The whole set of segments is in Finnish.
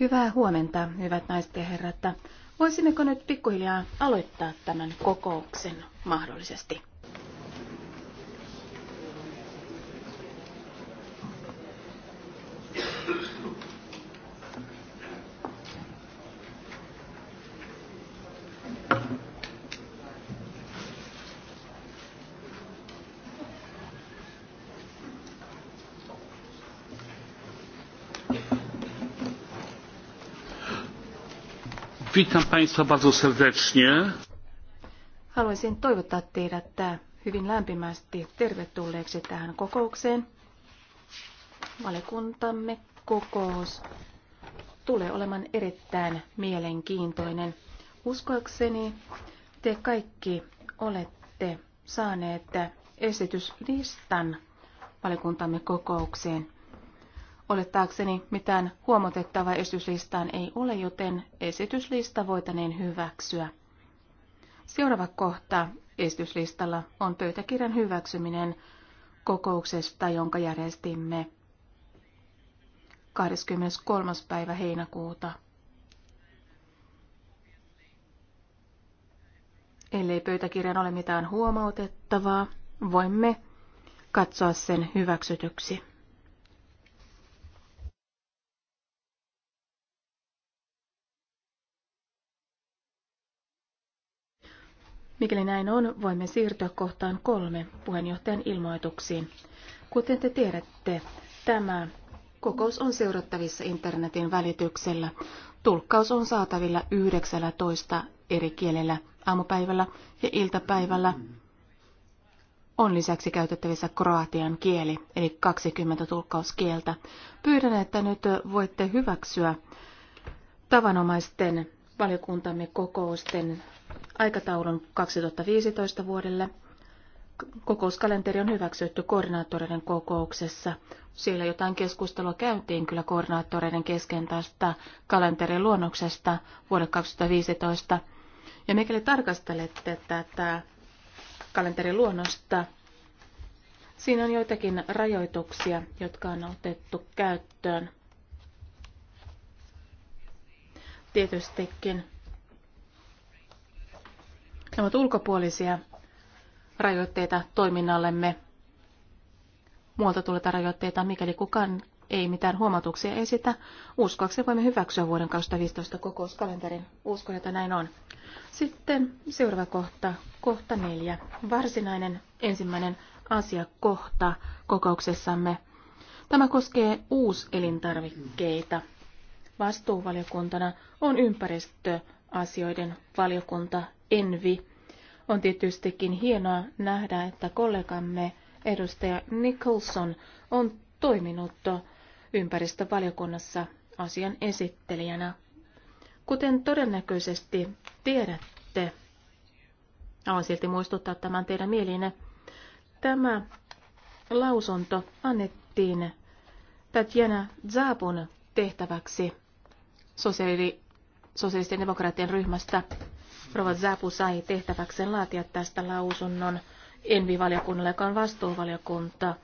Hyvää huomenta, hyvät naiset ja herrat. Voisimmeko nyt pikkuhiljaa aloittaa tämän kokouksen mahdollisesti? Witam Państwa bardzo serdecznie. Haluaisin toivottaa teidät hyvin lämpimästi tervetulleeksi tähän kokoukseen. Valikuntamme kokous tulee olemaan erittäin mielenkiintoinen. Uskoakseni te kaikki olette saaneet esityslistan valikuntamme kokoukseen olettaakseni mitään huomotettavaa esityslistaan ei ole, joten esityslista voitaneen hyväksyä. Seuraava kohta esityslistalla on pöytäkirjan hyväksyminen kokouksesta, jonka järjestimme 23. päivä heinäkuuta. Ellei pöytäkirjan ole mitään huomautettavaa, voimme katsoa sen hyväksytyksi. Mikäli näin on, voimme siirtyä kohtaan kolme puheenjohtajan ilmoituksiin. Kuten te tiedätte, tämä kokous on seurattavissa internetin välityksellä. Tulkkaus on saatavilla 19 eri kielellä aamupäivällä ja iltapäivällä. On lisäksi käytettävissä kroatian kieli, eli 20 tulkkauskieltä. Pyydän, että nyt voitte hyväksyä tavanomaisten valiokuntamme kokousten aikataulun 2015 vuodelle. Kokouskalenteri on hyväksytty koordinaattoreiden kokouksessa. Siellä jotain keskustelua käytiin kyllä koordinaattoreiden kesken tästä kalenterin luonnoksesta vuodelle 2015. Ja mikäli tarkastelette tätä kalenterin luonnosta, siinä on joitakin rajoituksia, jotka on otettu käyttöön. Tietystikin Nämä ovat ulkopuolisia rajoitteita toiminnallemme, muualta tulee rajoitteita, mikäli kukaan ei mitään huomautuksia esitä. Uskoakseni voimme hyväksyä vuoden 2015 kokouskalenterin. Uskon, että näin on. Sitten seuraava kohta, kohta neljä. Varsinainen ensimmäinen asiakohta kokouksessamme. Tämä koskee uuselintarvikkeita. Vastuuvaliokuntana on ympäristöasioiden valiokunta Envi. On tietystikin hienoa nähdä, että kollegamme edustaja Nicholson on toiminut ympäristövaliokunnassa asian esittelijänä. Kuten todennäköisesti tiedätte, haluan silti muistuttaa tämän teidän mieliinne, tämä lausunto annettiin Tatjana Zabun tehtäväksi sosiaali- sosiaalisten demokraattien ryhmästä Rova Zapu sai tehtäväkseen laatia tästä lausunnon Envi-valiokunnalle, joka on vastuuvaliokunta.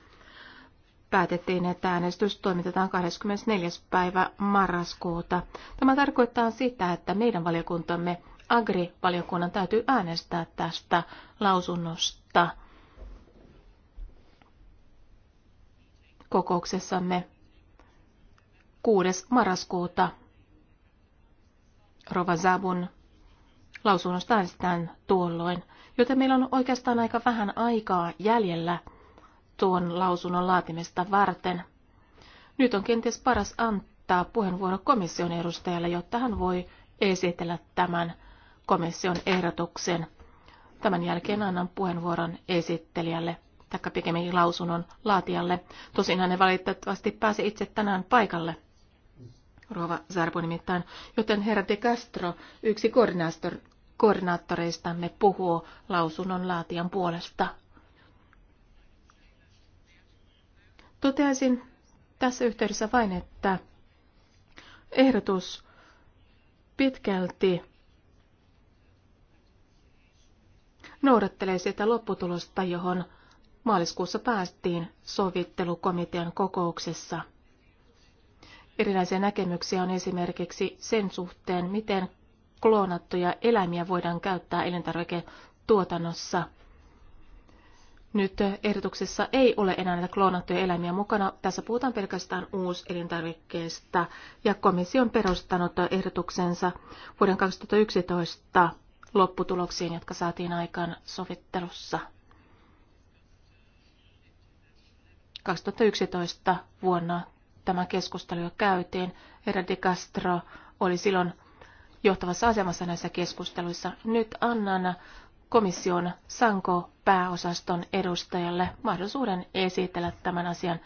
Päätettiin, että äänestys toimitetaan 24. päivä marraskuuta. Tämä tarkoittaa sitä, että meidän valiokuntamme Agri-valiokunnan täytyy äänestää tästä lausunnosta kokouksessamme 6. marraskuuta Rova Zabun Lausunnosta äänestetään tuolloin, joten meillä on oikeastaan aika vähän aikaa jäljellä tuon lausunnon laatimista varten. Nyt on kenties paras antaa puheenvuoro komission edustajalle, jotta hän voi esitellä tämän komission ehdotuksen. Tämän jälkeen annan puheenvuoron esittelijälle, tai pikemminkin lausunnon laatijalle. Tosin hän ei valitettavasti pääse itse tänään paikalle. Rova Zarbo nimittäin, joten herra De Castro, yksi koordinaattori, koordinaattoreistamme puhuu lausunnon laatijan puolesta. Toteaisin tässä yhteydessä vain, että ehdotus pitkälti noudattelee sitä lopputulosta, johon maaliskuussa päästiin sovittelukomitean kokouksessa. Erilaisia näkemyksiä on esimerkiksi sen suhteen, miten kloonattuja eläimiä voidaan käyttää elintarviketuotannossa. Nyt ehdotuksessa ei ole enää näitä kloonattuja eläimiä mukana. Tässä puhutaan pelkästään elintarvikkeesta ja komissio on perustanut ehdotuksensa vuoden 2011 lopputuloksiin, jotka saatiin aikaan sovittelussa. 2011 vuonna tämä keskustelu jo käytiin. Herra de Castro oli silloin johtavassa asemassa näissä keskusteluissa. Nyt annan komission Sanko-pääosaston edustajalle mahdollisuuden esitellä tämän asian.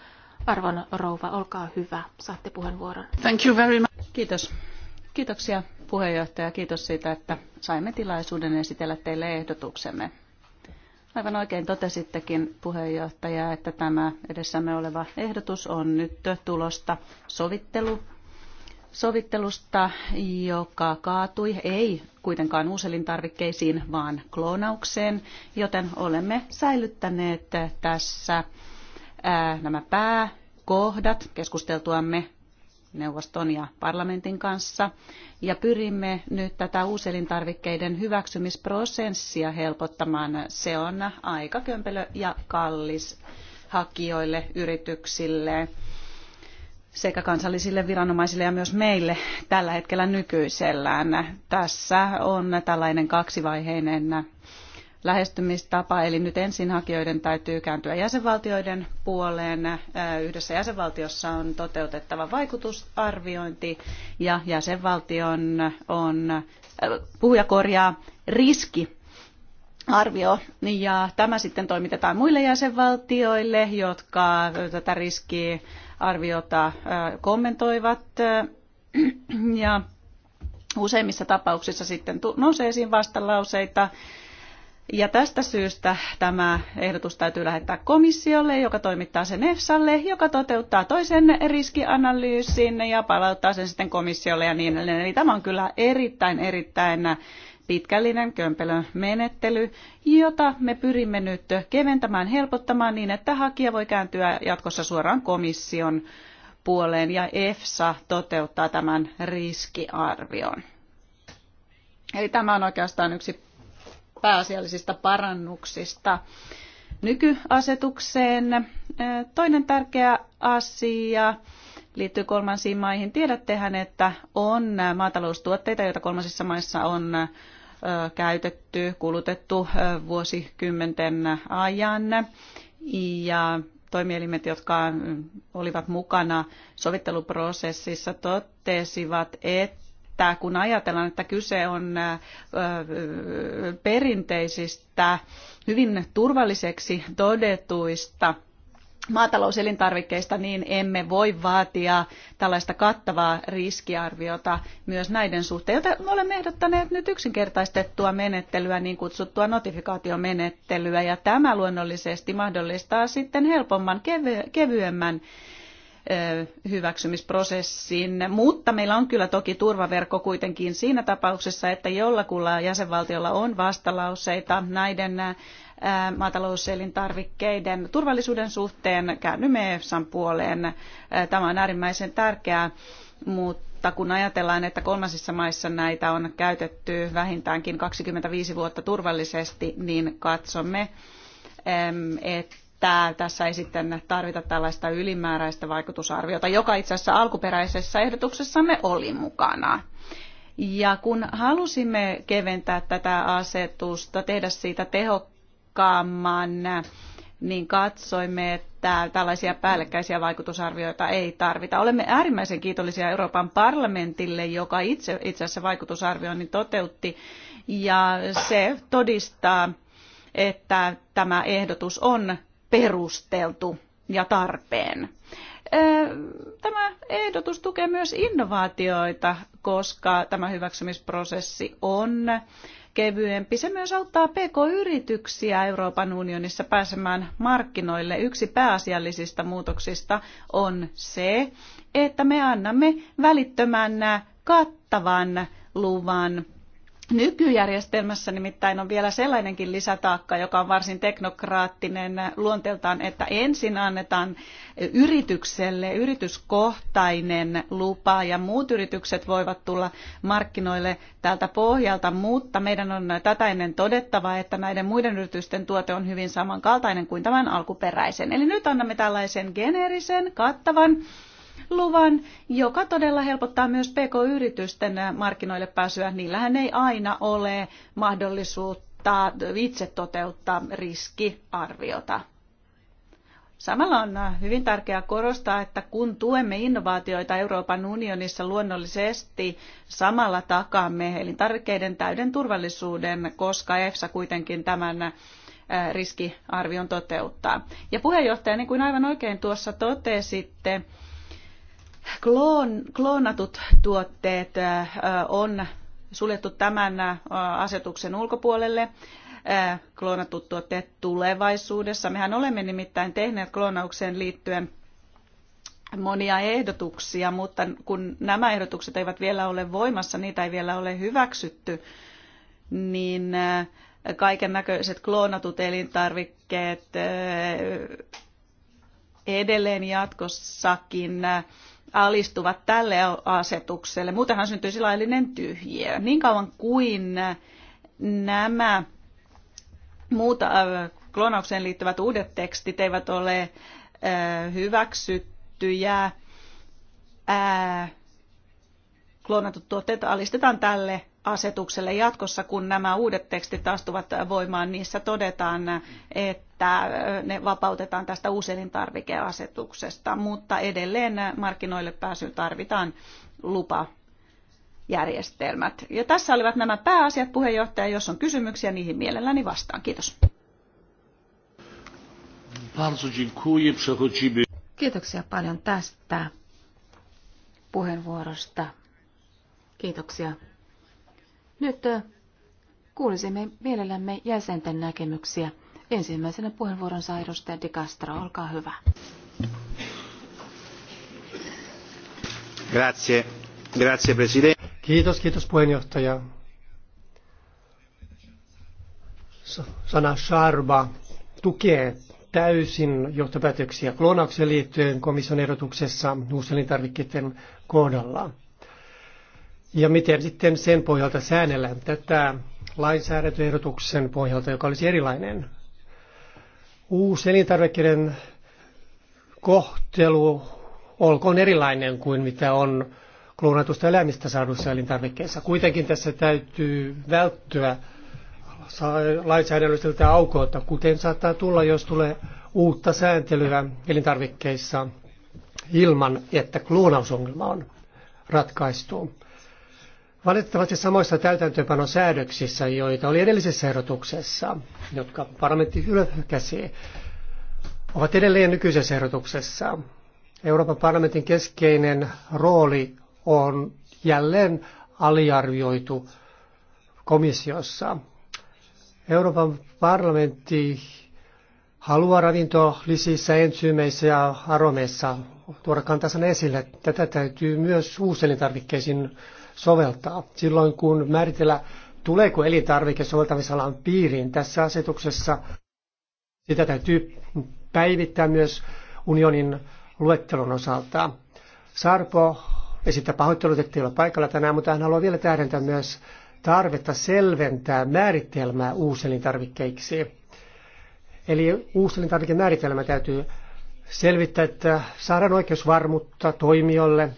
Arvon rouva, olkaa hyvä. Saatte puheenvuoron. Thank you very much. Kiitos. Kiitoksia puheenjohtaja. Kiitos siitä, että saimme tilaisuuden esitellä teille ehdotuksemme. Aivan oikein totesittekin puheenjohtaja, että tämä edessämme oleva ehdotus on nyt tulosta sovittelu sovittelusta, joka kaatui ei kuitenkaan uuselintarvikkeisiin, vaan kloonaukseen, joten olemme säilyttäneet tässä nämä pääkohdat keskusteltuamme neuvoston ja parlamentin kanssa ja pyrimme nyt tätä uuselintarvikkeiden hyväksymisprosessia helpottamaan. Se on aika kömpelö ja kallis hakijoille, yrityksille sekä kansallisille viranomaisille ja myös meille tällä hetkellä nykyisellään. Tässä on tällainen kaksivaiheinen lähestymistapa, eli nyt ensin hakijoiden täytyy kääntyä jäsenvaltioiden puoleen. Yhdessä jäsenvaltiossa on toteutettava vaikutusarviointi ja jäsenvaltion on, puhuja korjaa, riski arvio. Ja tämä sitten toimitetaan muille jäsenvaltioille, jotka tätä riskiä arviota kommentoivat ja useimmissa tapauksissa sitten nousee esiin vastalauseita. Ja tästä syystä tämä ehdotus täytyy lähettää komissiolle, joka toimittaa sen EFSAlle, joka toteuttaa toisen riskianalyysin ja palauttaa sen sitten komissiolle ja niin edelleen. Eli tämä on kyllä erittäin, erittäin pitkällinen kömpelön menettely, jota me pyrimme nyt keventämään, helpottamaan niin, että hakija voi kääntyä jatkossa suoraan komission puoleen ja EFSA toteuttaa tämän riskiarvion. Eli tämä on oikeastaan yksi pääasiallisista parannuksista nykyasetukseen. Toinen tärkeä asia liittyy kolmansiin maihin. Tiedättehän, että on maataloustuotteita, joita kolmansissa maissa on käytetty, kulutettu vuosikymmenten ajan. Ja toimielimet, jotka olivat mukana sovitteluprosessissa, totesivat, että kun ajatellaan, että kyse on perinteisistä, hyvin turvalliseksi todetuista maatalouselintarvikkeista, niin emme voi vaatia tällaista kattavaa riskiarviota myös näiden suhteen, joten me olemme ehdottaneet nyt yksinkertaistettua menettelyä, niin kutsuttua notifikaatiomenettelyä, ja tämä luonnollisesti mahdollistaa sitten helpomman, kevyemmän hyväksymisprosessin, mutta meillä on kyllä toki turvaverkko kuitenkin siinä tapauksessa, että jollakulla jäsenvaltiolla on vastalauseita näiden maatalouselintarvikkeiden turvallisuuden suhteen käännymme EFSAn puoleen. Tämä on äärimmäisen tärkeää, mutta kun ajatellaan, että kolmansissa maissa näitä on käytetty vähintäänkin 25 vuotta turvallisesti, niin katsomme, että tässä ei sitten tarvita tällaista ylimääräistä vaikutusarviota, joka itse asiassa alkuperäisessä ehdotuksessamme oli mukana. Ja kun halusimme keventää tätä asetusta, tehdä siitä tehokkaammin, tehokkaamman, niin katsoimme, että tällaisia päällekkäisiä vaikutusarvioita ei tarvita. Olemme äärimmäisen kiitollisia Euroopan parlamentille, joka itse, itse asiassa vaikutusarvioinnin toteutti, ja se todistaa, että tämä ehdotus on perusteltu ja tarpeen. Tämä ehdotus tukee myös innovaatioita, koska tämä hyväksymisprosessi on kevyempi. Se myös auttaa PK-yrityksiä Euroopan unionissa pääsemään markkinoille. Yksi pääasiallisista muutoksista on se, että me annamme välittömän kattavan luvan Nykyjärjestelmässä nimittäin on vielä sellainenkin lisätaakka, joka on varsin teknokraattinen luonteeltaan, että ensin annetaan yritykselle yrityskohtainen lupa ja muut yritykset voivat tulla markkinoille tältä pohjalta, mutta meidän on tätä ennen todettava, että näiden muiden yritysten tuote on hyvin samankaltainen kuin tämän alkuperäisen. Eli nyt annamme tällaisen geneerisen, kattavan luvan, joka todella helpottaa myös PK-yritysten markkinoille pääsyä. Niillähän ei aina ole mahdollisuutta itse toteuttaa riskiarviota. Samalla on hyvin tärkeää korostaa, että kun tuemme innovaatioita Euroopan unionissa luonnollisesti, samalla takaamme elintarvikkeiden täyden turvallisuuden, koska EFSA kuitenkin tämän riskiarvion toteuttaa. Ja puheenjohtaja, niin kuin aivan oikein tuossa totesitte, Kloon, kloonatut tuotteet on suljettu tämän asetuksen ulkopuolelle kloonatut tuotteet tulevaisuudessa. Mehän olemme nimittäin tehneet kloonaukseen liittyen monia ehdotuksia, mutta kun nämä ehdotukset eivät vielä ole voimassa, niitä ei vielä ole hyväksytty, niin kaiken näköiset kloonatut elintarvikkeet edelleen jatkossakin alistuvat tälle asetukselle. Muutenhan syntyisi laillinen tyhjiö. Niin kauan kuin nämä muut äh, klonaukseen liittyvät uudet tekstit eivät ole äh, hyväksyttyjä, äh, klonatut tuotteet alistetaan tälle asetukselle jatkossa, kun nämä uudet tekstit astuvat voimaan, niissä todetaan, että että ne vapautetaan tästä uuselintarvikeasetuksesta, mutta edelleen markkinoille pääsyyn tarvitaan lupajärjestelmät. Ja tässä olivat nämä pääasiat puheenjohtaja. Jos on kysymyksiä, niihin mielelläni vastaan. Kiitos. Kiitoksia paljon tästä puheenvuorosta. Kiitoksia. Nyt kuulisimme mielellämme jäsenten näkemyksiä. Ensimmäisenä puheenvuoron saa edustaja De Castro, olkaa hyvä. Grazie. Grazie, presidente. Kiitos, kiitos puheenjohtaja. Sana Sharba tukee täysin johtopäätöksiä kloonaukseen liittyen komission ehdotuksessa uuselintarvikkeiden kohdalla. Ja miten sitten sen pohjalta säännellään tätä lainsäädäntöehdotuksen pohjalta, joka olisi erilainen. Uusi elintarvikkeiden kohtelu olkoon erilainen kuin mitä on kloonatusta eläimistä saadussa elintarvikkeessa. Kuitenkin tässä täytyy välttyä lainsäädännöllisiltä aukoilta, kuten saattaa tulla, jos tulee uutta sääntelyä elintarvikkeissa ilman, että kloonausongelma on ratkaistu. Valitettavasti samoissa täytäntöönpanosäädöksissä, joita oli edellisessä ehdotuksessa, jotka parlamentti hylkäsi, ovat edelleen nykyisessä ehdotuksessa. Euroopan parlamentin keskeinen rooli on jälleen aliarvioitu komissiossa. Euroopan parlamentti haluaa ravintolisissä, ensyymeissä ja aromeissa tuoda kantansa esille. Tätä täytyy myös uuselintarvikkeisiin soveltaa. Silloin kun määritellä tuleeko elintarvike soveltamisalan piiriin tässä asetuksessa, sitä täytyy päivittää myös unionin luettelon osalta. Sarpo esittää pahoittelut, ettei ole paikalla tänään, mutta hän haluaa vielä tähdentää myös tarvetta selventää määritelmää uuselintarvikkeiksi. Eli uuselintarvikemääritelmä täytyy selvittää, että saadaan oikeusvarmuutta toimijoille –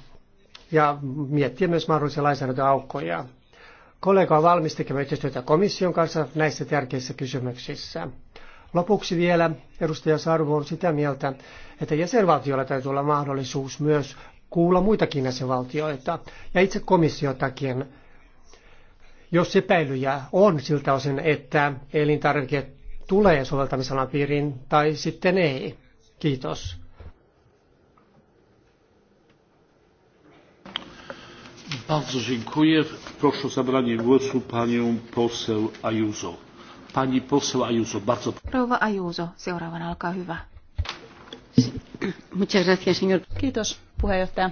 ja miettiä myös mahdollisia lainsäädäntöaukkoja. Kollega on valmis tekemään yhteistyötä komission kanssa näissä tärkeissä kysymyksissä. Lopuksi vielä edustaja Sarvo on sitä mieltä, että jäsenvaltioilla täytyy olla mahdollisuus myös kuulla muitakin jäsenvaltioita ja itse komissiotakin, jos epäilyjä on siltä osin, että elintarvike tulee soveltamisalan piiriin tai sitten ei. Kiitos. Bardzo dziękuję. Proszę o zabranie głosu panią poseł Ajuzo. Pani poseł Ajuzo, bardzo Rouva Ajuzo, seuraavana, olkaa hyvä. Muchas gracias, señor. Kiitos, puheenjohtaja.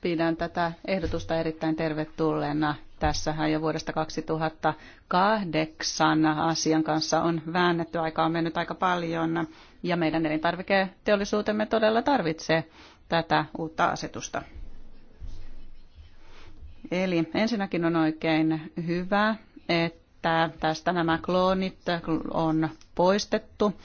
Pidän tätä ehdotusta erittäin tervetulleena. Tässähän jo vuodesta 2008 asian kanssa on väännetty. Aika on mennyt aika paljon ja meidän elintarviketeollisuutemme todella tarvitsee tätä uutta asetusta. Eli ensinnäkin on oikein hyvä, että tästä nämä kloonit on poistettu.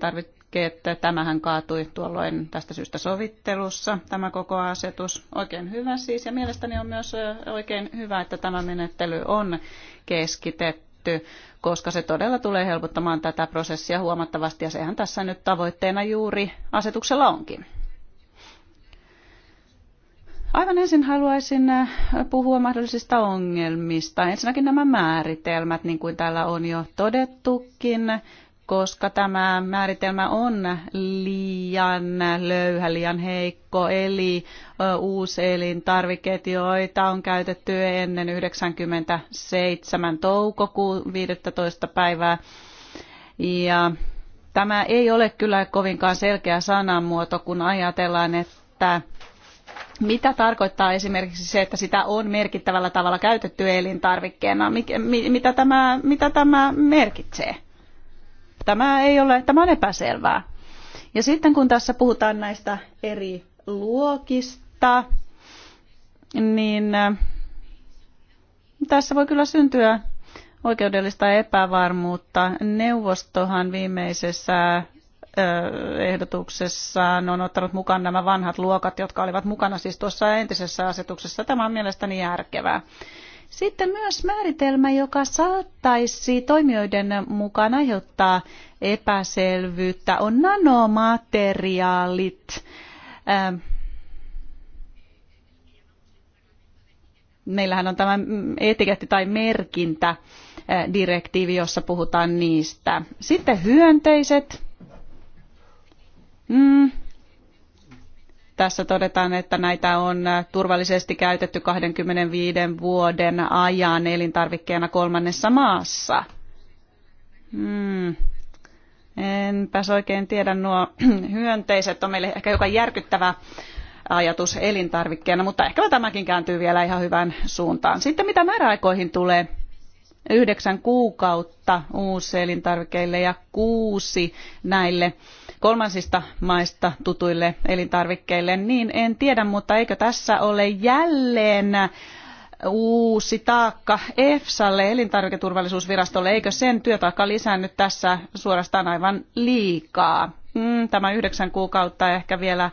tarvitsee, että tämähän kaatui tuolloin tästä syystä sovittelussa, tämä koko asetus. Oikein hyvä siis, ja mielestäni on myös oikein hyvä, että tämä menettely on keskitetty koska se todella tulee helpottamaan tätä prosessia huomattavasti, ja sehän tässä nyt tavoitteena juuri asetuksella onkin. Aivan ensin haluaisin äh, puhua mahdollisista ongelmista. Ensinnäkin nämä määritelmät, niin kuin täällä on jo todettukin, koska tämä määritelmä on liian löyhä, liian heikko, eli uuselintarviketioita on käytetty ennen 97. toukokuun 15. päivää. Ja tämä ei ole kyllä kovinkaan selkeä sanamuoto, kun ajatellaan, että mitä tarkoittaa esimerkiksi se, että sitä on merkittävällä tavalla käytetty elintarvikkeena? Mik, mi, mitä, tämä, mitä tämä merkitsee? Tämä, ei ole, tämä on epäselvää. Ja sitten kun tässä puhutaan näistä eri luokista, niin äh, tässä voi kyllä syntyä oikeudellista epävarmuutta. Neuvostohan viimeisessä ehdotuksessaan on ottanut mukaan nämä vanhat luokat, jotka olivat mukana siis tuossa entisessä asetuksessa. Tämä on mielestäni järkevää. Sitten myös määritelmä, joka saattaisi toimijoiden mukaan aiheuttaa epäselvyyttä, on nanomateriaalit. Ähm, meillähän on tämä etiketti tai merkintä äh, direktiivi, jossa puhutaan niistä. Sitten hyönteiset, Mm. Tässä todetaan, että näitä on turvallisesti käytetty 25 vuoden ajan elintarvikkeena kolmannessa maassa. Mm. Enpäs oikein tiedä, nuo hyönteiset on meille ehkä joka järkyttävä ajatus elintarvikkeena, mutta ehkä tämäkin kääntyy vielä ihan hyvään suuntaan. Sitten mitä määräaikoihin tulee? Yhdeksän kuukautta elintarvikeille ja kuusi näille kolmansista maista tutuille elintarvikkeille, niin en tiedä, mutta eikö tässä ole jälleen uusi taakka EFSAlle, elintarviketurvallisuusvirastolle, eikö sen työtaakka lisäänny tässä suorastaan aivan liikaa? Mm, tämä yhdeksän kuukautta ehkä vielä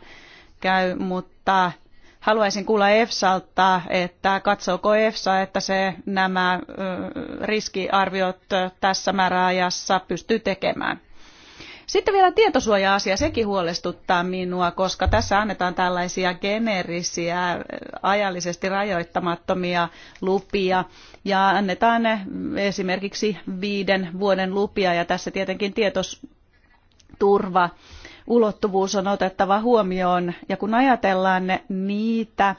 käy, mutta haluaisin kuulla EFSAlta, että katsooko EFSA, että se nämä riskiarviot tässä määräajassa pystyy tekemään. Sitten vielä tietosuoja-asia, sekin huolestuttaa minua, koska tässä annetaan tällaisia geneerisiä, äh, ajallisesti rajoittamattomia lupia ja annetaan äh, esimerkiksi viiden vuoden lupia ja tässä tietenkin tietoturva ulottuvuus on otettava huomioon ja kun ajatellaan niitä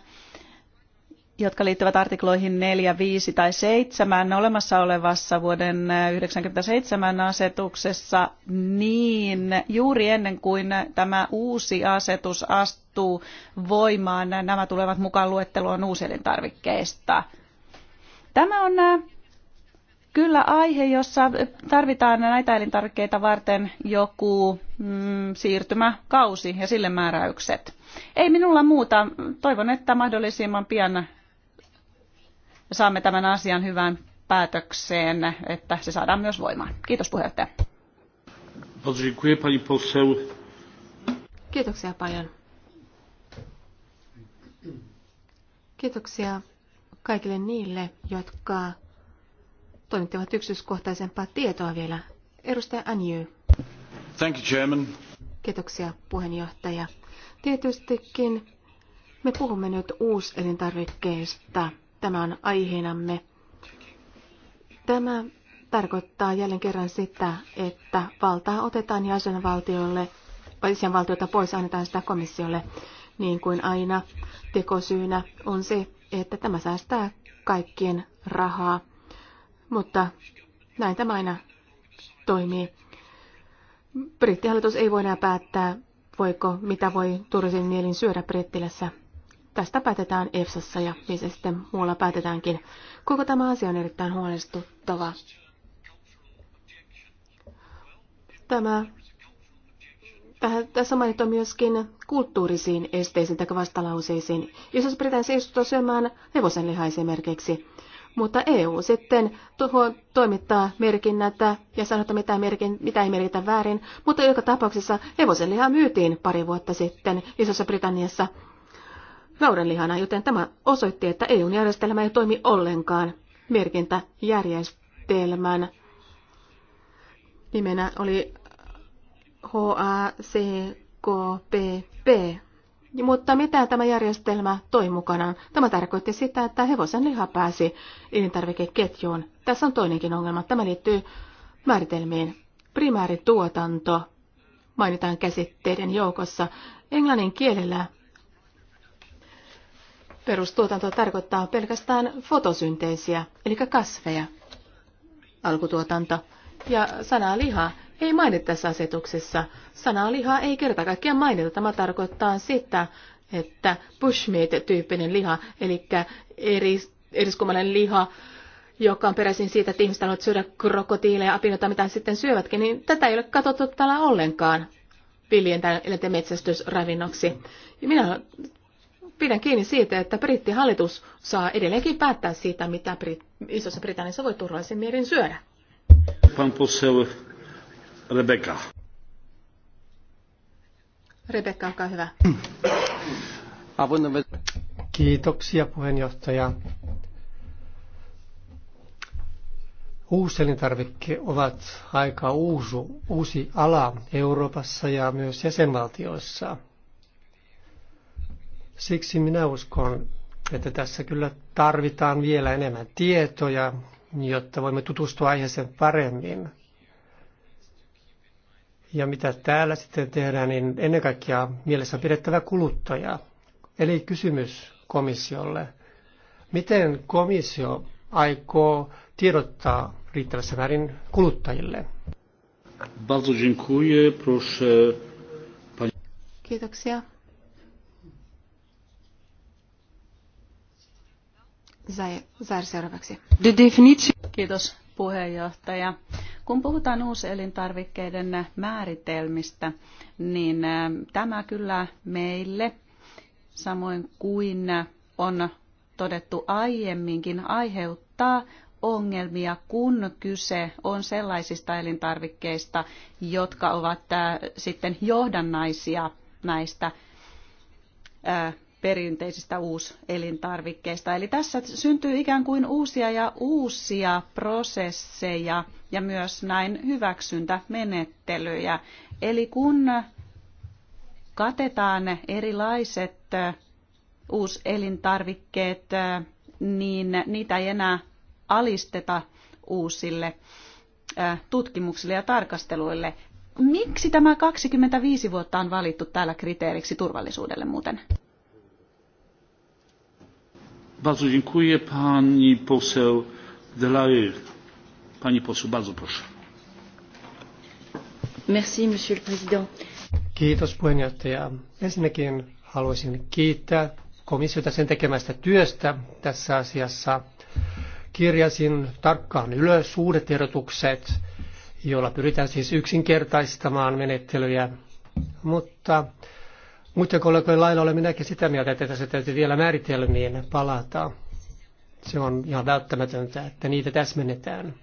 jotka liittyvät artikloihin 4, 5 tai 7 olemassa olevassa vuoden 1997 äh, asetuksessa, niin juuri ennen kuin tämä uusi asetus astuu voimaan, nämä tulevat mukaan luetteloon uuselintarvikkeista. Tämä on äh, kyllä aihe, jossa tarvitaan näitä elintarvikkeita varten joku mm, siirtymäkausi ja sille määräykset. Ei minulla muuta. Toivon, että mahdollisimman pian saamme tämän asian hyvään päätökseen, että se saadaan myös voimaan. Kiitos puheenjohtaja. Kiitoksia paljon. Kiitoksia kaikille niille, jotka toimittavat yksityiskohtaisempaa tietoa vielä. Edustaja Anju. Thank you, Chairman. Kiitoksia puheenjohtaja. Tietystikin me puhumme nyt uuselintarvikkeista Tämä on aiheenamme. Tämä tarkoittaa jälleen kerran sitä, että valtaa otetaan jäsenvaltiolle, vai jäsenvaltiota pois annetaan sitä komissiolle, niin kuin aina. Tekosyynä on se, että tämä säästää kaikkien rahaa, mutta näin tämä aina toimii. Brittihallitus ei voi enää päättää, voiko, mitä voi turisin mielin syödä brittilässä Tästä päätetään EFSassa ja missä sitten muualla päätetäänkin. Koko tämä asia on erittäin huolestuttava. Tämä, tähän, tässä mainitaan myöskin kulttuurisiin esteisiin tai vastalauseisiin. Jos pyritään seistua siis syömään hevosen lihaa esimerkiksi, mutta EU sitten tuho, toimittaa merkinnät ja sanoo, että mitä, merkin, mitä ei merkitä väärin, mutta joka tapauksessa hevosenlihaa myytiin pari vuotta sitten Isossa Britanniassa naudanlihana, joten tämä osoitti, että eu järjestelmä ei toimi ollenkaan. Merkintäjärjestelmän nimenä oli HACKPP. Mutta mitä tämä järjestelmä toi mukanaan? Tämä tarkoitti sitä, että hevosen liha pääsi elintarvikeketjuun. Tässä on toinenkin ongelma. Tämä liittyy määritelmiin. Primäärituotanto mainitaan käsitteiden joukossa. Englannin kielellä Perustuotanto tarkoittaa pelkästään fotosynteesiä, eli kasveja, alkutuotanto. Ja sanaa liha ei mainita tässä asetuksessa. Sanaa liha ei kerta kaikkiaan mainita. Tämä tarkoittaa sitä, että bushmeat-tyyppinen liha, eli eri, eriskummallinen liha, joka on peräisin siitä, että ihmiset haluavat syödä krokotiileja, apinoita, mitä sitten syövätkin, niin tätä ei ole katsottu täällä ollenkaan villien eläinten metsästysravinnoksi. Ja minä pidän kiinni siitä, että brittihallitus saa edelleenkin päättää siitä, mitä Brit- Isossa Britanniassa voi turvallisen mielin syödä. Pan Rebecca. Rebecca Rebekka, olkaa hyvä. Kiitoksia puheenjohtaja. Uuselintarvikke ovat aika uusu, uusi ala Euroopassa ja myös jäsenvaltioissa – Siksi minä uskon, että tässä kyllä tarvitaan vielä enemmän tietoja, jotta voimme tutustua aiheeseen paremmin. Ja mitä täällä sitten tehdään, niin ennen kaikkea mielessä on pidettävä kuluttaja. Eli kysymys komissiolle. Miten komissio aikoo tiedottaa riittävässä määrin kuluttajille? Bardzo dziękuję. Proszę Kiitoksia. Zair seuraavaksi. The definition. Kiitos puheenjohtaja. Kun puhutaan uuselintarvikkeiden määritelmistä, niin tämä kyllä meille, samoin kuin on todettu aiemminkin, aiheuttaa ongelmia, kun kyse on sellaisista elintarvikkeista, jotka ovat sitten johdannaisia näistä perinteisistä uuselintarvikkeista. Eli tässä syntyy ikään kuin uusia ja uusia prosesseja ja myös näin hyväksyntämenettelyjä. Eli kun katetaan erilaiset uuselintarvikkeet, niin niitä ei enää alisteta uusille tutkimuksille ja tarkasteluille. Miksi tämä 25 vuotta on valittu täällä kriteeriksi turvallisuudelle muuten? Bardzo dziękuję. Pani poseł Delary. Pani poseł, bardzo proszę. Merci, monsieur le président. Kiitos puheenjohtaja. Ensinnäkin haluaisin kiittää komissiota sen tekemästä työstä tässä asiassa. Kirjasin tarkkaan ylös uudet ehdotukset, joilla pyritään siis yksinkertaistamaan menettelyjä, mutta Muiden kollegojen lailla olen minäkin sitä mieltä, että tässä täytyy vielä määritelmiin palata. Se on ihan välttämätöntä, että niitä täsmennetään.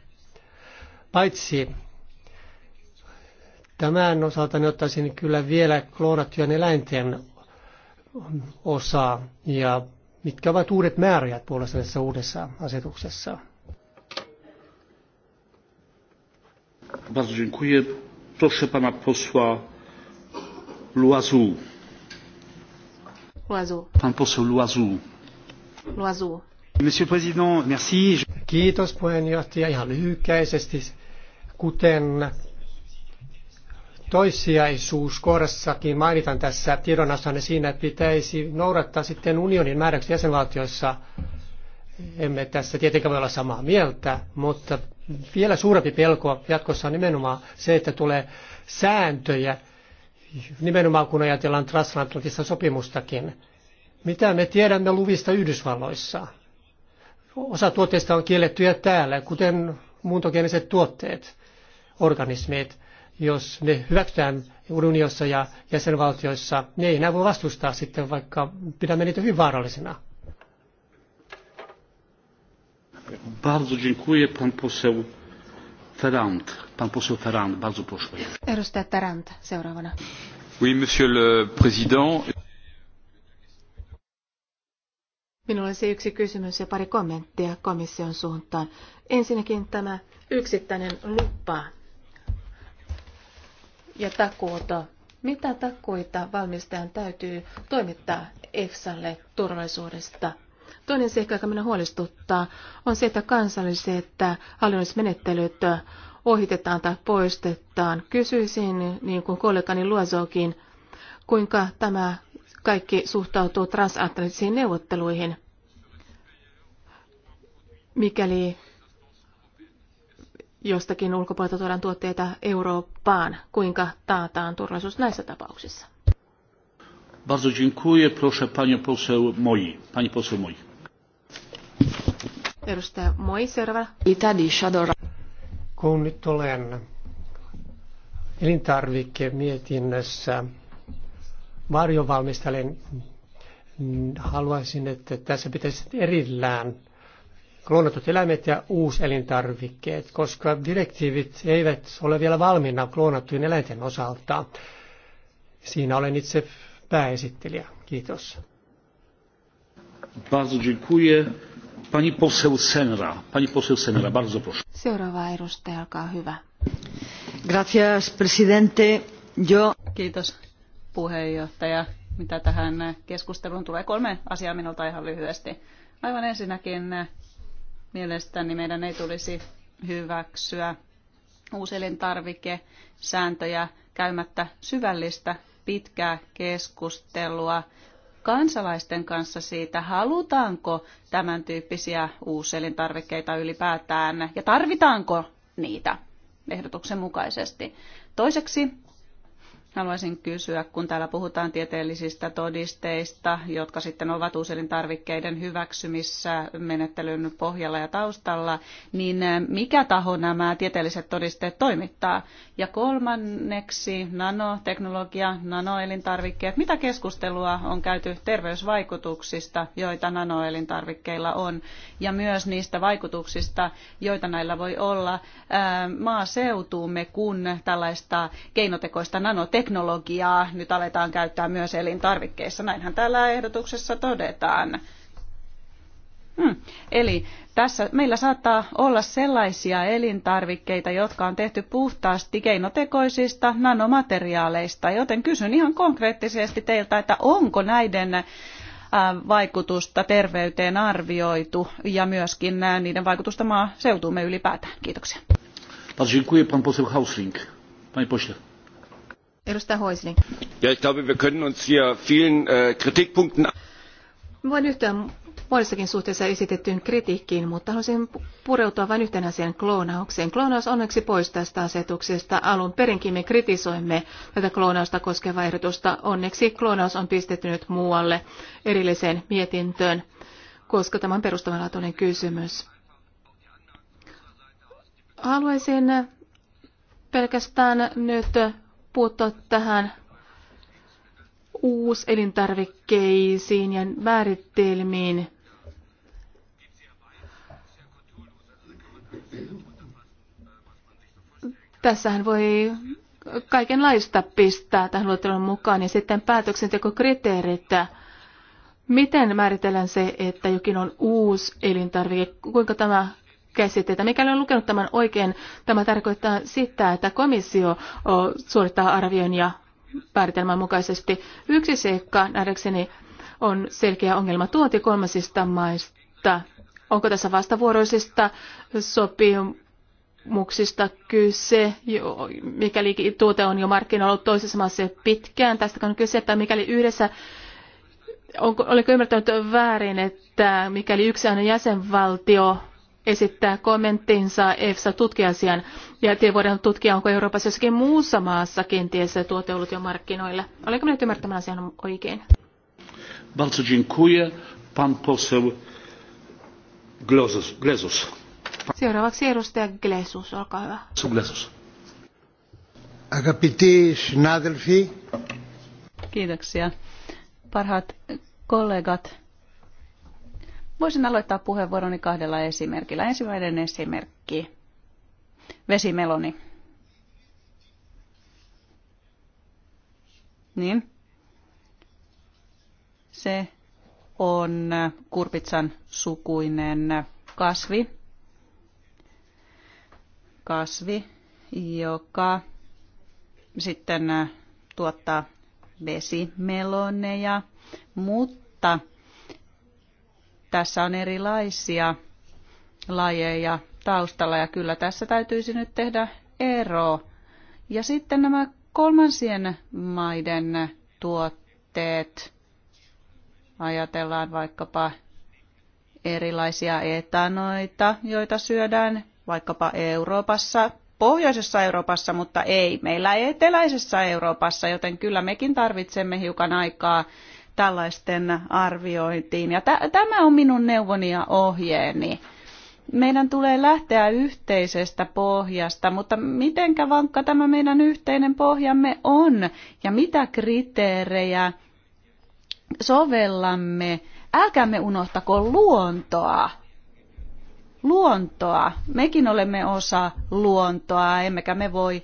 Paitsi tämän osalta ne niin ottaisin kyllä vielä kloonattujen eläinten osaa ja mitkä ovat uudet määräjät puolesta tässä uudessa asetuksessa. Bardzo dziękuję. Proszę pana posła Luazu. Loiseau. Enfin, pour ce Loiseau. Loiseau. Monsieur le Président, merci. Kiitos puheenjohtaja ihan lyhykäisesti. Kuten toissijaisuuskohdassakin mainitan tässä tiedonannossanne siinä, että pitäisi noudattaa sitten unionin määräyksiä jäsenvaltioissa. Emme tässä tietenkään voi olla samaa mieltä, mutta vielä suurempi pelko jatkossa on nimenomaan se, että tulee sääntöjä, nimenomaan kun ajatellaan transatlanttista sopimustakin. Mitä me tiedämme luvista Yhdysvalloissa? Osa tuotteista on kiellettyjä täällä, kuten muuntogeeniset tuotteet, organismit. Jos ne hyväksytään unionissa ja jäsenvaltioissa, ne ei enää voi vastustaa sitten, vaikka pidämme niitä hyvin vaarallisina. Bardzo dziękuję pan poseł Ferrand, pan poseł Ferrand, bardzo proszę. Edustaja Tarant, seuraavana. Oui, monsieur le président. Minulla se yksi kysymys ja pari kommenttia komission suuntaan. Ensinnäkin tämä yksittäinen lupa ja takuuta. Mitä takuita valmistajan täytyy toimittaa EFSAlle turvallisuudesta – Toinen seikka, joka minä huolestuttaa, on se, että kansalliset hallinnollismenettelyt ohitetaan tai poistetaan. Kysyisin, niin kuin kollegani Luozokin, kuinka tämä kaikki suhtautuu transatlanttisiin neuvotteluihin, mikäli jostakin ulkopuolelta tuodaan tuotteita Eurooppaan. Kuinka taataan turvallisuus näissä tapauksissa? Bardzo dziękuję. Proszę panią poseł Moi. Pani poseł Moi. Edustaja Moi, seuraava. Itädi Shadora. Kun nyt olen elintarvikemietinnössä varjovalmistelen, niin haluaisin, että tässä pitäisi erillään kloonatut eläimet ja uuselintarvikkeet, koska direktiivit eivät ole vielä valmiina kloonattujen eläinten osalta. Siinä olen itse pääesittelijä. Kiitos. Bardzo dziękuję. Pani poseł Senra. Pani poseł Senra, bardzo proszę. Seuraava edustaja, olkaa hyvä. Gracias, presidente. Yo... Kiitos, puheenjohtaja. Mitä tähän keskusteluun tulee? Kolme asiaa minulta ihan lyhyesti. Aivan ensinnäkin mielestäni meidän ei tulisi hyväksyä uuselintarvikesääntöjä käymättä syvällistä pitkää keskustelua kansalaisten kanssa siitä, halutaanko tämän tyyppisiä uuselintarvikkeita ylipäätään ja tarvitaanko niitä ehdotuksen mukaisesti. Toiseksi haluaisin kysyä, kun täällä puhutaan tieteellisistä todisteista, jotka sitten ovat uusien tarvikkeiden hyväksymissä menettelyn pohjalla ja taustalla, niin eh, mikä taho nämä tieteelliset todisteet toimittaa? Ja kolmanneksi nanoteknologia, nanoelintarvikkeet. Mitä keskustelua on käyty terveysvaikutuksista, joita nanoelintarvikkeilla on, ja myös niistä vaikutuksista, joita näillä voi olla eh, maaseutuumme, kun tällaista keinotekoista nanoteknologiaa teknologiaa nyt aletaan käyttää myös elintarvikkeissa. Näinhän täällä ehdotuksessa todetaan. Hmm. Eli tässä meillä saattaa olla sellaisia elintarvikkeita, jotka on tehty puhtaasti keinotekoisista nanomateriaaleista, joten kysyn ihan konkreettisesti teiltä, että onko näiden äh, vaikutusta terveyteen arvioitu ja myöskin äh, niiden vaikutusta maaseutuumme ylipäätään. Kiitoksia. No, dziękuję pan poseł Hausling. Panie pośle. Edustaja Hoisling. Ja, ich glaube, wir können uns hier vielen äh, Kritikpunkten... Voin yhtyä monissakin suhteessa esitettyyn kritiikkiin, mutta haluaisin pureutua vain yhteen asian kloonaukseen. Kloonaus onneksi pois tästä asetuksesta. Alun perinkin me kritisoimme tätä kloonausta koskevaa ehdotusta. Onneksi kloonaus on pistetty nyt muualle erilliseen mietintöön, koska tämä on perustavanlaatuinen kysymys. Haluaisin pelkästään nyt puuttua tähän uuselintarvikkeisiin ja määritelmiin. Tässähän voi kaikenlaista pistää tähän luettelon mukaan ja sitten päätöksentekokriteerit. Miten määritellään se, että jokin on uusi elintarvike? Kuinka tämä käsitteitä. Mikäli olen lukenut tämän oikein, tämä tarkoittaa sitä, että komissio suorittaa arvion ja päätelmän mukaisesti. Yksi seikka nähdäkseni on selkeä ongelma tuonti kolmasista maista. Onko tässä vastavuoroisista sopimuksista kyse, mikäli tuote on jo markkinoilla ollut toisessa maassa pitkään, tästä on kyse, että mikäli yhdessä onko, oliko ymmärtänyt väärin, että mikäli yksi aina jäsenvaltio esittää kommenttinsa EFSA-tutkijasian ja te voidaan tutkia, onko Euroopassa jossakin muussa maassa kenties tuote ollut jo markkinoilla. Olenko minä ymmärtämään asian oikein? Bardzo dziękuję. Pan poseł Glezus. Seuraavaksi edustaja Glesus, olkaa hyvä. Glesus. Agapiti Schnadelfi. Kiitoksia. Parhaat kollegat, Voisin aloittaa puheenvuoroni kahdella esimerkillä. Ensimmäinen esimerkki, vesimeloni. Niin. Se on kurpitsan sukuinen kasvi. Kasvi, joka sitten tuottaa vesimeloneja, mutta tässä on erilaisia lajeja taustalla ja kyllä tässä täytyisi nyt tehdä ero. Ja sitten nämä kolmansien maiden tuotteet, ajatellaan vaikkapa erilaisia etanoita, joita syödään vaikkapa Euroopassa, pohjoisessa Euroopassa, mutta ei meillä eteläisessä Euroopassa, joten kyllä mekin tarvitsemme hiukan aikaa tällaisten arviointiin. Ja tämä on minun neuvoni ja ohjeeni. Meidän tulee lähteä yhteisestä pohjasta, mutta mitenkä vankka tämä meidän yhteinen pohjamme on ja mitä kriteerejä sovellamme. Älkäämme unohtako luontoa luontoa. Mekin olemme osa luontoa, emmekä me voi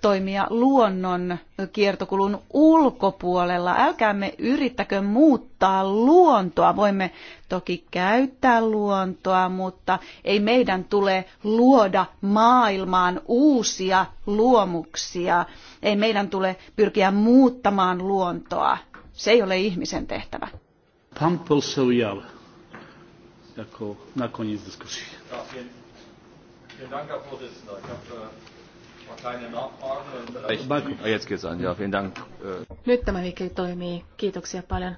toimia luonnon kiertokulun ulkopuolella. Älkäämme yrittäkö muuttaa luontoa. Voimme toki käyttää luontoa, mutta ei meidän tule luoda maailmaan uusia luomuksia. Ei meidän tule pyrkiä muuttamaan luontoa. Se ei ole ihmisen tehtävä. jako na koniec dyskusji. Oh, äh, Nyt tämä mikki toimii. Kiitoksia paljon.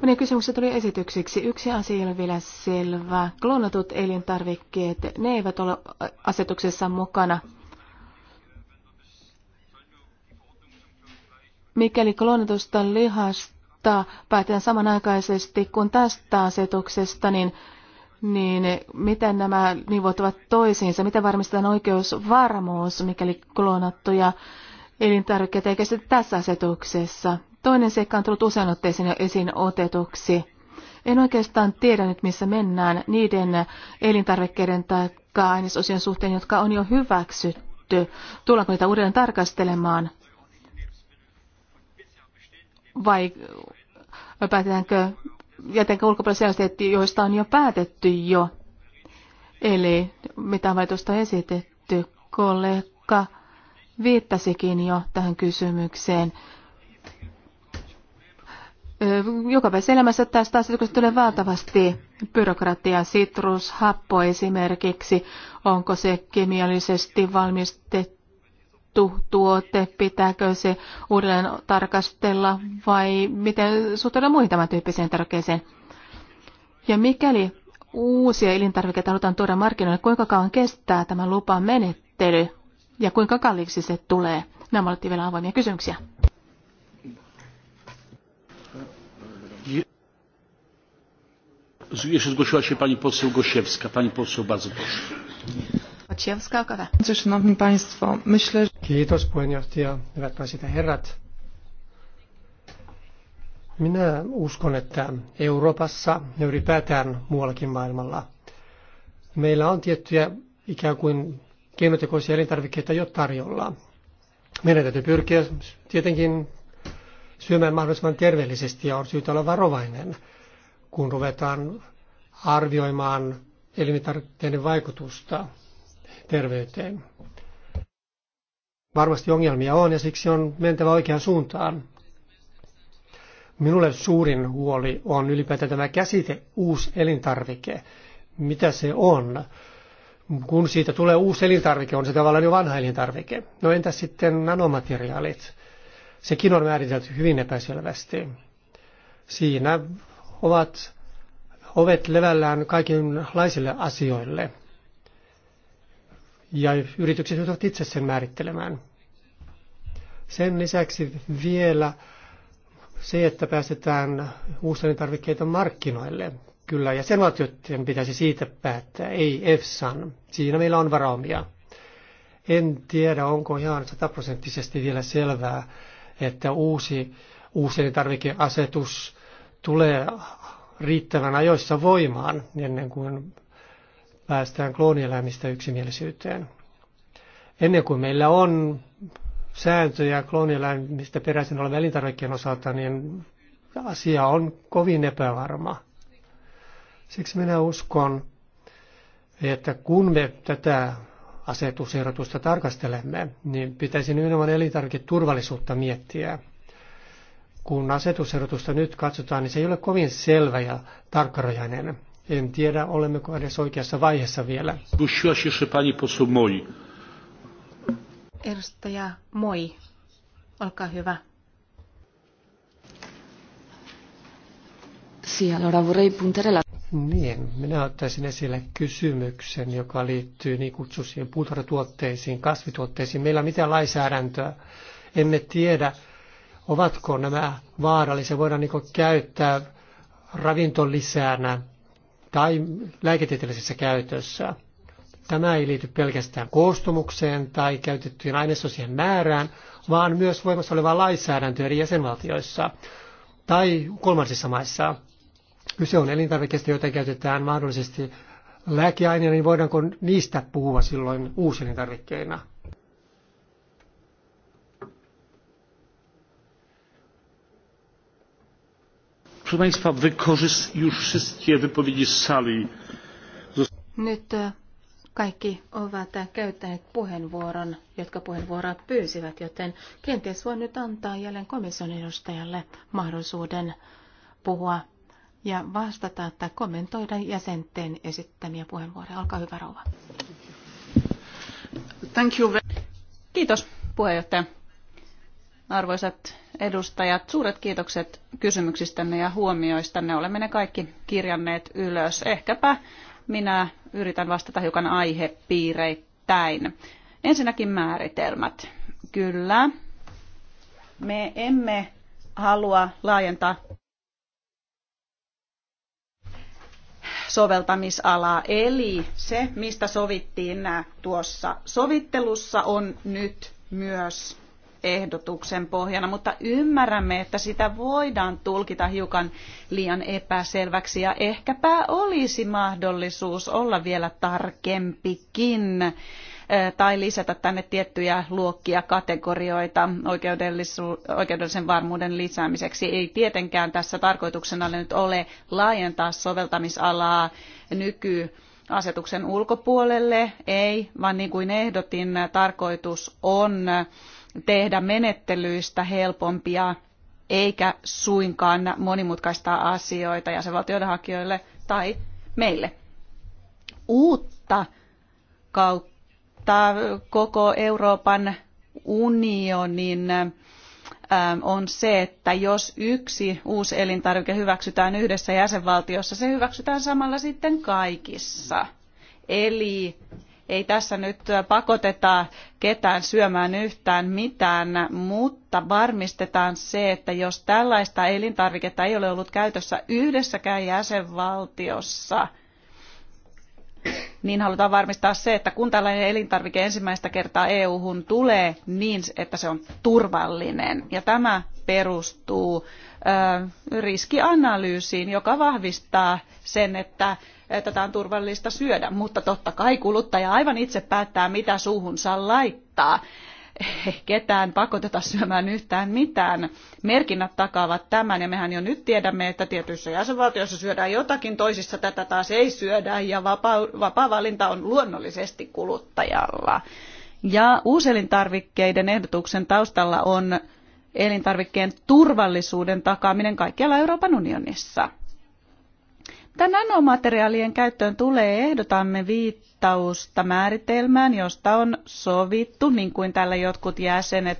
Monia kysymyksiä tuli esityksiksi. Yksi asia on vielä selvä. kloonatut elintarvikkeet, ne eivät ole asetuksessa mukana. Mikäli kloonatusta lihasta päätetään samanaikaisesti kuin tästä asetuksesta, niin niin miten nämä nivoutuvat toisiinsa? Miten varmistetaan oikeusvarmuus, mikäli kloonattuja elintarvikkeita ei käsitä tässä asetuksessa? Toinen seikka on tullut usein otteeseen jo esiin otetuksi. En oikeastaan tiedä nyt, missä mennään niiden elintarvikkeiden tai ainesosien suhteen, jotka on jo hyväksytty. Tullaanko niitä uudelleen tarkastelemaan? Vai päätetäänkö jotenkin ulkopuoliset joista on jo päätetty jo. Eli mitä väitöstä on esitetty, kollega viittasikin jo tähän kysymykseen. Jokapäiväisessä elämässä tästä asiakkaasta tulee valtavasti byrokratia, sitrus, happo esimerkiksi, onko se kemiallisesti valmistettu tunnettu tuote, pitääkö se uudelleen tarkastella vai miten suhtaudutaan muihin tämän tyyppiseen tarkeeseen. Ja mikäli uusia elintarvikkeita halutaan tuoda markkinoille, kuinka kauan kestää tämä lupamenettely ja kuinka kalliiksi se tulee? Nämä olivat vielä avoimia kysymyksiä. Jeszcze zgłosiła się pani poseł Gosiewska. Pani poseł, bardzo proszę. Szanowni Państwo, myślę... Minä uskon, että Euroopassa ja ylipäätään muuallakin maailmalla meillä on tiettyjä ikään kuin keinotekoisia elintarvikkeita jo tarjolla. Meidän täytyy pyrkiä tietenkin syömään mahdollisimman terveellisesti ja on syytä olla varovainen, kun ruvetaan arvioimaan elintarvikkeiden vaikutusta terveyteen. Varmasti ongelmia on ja siksi on mentävä oikeaan suuntaan. Minulle suurin huoli on ylipäätään tämä käsite uusi elintarvike. Mitä se on? Kun siitä tulee uusi elintarvike, on se tavallaan jo vanha elintarvike. No entä sitten nanomateriaalit? Sekin on määritelty hyvin epäselvästi. Siinä ovat ovet levällään kaikenlaisille asioille ja yritykset joutuvat itse sen määrittelemään. Sen lisäksi vielä se, että päästetään uusien tarvikkeita markkinoille. Kyllä, ja sen valtioiden pitäisi siitä päättää, ei EFSAn. Siinä meillä on varaumia. En tiedä, onko ihan sataprosenttisesti vielä selvää, että uusi uusien tarvikeasetus tulee riittävän ajoissa voimaan ennen kuin päästään kloonieläimistä yksimielisyyteen. Ennen kuin meillä on sääntöjä kloonieläimistä peräisin olevan elintarvikkeen osalta, niin asia on kovin epävarma. Siksi minä uskon, että kun me tätä asetusehdotusta tarkastelemme, niin pitäisi nimenomaan elintarviketurvallisuutta miettiä. Kun asetusehdotusta nyt katsotaan, niin se ei ole kovin selvä ja tarkkarajainen. En tiedä, olemmeko edes oikeassa vaiheessa vielä. Edustaja Moi, olkaa hyvä. Sì, allora vorrei puntare la... Niin, minä ottaisin esille kysymyksen, joka liittyy niin kutsuisiin puutarhatuotteisiin, kasvituotteisiin. Meillä on mitään lainsäädäntöä. Emme tiedä, ovatko nämä vaarallisia, voidaan niin käyttää ravintolisäänä tai lääketieteellisessä käytössä. Tämä ei liity pelkästään koostumukseen tai käytettyjen ainesosien määrään, vaan myös voimassa olevaan lainsäädäntöön eri jäsenvaltioissa tai kolmansissa maissa. Kyse on elintarvikkeista, joita käytetään mahdollisesti lääkeaineena, niin voidaanko niistä puhua silloin uusina tarvikkeina? Proszę Państwa, już wszystkie wypowiedzi z sali. Nyt e, kaikki ovat käyttäneet puheenvuoron, jotka puheenvuoroa pyysivät, joten kenties voin nyt antaa jälleen komission edustajalle mahdollisuuden puhua ja vastata tai kommentoida jäsenten esittämiä puheenvuoroja. Olkaa hyvä rouva. Thank you. Kiitos puheenjohtaja. Arvoisat edustajat, suuret kiitokset kysymyksistänne ja huomioistanne. Olemme ne kaikki kirjanneet ylös. Ehkäpä minä yritän vastata hiukan aihepiireittäin. Ensinnäkin määritelmät. Kyllä, me emme halua laajentaa soveltamisalaa. Eli se, mistä sovittiin tuossa sovittelussa, on nyt myös ehdotuksen pohjana, mutta ymmärrämme, että sitä voidaan tulkita hiukan liian epäselväksi ja ehkäpä olisi mahdollisuus olla vielä tarkempikin eh, tai lisätä tänne tiettyjä luokkia, kategorioita oikeudellisen varmuuden lisäämiseksi. Ei tietenkään tässä tarkoituksena nyt ole laajentaa soveltamisalaa nyky asetuksen ulkopuolelle, ei, vaan niin kuin ehdotin, tarkoitus on tehdä menettelyistä helpompia eikä suinkaan monimutkaistaa asioita jäsenvaltioiden hakijoille tai meille. Uutta kautta koko Euroopan unionin ähm, on se, että jos yksi uusi elintarvike hyväksytään yhdessä jäsenvaltiossa, se hyväksytään samalla sitten kaikissa. Eli ei tässä nyt pakoteta ketään syömään yhtään mitään, mutta varmistetaan se, että jos tällaista elintarviketta ei ole ollut käytössä yhdessäkään jäsenvaltiossa, niin halutaan varmistaa se, että kun tällainen elintarvike ensimmäistä kertaa EU-hun tulee, niin että se on turvallinen. Ja tämä perustuu riskianalyysiin, joka vahvistaa sen, että tätä on turvallista syödä. Mutta totta kai kuluttaja aivan itse päättää, mitä suuhunsa laittaa. Ketään pakoteta syömään yhtään mitään. Merkinnät takaavat tämän ja mehän jo nyt tiedämme, että tietyissä jäsenvaltioissa syödään jotakin, toisissa tätä taas ei syödä ja vapaa, valinta on luonnollisesti kuluttajalla. Ja uuselintarvikkeiden ehdotuksen taustalla on elintarvikkeen turvallisuuden takaaminen kaikkialla Euroopan unionissa. Mitä nanomateriaalien käyttöön tulee, ehdotamme viittausta määritelmään, josta on sovittu, niin kuin täällä jotkut jäsenet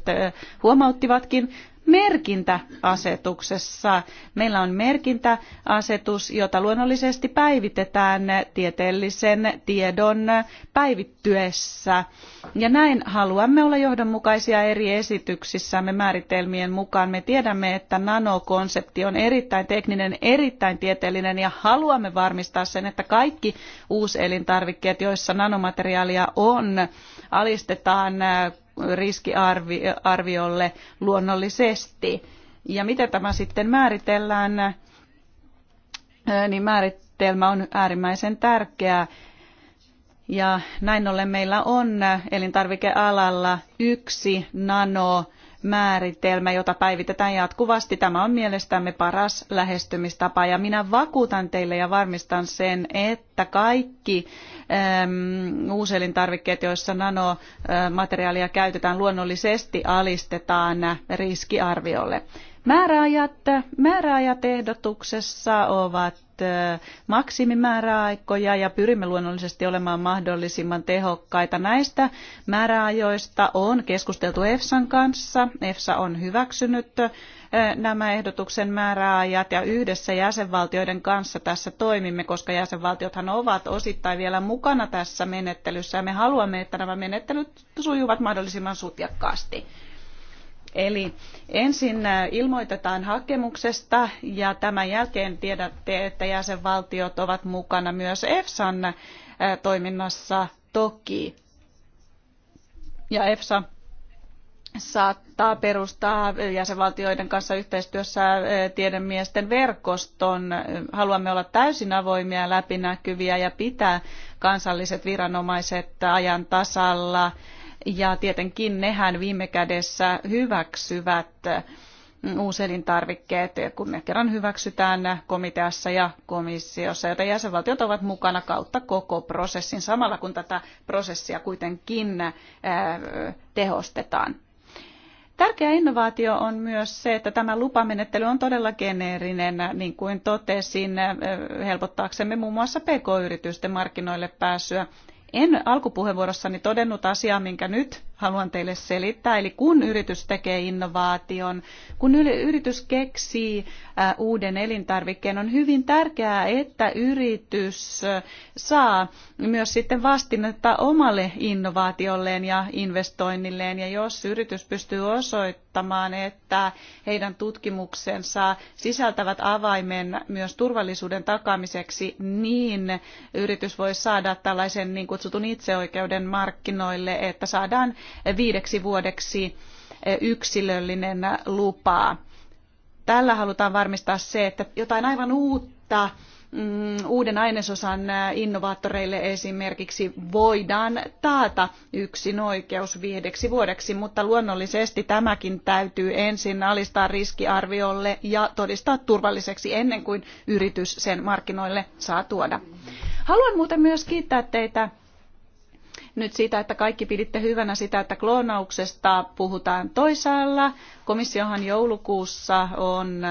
huomauttivatkin, merkintäasetuksessa. Meillä on merkintäasetus, jota luonnollisesti päivitetään tieteellisen tiedon päivittyessä. Ja näin haluamme olla johdonmukaisia eri esityksissämme määritelmien mukaan. Me tiedämme, että nanokonsepti on erittäin tekninen, erittäin tieteellinen ja haluamme varmistaa sen, että kaikki uuselintarvikkeet, joissa nanomateriaalia on, alistetaan riskiarviolle luonnollisesti. Ja miten tämä sitten määritellään, niin määritelmä on äärimmäisen tärkeää. Ja näin ollen meillä on elintarvikealalla yksi nano määritelmä, jota päivitetään jatkuvasti. Tämä on mielestämme paras lähestymistapa ja minä vakuutan teille ja varmistan sen, että kaikki äm, uuselintarvikkeet, joissa nanomateriaalia käytetään luonnollisesti, alistetaan riskiarviolle. Määräajat, määräajat ehdotuksessa ovat maksimimääräaikoja ja pyrimme luonnollisesti olemaan mahdollisimman tehokkaita. Näistä määräajoista on keskusteltu EFSAn kanssa. EFSA on hyväksynyt nämä ehdotuksen määräajat ja yhdessä jäsenvaltioiden kanssa tässä toimimme, koska jäsenvaltiothan ovat osittain vielä mukana tässä menettelyssä ja me haluamme, että nämä menettelyt sujuvat mahdollisimman sutjakkaasti. Eli ensin äh, ilmoitetaan hakemuksesta ja tämän jälkeen tiedätte, että jäsenvaltiot ovat mukana myös EFSAn äh, toiminnassa toki. Ja EFSA saattaa perustaa jäsenvaltioiden kanssa yhteistyössä äh, tiedemiesten verkoston. Haluamme olla täysin avoimia ja läpinäkyviä ja pitää kansalliset viranomaiset ajan tasalla ja tietenkin nehän viime kädessä hyväksyvät uuselintarvikkeet, kun ne kerran hyväksytään komiteassa ja komissiossa, joten jäsenvaltiot ovat mukana kautta koko prosessin, samalla kun tätä prosessia kuitenkin tehostetaan. Tärkeä innovaatio on myös se, että tämä lupamenettely on todella geneerinen, niin kuin totesin, helpottaaksemme muun muassa pk-yritysten markkinoille pääsyä en alkupuheenvuorossani todennut asiaa, minkä nyt haluan teille selittää. Eli kun yritys tekee innovaation, kun yritys keksii äh, uuden elintarvikkeen, on hyvin tärkeää, että yritys äh, saa myös sitten vastinetta omalle innovaatiolleen ja investoinnilleen. Ja jos yritys pystyy osoittamaan, että heidän tutkimuksensa sisältävät avaimen myös turvallisuuden takaamiseksi, niin yritys voi saada tällaisen niin kutsutun itseoikeuden markkinoille, että saadaan viideksi vuodeksi eh, yksilöllinen lupa. Tällä halutaan varmistaa se, että jotain aivan uutta mm, uuden ainesosan eh, innovaattoreille esimerkiksi voidaan taata yksin oikeus viideksi vuodeksi, mutta luonnollisesti tämäkin täytyy ensin alistaa riskiarviolle ja todistaa turvalliseksi ennen kuin yritys sen markkinoille saa tuoda. Haluan muuten myös kiittää teitä nyt siitä, että kaikki piditte hyvänä sitä, että kloonauksesta puhutaan toisaalla. Komissiohan joulukuussa on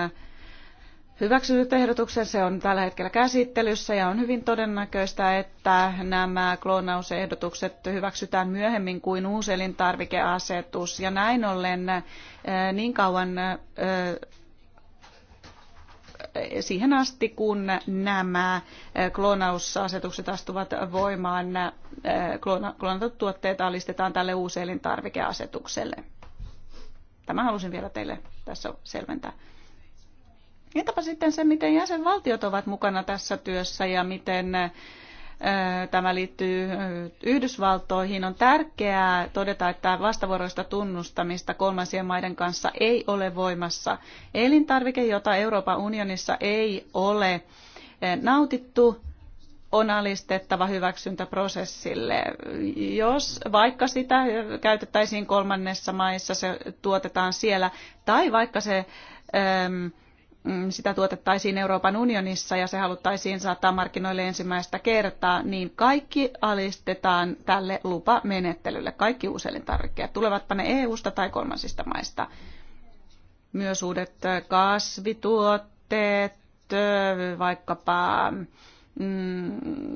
hyväksynyt ehdotuksen, se on tällä hetkellä käsittelyssä ja on hyvin todennäköistä, että nämä kloonausehdotukset hyväksytään myöhemmin kuin uusi elintarvikeasetus. Ja näin ollen eh, niin kauan eh, siihen asti, kun nämä eh, kloonausasetukset astuvat voimaan, eh, kloonatut tuotteet alistetaan tälle tarvikeasetukselle. Tämä halusin vielä teille tässä selventää. Entäpä sitten se, miten jäsenvaltiot ovat mukana tässä työssä ja miten eh, tämä liittyy Yhdysvaltoihin, on tärkeää todeta, että vastavuoroista tunnustamista kolmansien maiden kanssa ei ole voimassa. Elintarvike, jota Euroopan unionissa ei ole nautittu, on alistettava hyväksyntäprosessille. Jos vaikka sitä käytettäisiin kolmannessa maissa, se tuotetaan siellä, tai vaikka se Ähm, Mm, sitä tuotettaisiin Euroopan unionissa ja se haluttaisiin saattaa markkinoille ensimmäistä kertaa, niin kaikki alistetaan tälle lupamenettelylle, kaikki uuselintarvikkeet, tulevatpa ne EU-sta tai kolmansista maista. Myös uudet kasvituotteet, vaikkapa mm,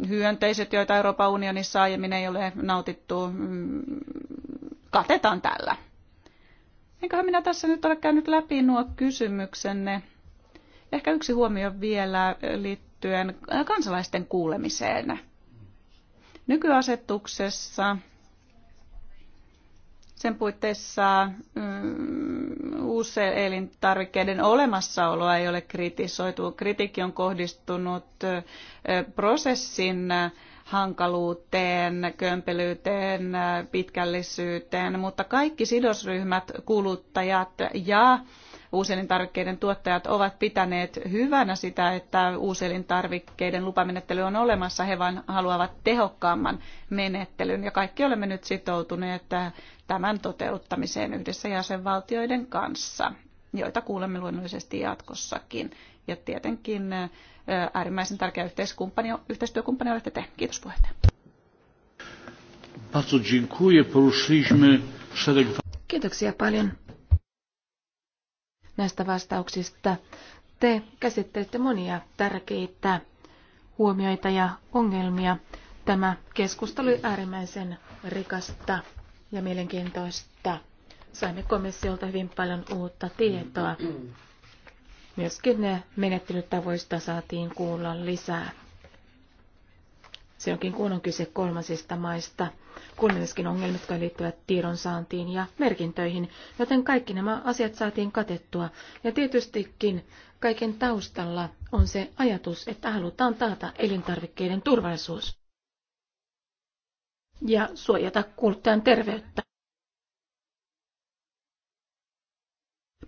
hyönteiset, joita Euroopan unionissa aiemmin ei ole nautittu, mm, katetaan tällä. Eiköhän minä tässä nyt ole käynyt läpi nuo kysymyksenne. Ehkä yksi huomio vielä liittyen äh, kansalaisten kuulemiseen. Nykyasetuksessa sen puitteissa mm, uusien elintarvikkeiden olemassaoloa ei ole kritisoitu. Kritiikki on kohdistunut äh, prosessin hankaluuteen, kömpelyyteen, äh, pitkällisyyteen, mutta kaikki sidosryhmät, kuluttajat ja uuselintarvikkeiden tuottajat ovat pitäneet hyvänä sitä, että uuselintarvikkeiden lupamenettely on olemassa. He vain haluavat tehokkaamman menettelyn ja kaikki olemme nyt sitoutuneet tämän toteuttamiseen yhdessä jäsenvaltioiden kanssa joita kuulemme luonnollisesti jatkossakin. Ja tietenkin äärimmäisen tärkeä yhteiskumppani, yhteistyökumppani olette te. Kiitos puheenjohtaja. Kiitoksia paljon näistä vastauksista. Te käsittelette monia tärkeitä huomioita ja ongelmia. Tämä keskustelu oli äärimmäisen rikasta ja mielenkiintoista. Saimme komissiolta hyvin paljon uutta tietoa. Myöskin ne menettelytavoista saatiin kuulla lisää silloinkin kun on kyse kolmasista maista, kun myöskin ongelmat, jotka liittyvät tiedonsaantiin ja merkintöihin, joten kaikki nämä asiat saatiin katettua. Ja tietystikin kaiken taustalla on se ajatus, että halutaan taata elintarvikkeiden turvallisuus ja suojata kuluttajan terveyttä.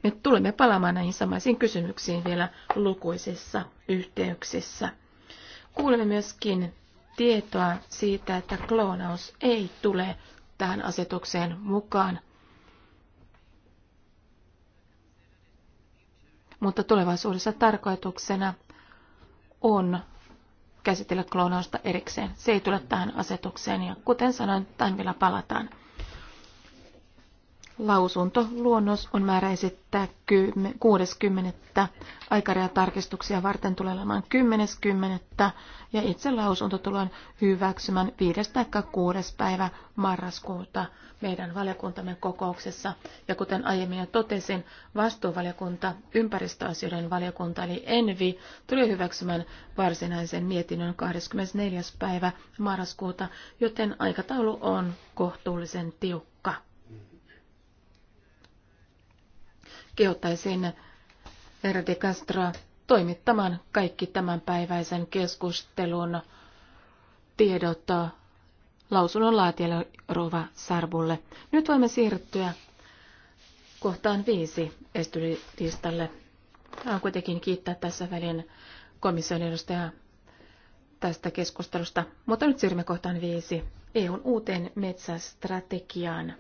Me tulemme palaamaan näihin samaisiin kysymyksiin vielä lukuisissa yhteyksissä. Kuulemme myöskin tietoa siitä, että kloonaus ei tule tähän asetukseen mukaan. Mutta tulevaisuudessa tarkoituksena on käsitellä kloonausta erikseen. Se ei tule tähän asetukseen ja kuten sanoin, tähän vielä palataan. Lausunto luonnos on määrä esittää 60. Aikaraja tarkistuksia varten tulee olemaan 10.10. ja itse lausunto tullaan hyväksymään 5. tai 6. päivä marraskuuta meidän valiokuntamme kokouksessa. Ja kuten aiemmin jo totesin, vastuuvaliokunta, ympäristöasioiden valiokunta eli ENVI tulee hyväksymään varsinaisen mietinnön 24. päivä marraskuuta, joten aikataulu on kohtuullisen tiukka. kehottaisin herra de Castro toimittamaan kaikki tämänpäiväisen keskustelun tiedot lausunnon laatijalle Rova Sarbulle. Nyt voimme siirtyä kohtaan viisi estylistalle. Haluan kuitenkin kiittää tässä välin komission edustajaa tästä keskustelusta, mutta nyt siirrymme kohtaan viisi EUn uuteen metsästrategiaan.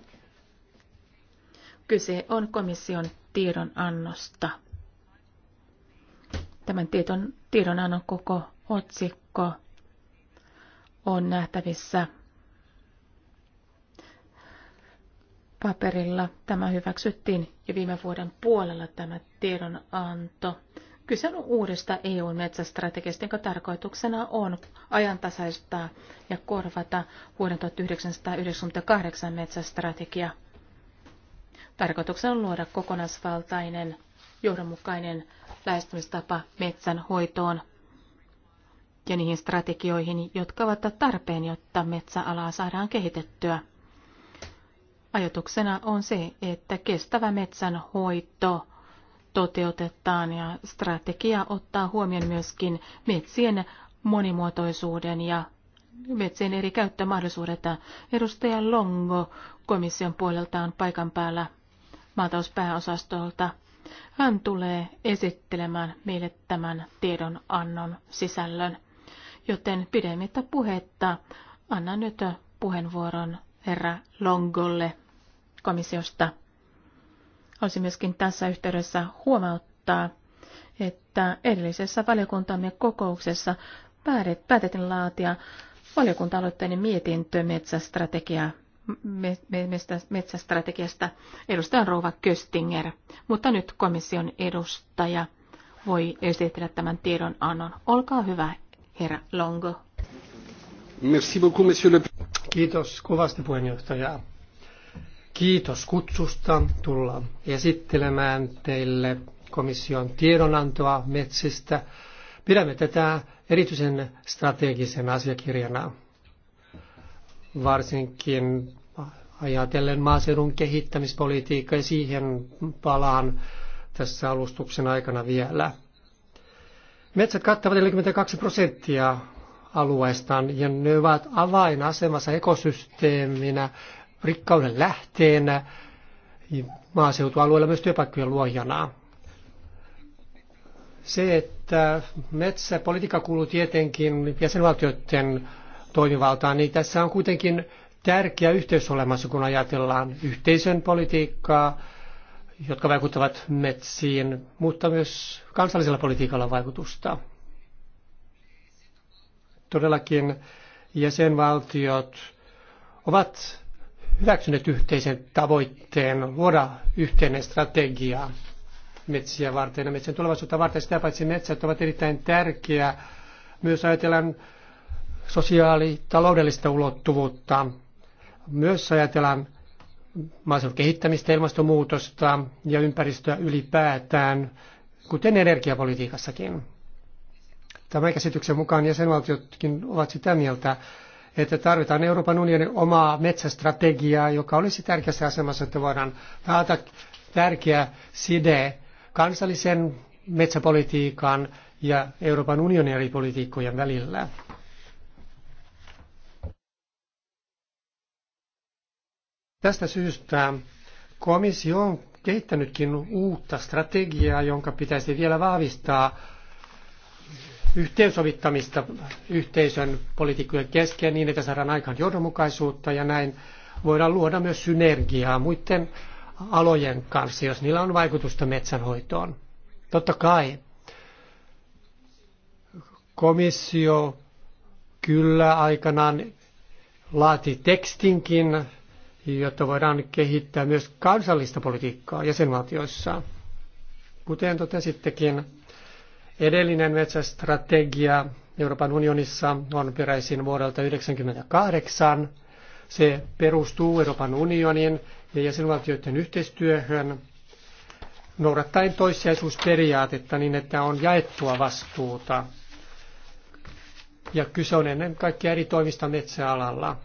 Kyse on komission tiedonannosta. Tämän tiedon, tiedonannon koko otsikko on nähtävissä paperilla. Tämä hyväksyttiin jo viime vuoden puolella tämä tiedonanto. Kyse on uudesta EUn metsästrategiasta, jonka tarkoituksena on ajantasaistaa ja korvata vuoden 1998 metsästrategia. Tarkoituksena on luoda kokonaisvaltainen, johdonmukainen lähestymistapa metsän hoitoon ja niihin strategioihin, jotka ovat tarpeen, jotta metsäalaa saadaan kehitettyä. Ajatuksena on se, että kestävä metsän hoito toteutetaan ja strategia ottaa huomioon myöskin metsien monimuotoisuuden ja metsien eri käyttömahdollisuudet. Edustaja Longo komission puolelta on paikan päällä maatalouspääosastolta. Hän tulee esittelemään meille tämän tiedonannon sisällön. Joten pidemmittä puhetta annan nyt puheenvuoron herra Longolle komissiosta. Olisi myöskin tässä yhteydessä huomauttaa, että edellisessä valiokuntamme kokouksessa päätettiin laatia valiokunta-aloitteinen mietintö metsästrategiaa metsästrategiasta edustaja Rouva Köstinger, mutta nyt komission edustaja voi esitellä tämän tiedonannon. Olkaa hyvä, herra Longo. Merci beaucoup, monsieur le... Kiitos kovasti puheenjohtaja. Kiitos kutsusta tulla esittelemään teille komission tiedonantoa metsistä. Pidämme tätä erityisen strategisen asiakirjana varsinkin ajatellen maaseudun kehittämispolitiikkaa ja siihen palaan tässä alustuksen aikana vielä. Metsät kattavat 42 prosenttia alueestaan ja ne ovat avainasemassa ekosysteeminä, rikkauden lähteenä, maaseutualueella myös työpaikkojen luojana. Se, että metsäpolitiikka kuuluu tietenkin jäsenvaltioiden toimivaltaa, niin tässä on kuitenkin tärkeä yhteys olemassa, kun ajatellaan yhteisön politiikkaa, jotka vaikuttavat metsiin, mutta myös kansallisella politiikalla vaikutusta. Todellakin jäsenvaltiot ovat hyväksyneet yhteisen tavoitteen luoda yhteinen strategia metsiä varten ja metsän tulevaisuutta varten. Sitä paitsi metsät ovat erittäin tärkeä myös ajatellaan sosiaali- taloudellista ulottuvuutta. Myös ajatellaan maaseudun kehittämistä, ilmastonmuutosta ja ympäristöä ylipäätään, kuten energiapolitiikassakin. Tämän käsityksen mukaan jäsenvaltiotkin ovat sitä mieltä, että tarvitaan Euroopan unionin omaa metsästrategiaa, joka olisi tärkeässä asemassa, että voidaan taata tärkeä side kansallisen metsäpolitiikan ja Euroopan unionin eri politiikkojen välillä. Tästä syystä komissio on kehittänytkin uutta strategiaa, jonka pitäisi vielä vahvistaa yhteensovittamista yhteisön politiikkojen kesken niin, että saadaan aikaan johdonmukaisuutta ja näin voidaan luoda myös synergiaa muiden alojen kanssa, jos niillä on vaikutusta metsänhoitoon. Totta kai komissio kyllä aikanaan laati tekstinkin jotta voidaan kehittää myös kansallista politiikkaa jäsenvaltioissa. Kuten totesittekin, edellinen metsästrategia Euroopan unionissa on peräisin vuodelta 1998. Se perustuu Euroopan unionin ja jäsenvaltioiden yhteistyöhön noudattaen toissijaisuusperiaatetta niin, että on jaettua vastuuta. Ja kyse on ennen kaikkea eri toimista metsäalalla.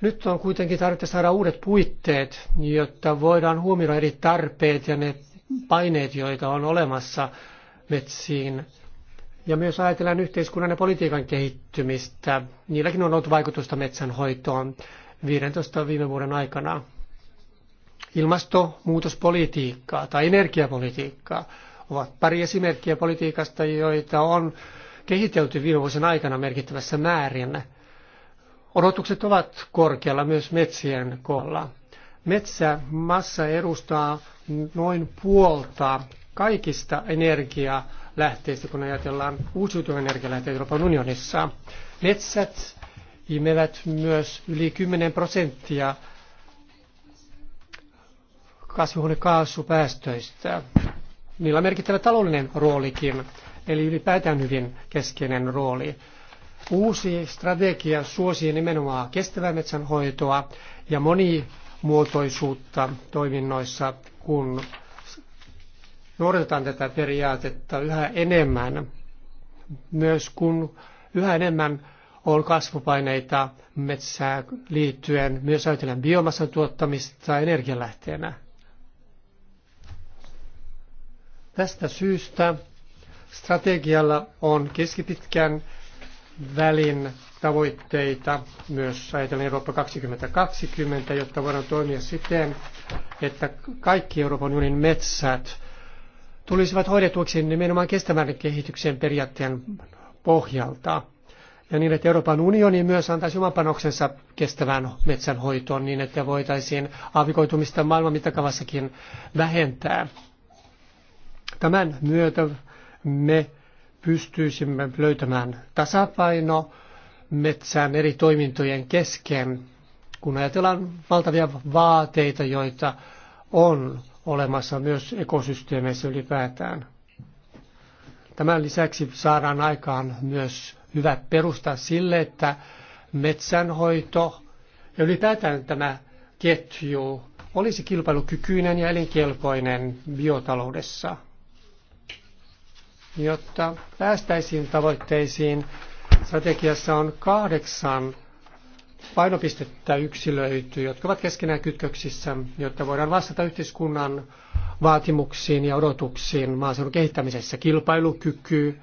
Nyt on kuitenkin tarvetta saada uudet puitteet, jotta voidaan huomioida eri tarpeet ja ne paineet, joita on olemassa metsiin. Ja myös ajatellaan yhteiskunnan ja politiikan kehittymistä. Niilläkin on ollut vaikutusta metsänhoitoon 15 viime vuoden aikana. Ilmastonmuutospolitiikkaa tai energiapolitiikkaa ovat pari esimerkkiä politiikasta, joita on kehitelty viime vuosien aikana merkittävässä määrin – Odotukset ovat korkealla myös metsien kohdalla. Metsämassa edustaa noin puolta kaikista energialähteistä, kun ajatellaan uusiutuvia energialähteitä Euroopan unionissa. Metsät imevät myös yli 10 prosenttia kasvihuonekaasupäästöistä. Niillä on merkittävä taloudellinen roolikin, eli ylipäätään hyvin keskeinen rooli. Uusi strategia suosii nimenomaan kestävää metsänhoitoa ja monimuotoisuutta toiminnoissa, kun noudatetaan tätä periaatetta yhä enemmän. Myös kun yhä enemmän on kasvupaineita metsään liittyen, myös ajatellen biomassan tuottamista energialähteenä. Tästä syystä strategialla on keskipitkän välin tavoitteita, myös ajatellen Eurooppa 2020, jotta voidaan toimia siten, että kaikki Euroopan unionin metsät tulisivat hoidetuiksi nimenomaan kestävän kehityksen periaatteen pohjalta. Ja niin, että Euroopan unioni myös antaisi oman panoksensa kestävään metsänhoitoon niin, että voitaisiin aavikoitumista maailman mittakaavassakin vähentää. Tämän myötä me pystyisimme löytämään tasapaino metsän eri toimintojen kesken, kun ajatellaan valtavia vaateita, joita on olemassa myös ekosysteemeissä ylipäätään. Tämän lisäksi saadaan aikaan myös hyvä perusta sille, että metsänhoito ja ylipäätään tämä ketju olisi kilpailukykyinen ja elinkelpoinen biotaloudessa. Jotta päästäisiin tavoitteisiin, strategiassa on kahdeksan painopistettä yksilöity, jotka ovat keskenään kytköksissä, jotta voidaan vastata yhteiskunnan vaatimuksiin ja odotuksiin maaseudun kehittämisessä. Kilpailukyky,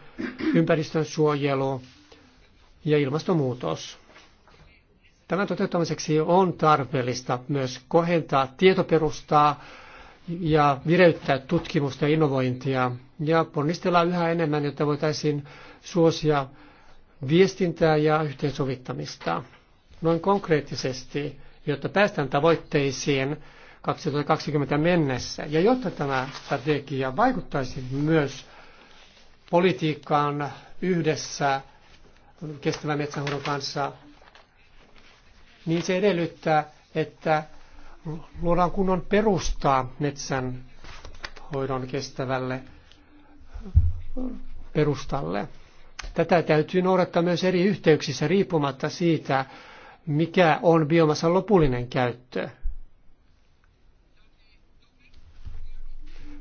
ympäristön suojelu ja ilmastonmuutos. Tämän toteuttamiseksi on tarpeellista myös kohentaa tietoperustaa ja vireyttää tutkimusta ja innovointia ja ponnistellaan yhä enemmän, jotta voitaisiin suosia viestintää ja yhteensovittamista. Noin konkreettisesti, jotta päästään tavoitteisiin 2020 mennessä ja jotta tämä strategia vaikuttaisi myös politiikkaan yhdessä kestävän metsähoidon kanssa, niin se edellyttää, että luodaan kunnon perustaa metsän hoidon kestävälle perustalle. Tätä täytyy noudattaa myös eri yhteyksissä riippumatta siitä, mikä on biomassan lopullinen käyttö.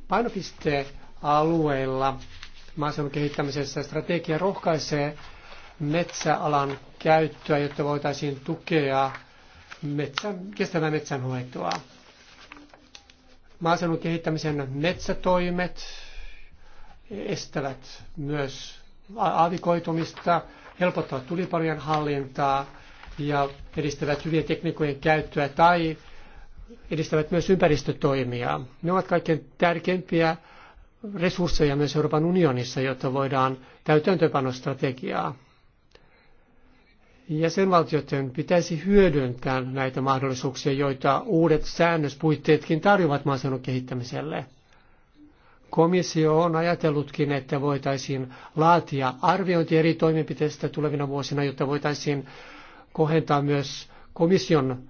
Painopistealueilla maaseudun kehittämisessä strategia rohkaisee metsäalan käyttöä, jotta voitaisiin tukea metsän, kestävää metsänhoitoa. Maaseudun kehittämisen metsätoimet estävät myös aavikoitumista, helpottavat tulipalojen hallintaa ja edistävät hyvien tekniikojen käyttöä tai edistävät myös ympäristötoimia. Ne ovat kaikkein tärkeimpiä resursseja myös Euroopan unionissa, jotta voidaan täytäntöönpanostrategiaa Jäsenvaltioiden pitäisi hyödyntää näitä mahdollisuuksia, joita uudet säännöspuitteetkin tarjoavat maaseudun kehittämiselle. Komissio on ajatellutkin, että voitaisiin laatia arviointi eri toimenpiteistä tulevina vuosina, jotta voitaisiin kohentaa myös komission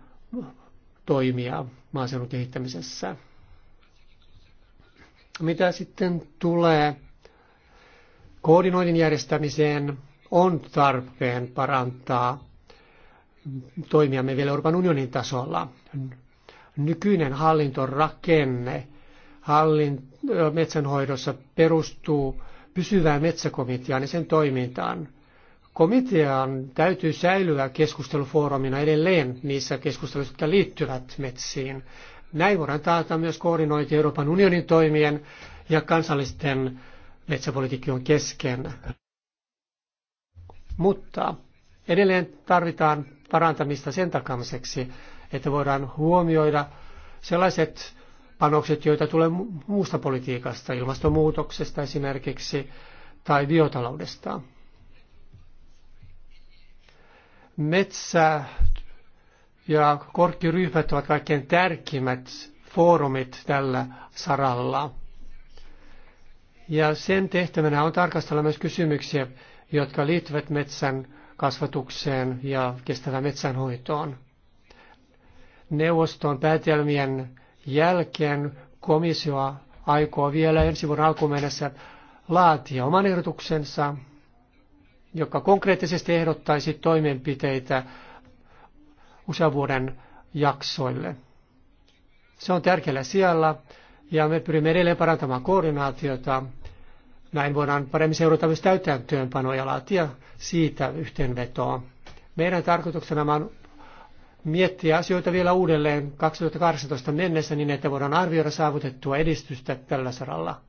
toimia maaseudun kehittämisessä. Mitä sitten tulee koordinoinnin järjestämiseen, on tarpeen parantaa toimiamme vielä Euroopan unionin tasolla. Nykyinen hallintorakenne metsänhoidossa perustuu pysyvään metsäkomiteaan ja sen toimintaan. Komitean täytyy säilyä keskustelufoorumina edelleen niissä keskusteluissa, jotka liittyvät metsiin. Näin voidaan taata myös koordinointi Euroopan unionin toimien ja kansallisten metsäpolitiikkojen kesken. Mutta edelleen tarvitaan parantamista sen takamiseksi, että voidaan huomioida sellaiset panokset, joita tulee muusta politiikasta, ilmastonmuutoksesta esimerkiksi tai biotaloudesta. Metsä ja korkkiryhmät ovat kaikkein tärkeimmät foorumit tällä saralla. Ja sen tehtävänä on tarkastella myös kysymyksiä, jotka liittyvät metsän kasvatukseen ja kestävään metsänhoitoon. Neuvoston päätelmien jälkeen komissio aikoo vielä ensi vuoden alkuun mennessä laatia oman ehdotuksensa, joka konkreettisesti ehdottaisi toimenpiteitä usean vuoden jaksoille. Se on tärkeällä siellä, ja me pyrimme edelleen parantamaan koordinaatiota näin voidaan paremmin seurata myös täytäntöönpanoa ja laatia siitä yhteenvetoa. Meidän tarkoituksena on miettiä asioita vielä uudelleen 2018 mennessä niin, että voidaan arvioida saavutettua edistystä tällä saralla.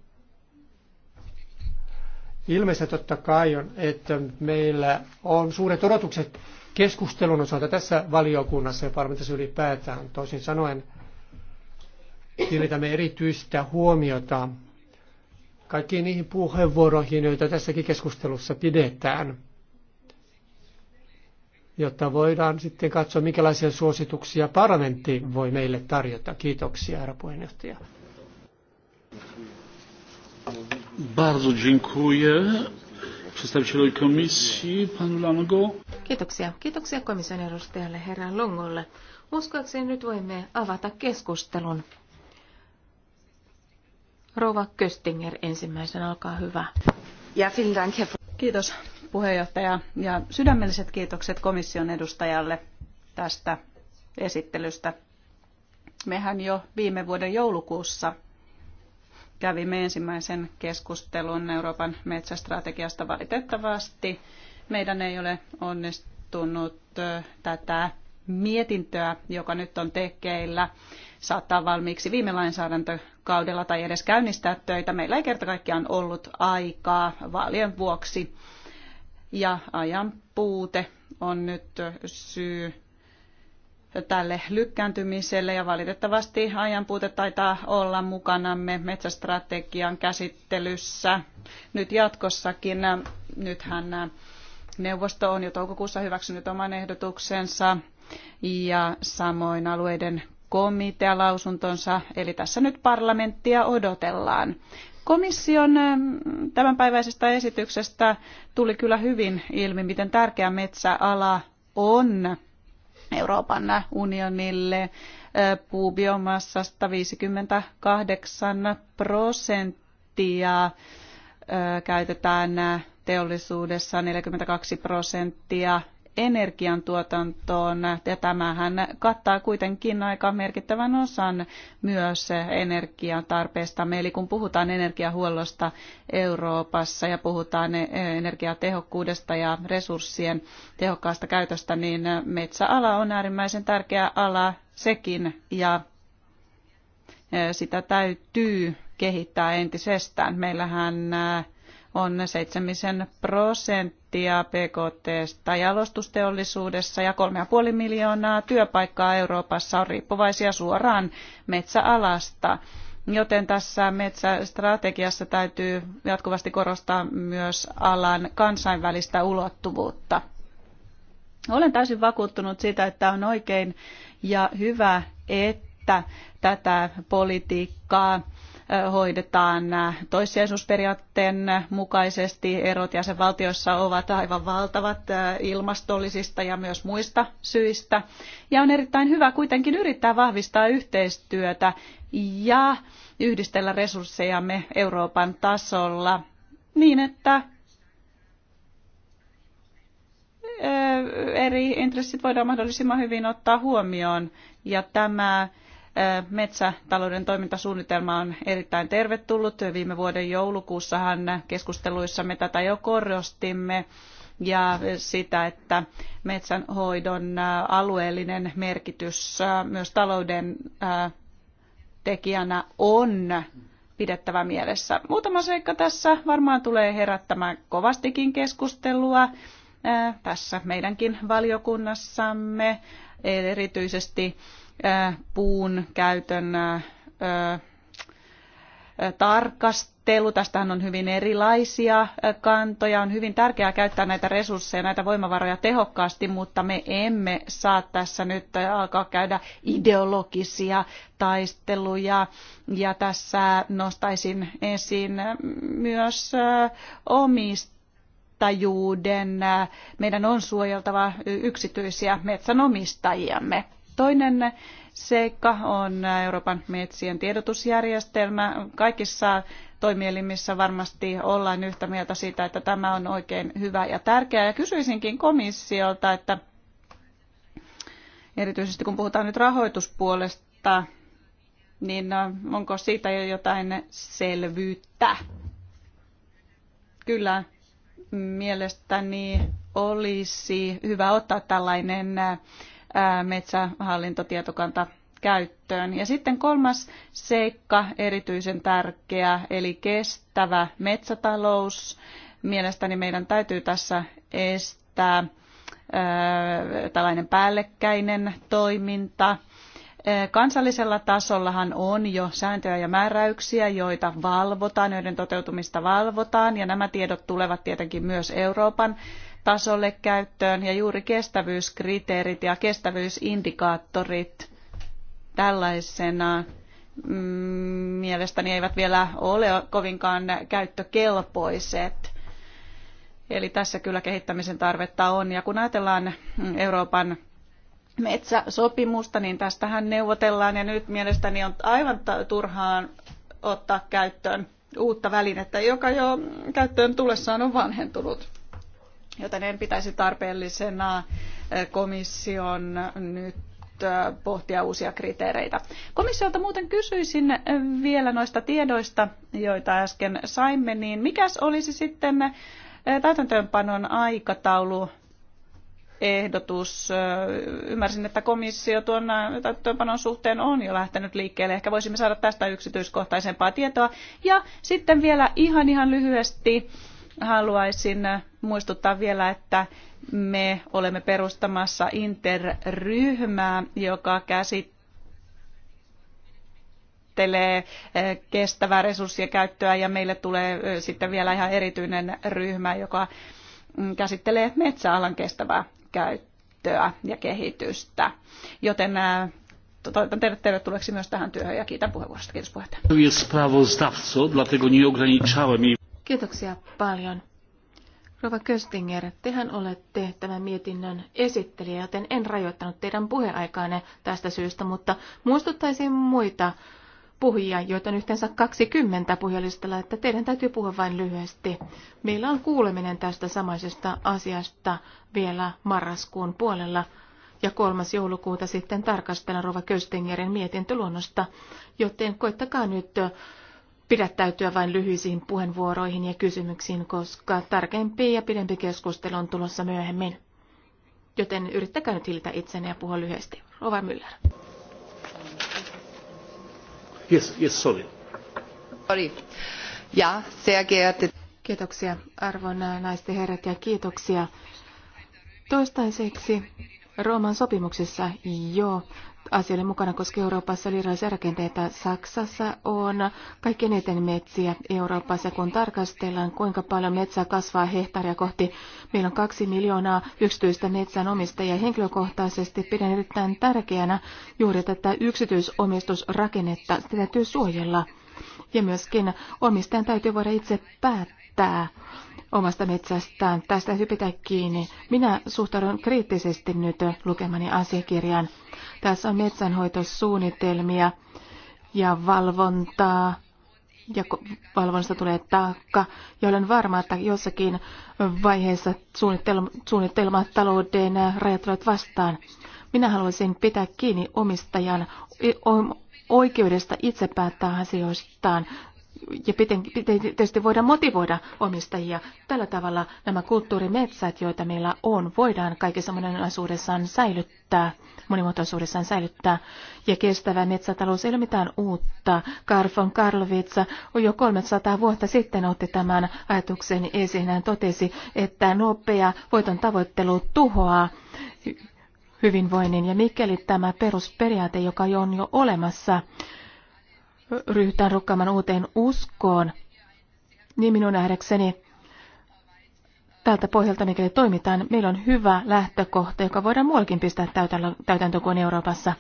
Ilmeistä totta kai on, että meillä on suuret odotukset keskustelun osalta tässä valiokunnassa ja parlamentissa ylipäätään. Toisin sanoen kiinnitämme erityistä huomiota kaikkiin niihin puheenvuoroihin, joita tässäkin keskustelussa pidetään, jotta voidaan sitten katsoa, minkälaisia suosituksia parlamentti voi meille tarjota. Kiitoksia, herra puheenjohtaja. Bardzo dziękuję przedstawicielowi komisji, panu Lango. Kiitoksia. Kiitoksia komission edustajalle, herra Longolle. Uskoakseni nyt voimme avata keskustelun. Rova Köstinger ensimmäisenä, olkaa hyvä. Ja Finland. Kiitos puheenjohtaja ja sydämelliset kiitokset komission edustajalle tästä esittelystä. Mehän jo viime vuoden joulukuussa kävimme ensimmäisen keskustelun Euroopan metsästrategiasta valitettavasti. Meidän ei ole onnistunut tätä mietintöä, joka nyt on tekeillä, saattaa valmiiksi viime lainsäädäntö kaudella tai edes käynnistää töitä. Meillä ei kerta kaikkiaan ollut aikaa vaalien vuoksi. Ja ajan puute on nyt syy tälle lykkääntymiselle ja valitettavasti ajan puute taitaa olla mukanamme metsästrategian käsittelyssä nyt jatkossakin. Nythän neuvosto on jo toukokuussa hyväksynyt oman ehdotuksensa ja samoin alueiden komitea lausuntonsa, eli tässä nyt parlamenttia odotellaan. Komission ähm, tämänpäiväisestä esityksestä tuli kyllä hyvin ilmi, miten tärkeä metsäala on Euroopan unionille. Äh, puubiomassasta 58 prosenttia äh, käytetään teollisuudessa, 42 prosenttia energiantuotantoon. Ja tämähän kattaa kuitenkin aika merkittävän osan myös energiatarpeestamme. Eli kun puhutaan energiahuollosta Euroopassa ja puhutaan energiatehokkuudesta ja resurssien tehokkaasta käytöstä, niin metsäala on äärimmäisen tärkeä ala sekin ja e, sitä täytyy kehittää entisestään. Meillähän e, on 7 prosenttia prosenttia PKT jalostusteollisuudessa ja 3,5 miljoonaa työpaikkaa Euroopassa on riippuvaisia suoraan metsäalasta. Joten tässä metsästrategiassa täytyy jatkuvasti korostaa myös alan kansainvälistä ulottuvuutta. Olen täysin vakuuttunut siitä, että on oikein ja hyvä, että tätä politiikkaa hoidetaan toissijaisuusperiaatteen mukaisesti. Erot jäsenvaltioissa ovat aivan valtavat ilmastollisista ja myös muista syistä. Ja on erittäin hyvä kuitenkin yrittää vahvistaa yhteistyötä ja yhdistellä resurssejamme Euroopan tasolla niin, että eh, eri intressit voidaan mahdollisimman hyvin ottaa huomioon. Ja tämä metsätalouden toimintasuunnitelma on erittäin tervetullut. Viime vuoden joulukuussahan keskusteluissamme tätä jo korostimme ja sitä, että metsänhoidon alueellinen merkitys myös talouden tekijänä on pidettävä mielessä. Muutama seikka tässä varmaan tulee herättämään kovastikin keskustelua tässä meidänkin valiokunnassamme, erityisesti Äh, puun käytön äh, äh, tarkastelu. Tästähän on hyvin erilaisia kantoja. On hyvin tärkeää käyttää näitä resursseja, näitä voimavaroja tehokkaasti, mutta me emme saa tässä nyt alkaa käydä ideologisia taisteluja. Ja tässä nostaisin esiin myös omista Meidän on suojeltava yksityisiä metsänomistajiamme. Toinen seikka on Euroopan metsien tiedotusjärjestelmä. Kaikissa toimielimissä varmasti ollaan yhtä mieltä siitä, että tämä on oikein hyvä ja tärkeä. Ja kysyisinkin komissiolta, että erityisesti kun puhutaan nyt rahoituspuolesta, niin onko siitä jo jotain selvyyttä? Kyllä, mielestäni olisi hyvä ottaa tällainen metsähallintotietokanta käyttöön. Ja sitten kolmas seikka, erityisen tärkeä, eli kestävä metsätalous. Mielestäni meidän täytyy tässä estää tällainen päällekkäinen toiminta. Kansallisella tasollahan on jo sääntöjä ja määräyksiä, joita valvotaan, joiden toteutumista valvotaan, ja nämä tiedot tulevat tietenkin myös Euroopan tasolle käyttöön ja juuri kestävyyskriteerit ja kestävyysindikaattorit tällaisena mm, mielestäni eivät vielä ole kovinkaan käyttökelpoiset. Eli tässä kyllä kehittämisen tarvetta on. Ja kun ajatellaan Euroopan metsäsopimusta, niin tästähän neuvotellaan ja nyt mielestäni on aivan turhaan ottaa käyttöön uutta välinettä, joka jo käyttöön tullessaan on vanhentunut joten en pitäisi tarpeellisena eh, komission nyt eh, pohtia uusia kriteereitä. Komissiolta muuten kysyisin eh, vielä noista tiedoista, joita äsken saimme, niin mikäs olisi sitten täytäntöönpanon aikataulu ehdotus. Ymmärsin, että komissio tuon täyttöönpanon suhteen on jo lähtenyt liikkeelle. Ehkä voisimme saada tästä yksityiskohtaisempaa tietoa. Ja sitten vielä ihan ihan lyhyesti haluaisin äh, muistuttaa vielä, että me olemme perustamassa interryhmää, joka käsittelee äh, kestävää resurssien käyttöä ja meille tulee äh, sitten vielä ihan erityinen ryhmä, joka mm, käsittelee metsäalan kestävää käyttöä ja kehitystä. Joten toivotan teidät tervetulleeksi myös tähän työhön ja kiitän puheenvuorosta. Kiitos puheenjohtaja. Kiitoksia paljon. Rova Köstinger, tehän olette tämän mietinnön esittelijä, joten en rajoittanut teidän puheaikaanne tästä syystä, mutta muistuttaisin muita puhujia, joita on yhteensä 20 puhujalistalla, että teidän täytyy puhua vain lyhyesti. Meillä on kuuleminen tästä samaisesta asiasta vielä marraskuun puolella ja kolmas joulukuuta sitten tarkastellaan Rova Köstingerin mietintöluonnosta, joten koittakaa nyt pidättäytyä vain lyhyisiin puheenvuoroihin ja kysymyksiin, koska tarkempi ja pidempi keskustelu on tulossa myöhemmin. Joten yrittäkää nyt hillitä itsenä ja puhua lyhyesti. Rova Müller. Yes, yes, sorry. Sorry. Ja, sehr geehrte. Kiitoksia arvon naisten herrat ja kiitoksia. Toistaiseksi Rooman sopimuksessa jo asioille mukana, koska Euroopassa oli erilaisia rakenteita. Saksassa on kaikkein eniten metsiä Euroopassa, kun tarkastellaan, kuinka paljon metsää kasvaa hehtaaria kohti. Meillä on kaksi miljoonaa yksityistä metsänomistajia. Henkilökohtaisesti pidän erittäin tärkeänä juuri tätä yksityisomistusrakennetta. Sitä täytyy suojella. Ja myöskin omistajan täytyy voida itse päättää omasta metsästään. Tästä täytyy pitää kiinni. Minä suhtaudun kriittisesti nyt lukemani asiakirjan. Tässä on metsänhoitosuunnitelmia ja valvontaa ja valvonnasta tulee taakka, ja olen varma, että jossakin vaiheessa suunnitelma, suunnitelma talouden rajat tulevat vastaan. Minä haluaisin pitää kiinni omistajan oikeudesta itse päättää asioistaan ja tietysti voidaan motivoida omistajia. Tällä tavalla nämä kulttuurimetsät, joita meillä on, voidaan kaikessa moninaisuudessaan säilyttää, monimuotoisuudessaan säilyttää. Ja kestävä metsätalous ei ole mitään uutta. Karl von on jo 300 vuotta sitten otti tämän ajatuksen esiin. Hän totesi, että nopea voiton tavoittelu tuhoaa hyvinvoinnin. Ja mikäli tämä perusperiaate, joka on jo olemassa, ryhdytään rukkaamaan uuteen uskoon, niin minun nähdäkseni tältä pohjalta, mikäli toimitaan, meillä on hyvä lähtökohta, joka voidaan muuallakin pistää täytäntöön kuin Euroopassa.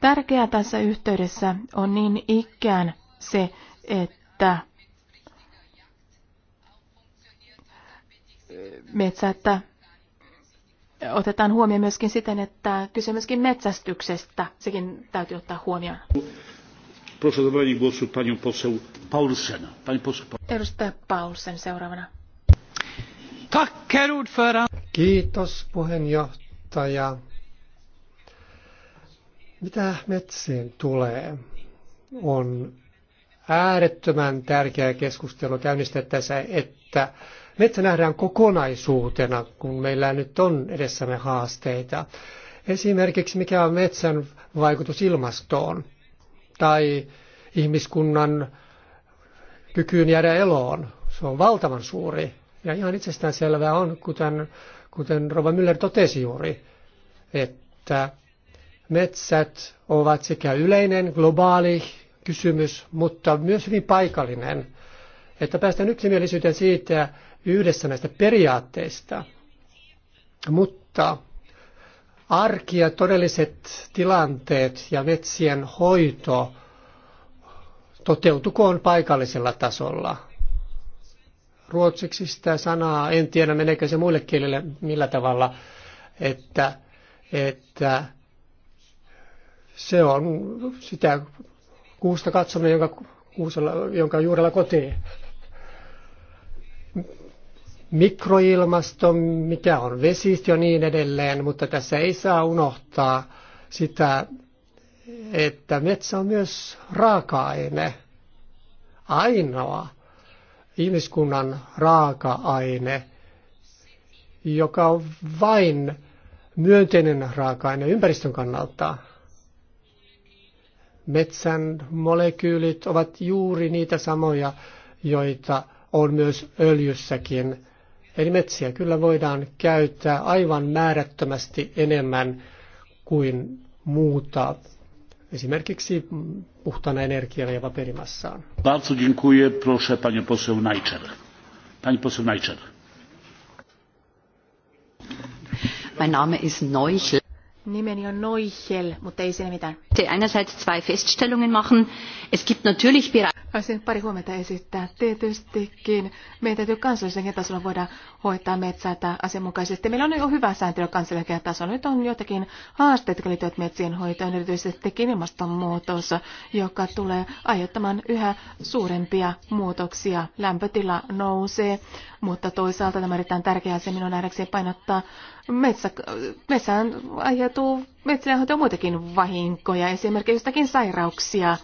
Tärkeää tässä yhteydessä on niin ikään se, että metsättä otetaan huomioon myöskin siten, että kyse myöskin metsästyksestä. Sekin täytyy ottaa huomioon. Proszę o zabranie głosu panią poseł Paulsen. Pani poseł Paulsen. seuraavana. Tack, Kiitos puheenjohtaja. Mitä metsiin tulee, on äärettömän tärkeä keskustelu tässä, että metsä nähdään kokonaisuutena, kun meillä nyt on edessämme haasteita. Esimerkiksi mikä on metsän vaikutus ilmastoon tai ihmiskunnan kykyyn jäädä eloon. Se on valtavan suuri. Ja ihan itsestään selvää on, kuten, kuten Rova Müller totesi juuri, että metsät ovat sekä yleinen, globaali kysymys, mutta myös hyvin paikallinen. Että päästään yksimielisyyteen siitä yhdessä näistä periaatteista. Mutta arki ja todelliset tilanteet ja metsien hoito toteutukoon paikallisella tasolla. Ruotsiksi sitä sanaa, en tiedä meneekö se muille kielille millä tavalla, että, että se on sitä kuusta katsominen, jonka, kuusella, jonka juurella kotiin mikroilmasto, mikä on vesistö ja niin edelleen, mutta tässä ei saa unohtaa sitä, että metsä on myös raaka-aine, ainoa ihmiskunnan raaka-aine, joka on vain myönteinen raaka-aine ympäristön kannalta. Metsän molekyylit ovat juuri niitä samoja, joita on myös öljyssäkin Eli metsiä kyllä voidaan käyttää aivan määrättömästi enemmän kuin muuta, esimerkiksi puhtana energialla ja paperimassaan. Bardzo dziękuję, proszę panią poseł Najczer. Pani poseł Najczer. Mein Name ist Neuchel. Nimeni on Neuchel, mutta ei siinä mitään. Einerseits zwei Feststellungen machen. Es gibt natürlich bereits Haluaisin pari huomiota esittää. Tietystikin meidän täytyy kansallisenkin tasolla voida hoitaa metsää asianmukaisesti. Meillä on jo hyvä sääntely kansallisella tasolla. Nyt on jotakin haasteita, jotka liittyvät metsien hoitoon, erityisesti ilmastonmuutos, joka tulee aiheuttamaan yhä suurempia muutoksia. Lämpötila nousee, mutta toisaalta tämä on erittäin tärkeä asia minun nähdäkseni painottaa. Metsä, metsään aiheutuu metsään muitakin vahinkoja, esimerkiksi jostakin sairauksia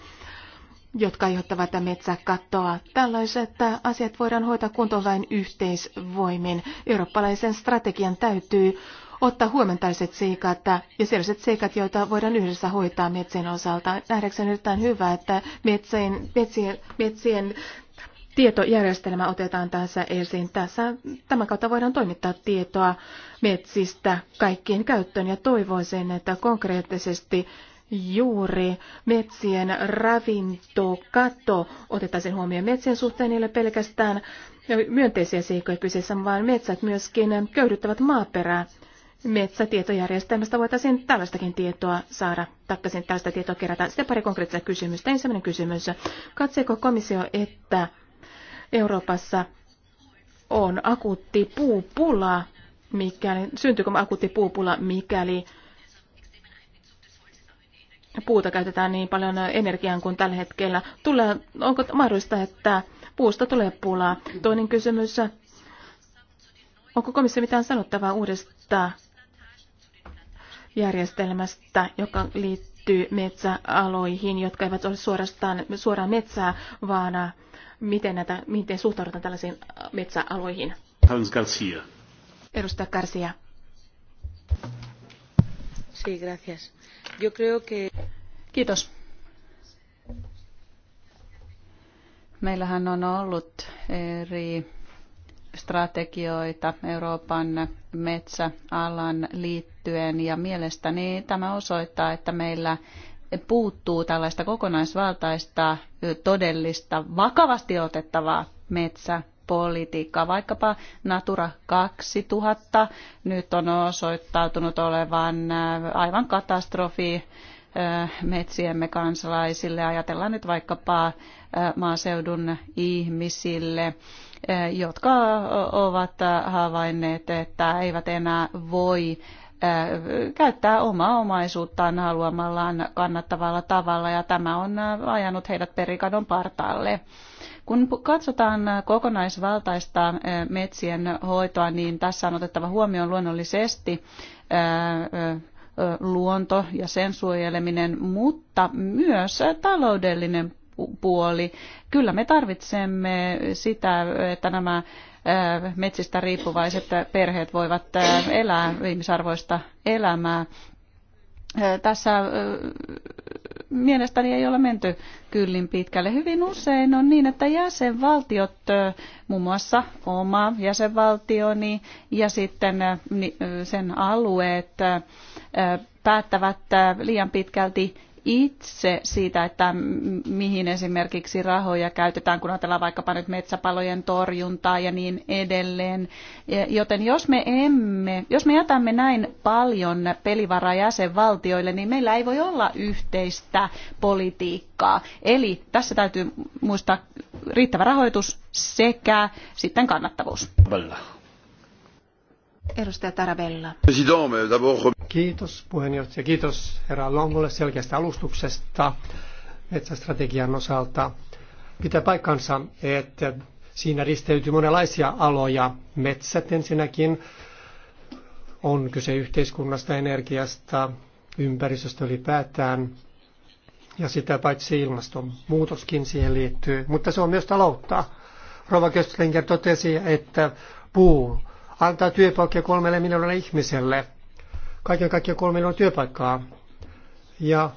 jotka aiheuttavat metsäkattoa. Tällaiset asiat voidaan hoitaa kuntoon vain yhteisvoimin. Eurooppalaisen strategian täytyy ottaa huomioon seikat ja sellaiset seikat, joita voidaan yhdessä hoitaa metsien osalta. Nähdäkseni erittäin hyvä, että metsien, metsien, metsien tietojärjestelmä otetaan tässä esiin. Tässä, tämän kautta voidaan toimittaa tietoa metsistä kaikkien käyttöön ja toivoisin, että konkreettisesti juuri metsien ravintokato otettaisiin huomioon metsien suhteen, niille pelkästään myönteisiä seikkoja kyseessä, vaan metsät myöskin köyhdyttävät maaperää. Metsätietojärjestelmästä voitaisiin tällaistakin tietoa saada, takaisin tällaista tietoa kerätä. Sitten pari konkreettista kysymystä. Ensimmäinen kysymys. Katseeko komissio, että Euroopassa on akuutti puupula, mikäli, syntyykö akuutti puupula, mikäli puuta käytetään niin paljon energiaan kuin tällä hetkellä. Tulee, onko mahdollista, että puusta tulee pulaa? Toinen kysymys. Onko komissio mitään sanottavaa uudesta järjestelmästä, joka liittyy metsäaloihin, jotka eivät ole suorastaan suoraan metsää, vaan äh, miten, näitä, miten suhtaudutaan tällaisiin äh, metsäaloihin? Garcia. Edustaja Garcia. Sí, gracias. Yo creo que... Kiitos. Meillähän on ollut eri strategioita Euroopan metsäalan liittyen ja mielestäni tämä osoittaa, että meillä puuttuu tällaista kokonaisvaltaista, todellista, vakavasti otettavaa metsäpolitiikkaa. Vaikkapa Natura 2000 nyt on osoittautunut olevan aivan katastrofi metsiemme kansalaisille. Ajatellaan nyt vaikkapa maaseudun ihmisille, jotka ovat havainneet, että eivät enää voi käyttää omaa omaisuuttaan haluamallaan kannattavalla tavalla ja tämä on ajanut heidät perikadon partaalle. Kun katsotaan kokonaisvaltaista metsien hoitoa, niin tässä on otettava huomioon luonnollisesti luonto ja sen suojeleminen, mutta myös taloudellinen puoli. Kyllä me tarvitsemme sitä, että nämä metsistä riippuvaiset perheet voivat elää ihmisarvoista elämää. Tässä mielestäni ei ole menty kyllin pitkälle. Hyvin usein on niin, että jäsenvaltiot, muun muassa oma jäsenvaltioni ja sitten sen alueet päättävät liian pitkälti itse siitä, että mihin esimerkiksi rahoja käytetään, kun ajatellaan vaikkapa nyt metsäpalojen torjuntaa ja niin edelleen. Joten jos me, emme, jos me jätämme näin paljon pelivaraa jäsenvaltioille, niin meillä ei voi olla yhteistä politiikkaa. Eli tässä täytyy muistaa riittävä rahoitus sekä sitten kannattavuus. Valla. Edustaja Tarabella. Kiitos puheenjohtaja. Kiitos herra Longolle selkeästä alustuksesta metsästrategian osalta. Pitää paikkansa, että siinä risteytyy monenlaisia aloja. Metsät ensinnäkin on kyse yhteiskunnasta, energiasta, ympäristöstä ylipäätään. Ja sitä paitsi ilmastonmuutoskin siihen liittyy, mutta se on myös taloutta. Rova Kestlinger totesi, että puu antaa työpaikkoja kolmelle miljoonalle ihmiselle. Kaiken kaikkiaan kolme miljoonaa työpaikkaa ja,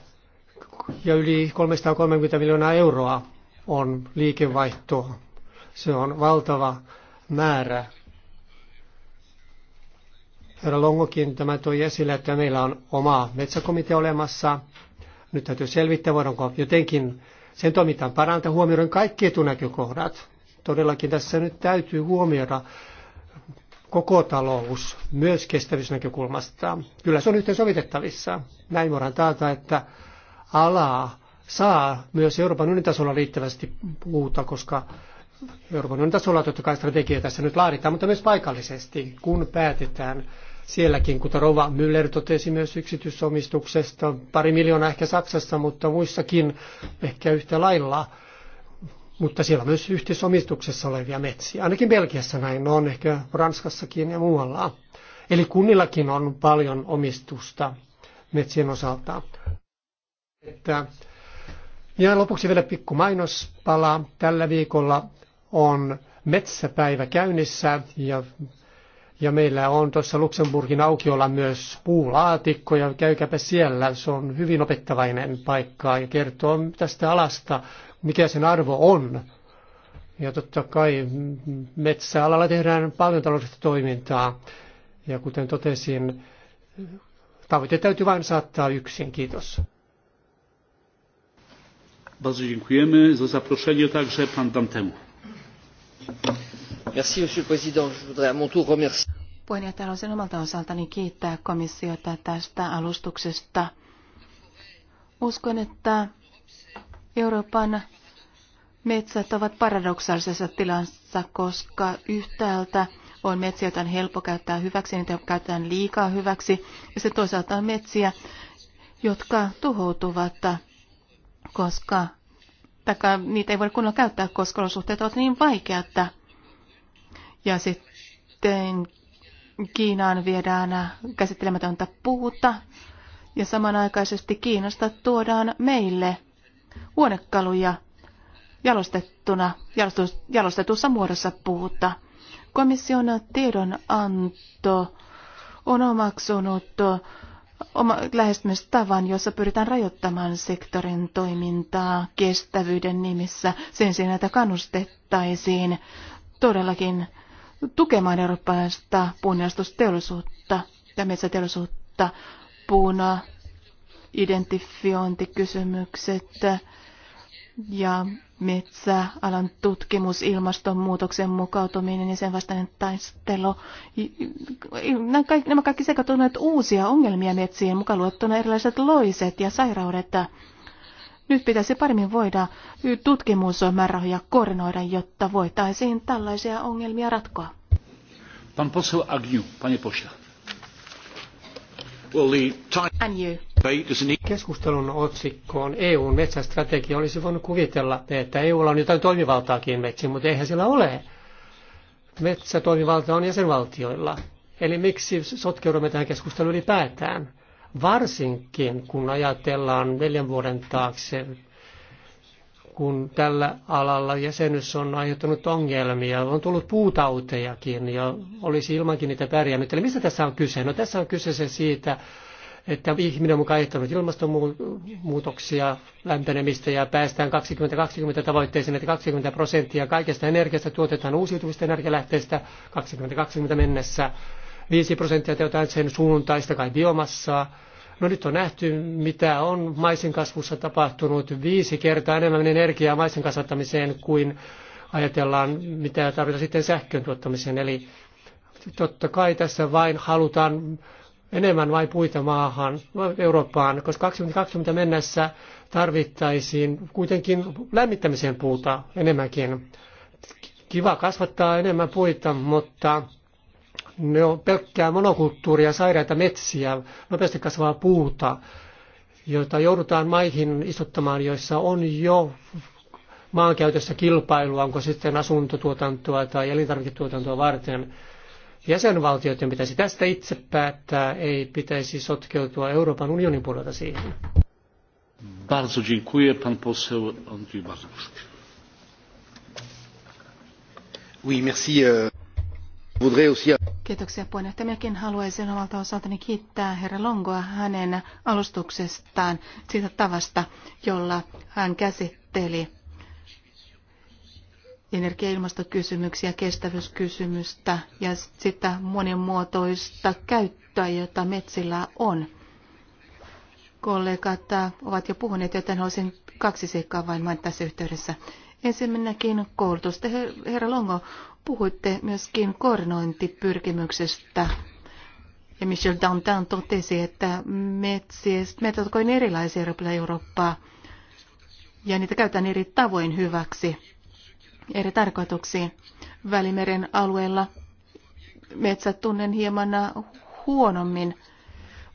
ja yli 330 miljoonaa euroa on liikevaihtoa. Se on valtava määrä. Herra Longokin tämä toi esille, että meillä on oma metsäkomitea olemassa. Nyt täytyy selvittää, voidaanko jotenkin sen toimintaan parantaa huomioiden kaikki etunäkökohdat. Todellakin tässä nyt täytyy huomioida koko talous myös kestävyysnäkökulmasta. Kyllä se on sovitettavissa Näin voidaan taata, että alaa saa myös Euroopan unionin tasolla riittävästi puuta, koska Euroopan unionin tasolla totta kai strategia tässä nyt laaditaan, mutta myös paikallisesti, kun päätetään sielläkin, kuten Rova Müller totesi myös yksityisomistuksesta, pari miljoonaa ehkä Saksassa, mutta muissakin ehkä yhtä lailla mutta siellä on myös yhteisomistuksessa olevia metsiä. Ainakin Belgiassa näin on, ehkä Ranskassakin ja muualla. Eli kunnillakin on paljon omistusta metsien osalta. Että ja lopuksi vielä pikku mainospala. Tällä viikolla on metsäpäivä käynnissä ja, ja meillä on tuossa Luxemburgin aukiolla myös puulaatikko ja käykääpä siellä. Se on hyvin opettavainen paikka ja kertoo tästä alasta mikä sen arvo on. Ja totta kai metsäalalla tehdään paljon taloudellista toimintaa. Ja kuten totesin, tavoite täytyy vain saattaa yksin. Kiitos. Bardzo dziękujemy za zaproszenie także pan Dantemu. Merci, monsieur le président. Je voudrais à mon tour remercier. Puheenjohtaja, haluaisin omalta osaltani kiittää komissiota tästä alustuksesta. Uskon, että Euroopan metsät ovat paradoksaalisessa tilassa, koska yhtäältä on metsiä, joita on helppo käyttää hyväksi, niitä käytetään liikaa hyväksi, ja se toisaalta on metsiä, jotka tuhoutuvat, koska taikka niitä ei voida kunnolla käyttää, koska olosuhteet ovat niin vaikeat. Ja sitten Kiinaan viedään käsittelemätöntä puuta, ja samanaikaisesti Kiinasta tuodaan meille – huonekaluja jalostettuna, jalostetussa muodossa puuta. Komission tiedonanto on omaksunut oma lähestymistavan, jossa pyritään rajoittamaan sektorin toimintaa kestävyyden nimissä sen sijaan, että kannustettaisiin todellakin tukemaan eurooppalaista puunjalostusteollisuutta ja metsäteollisuutta. Puuna identifiointikysymykset ja metsäalan tutkimus, ilmastonmuutoksen mukautuminen ja sen vastainen taistelu. Nämä kaikki sekä tunnet uusia ongelmia metsien mukaan luettuna erilaiset loiset ja sairaudet. Nyt pitäisi paremmin voida tutkimusmäärärahoja koordinoida, jotta voitaisiin tällaisia ongelmia ratkoa. Pan poseł Agniu, panie pośle. Well, the time... Keskustelun otsikko on EUn metsästrategia. Olisi voinut kuvitella, että EUlla on jotain toimivaltaakin metsiin, mutta eihän sillä ole. Metsätoimivalta on jäsenvaltioilla. Eli miksi sotkeudumme tähän keskusteluun ylipäätään? Varsinkin kun ajatellaan neljän vuoden taakse, kun tällä alalla jäsenyys on aiheuttanut ongelmia, on tullut puutautejakin ja olisi ilmankin niitä pärjännyt. Eli mistä tässä on kyse? No tässä on kyse se siitä, että ihminen on mukaan ehdottanut ilmastonmuutoksia, lämpenemistä ja päästään 2020 tavoitteeseen, että 20 prosenttia kaikesta energiasta tuotetaan uusiutuvista energialähteistä 2020 mennessä, 5 prosenttia teotaan sen suuntaista kai biomassaa. No nyt on nähty, mitä on maisen kasvussa tapahtunut, viisi kertaa enemmän energiaa maisen kasvattamiseen kuin ajatellaan, mitä tarvitaan sitten sähkön tuottamiseen. Eli totta kai tässä vain halutaan enemmän vai puita maahan Eurooppaan, koska 2020 mennessä tarvittaisiin kuitenkin lämmittämiseen puuta enemmänkin. Kiva kasvattaa enemmän puita, mutta ne on pelkkää monokulttuuria, sairaita metsiä, nopeasti kasvaa puuta, joita joudutaan maihin istuttamaan, joissa on jo maankäytössä kilpailua, onko sitten asuntotuotantoa tai elintarviketuotantoa varten. Jäsenvaltioiden pitäisi tästä itse päättää, ei pitäisi sotkeutua Euroopan unionin puolelta siihen. Bardzo dziękuję. Pan poseł Andrzej Barzuszki. Oui, merci. Euh, Kiitoksia puheenjohtaja. Minäkin haluaisin omalta osaltani kiittää herra Longoa hänen alustuksestaan siitä tavasta, jolla hän käsitteli energia- ja ilmastokysymyksiä, kestävyyskysymystä ja sitä monimuotoista käyttöä, jota metsillä on. Kollegat ovat jo puhuneet, joten haluaisin kaksi seikkaa vain mainita tässä yhteydessä. Ensimmäinenkin koulutus. Te, herra Longo, puhuitte myöskin koordinointipyrkimyksestä. Ja Michel Dantin totesi, että metsät ovat kovin erilaisia eri puolilla Eurooppaa ja niitä käytetään eri tavoin hyväksi eri tarkoituksiin. Välimeren alueella metsät tunnen hieman huonommin,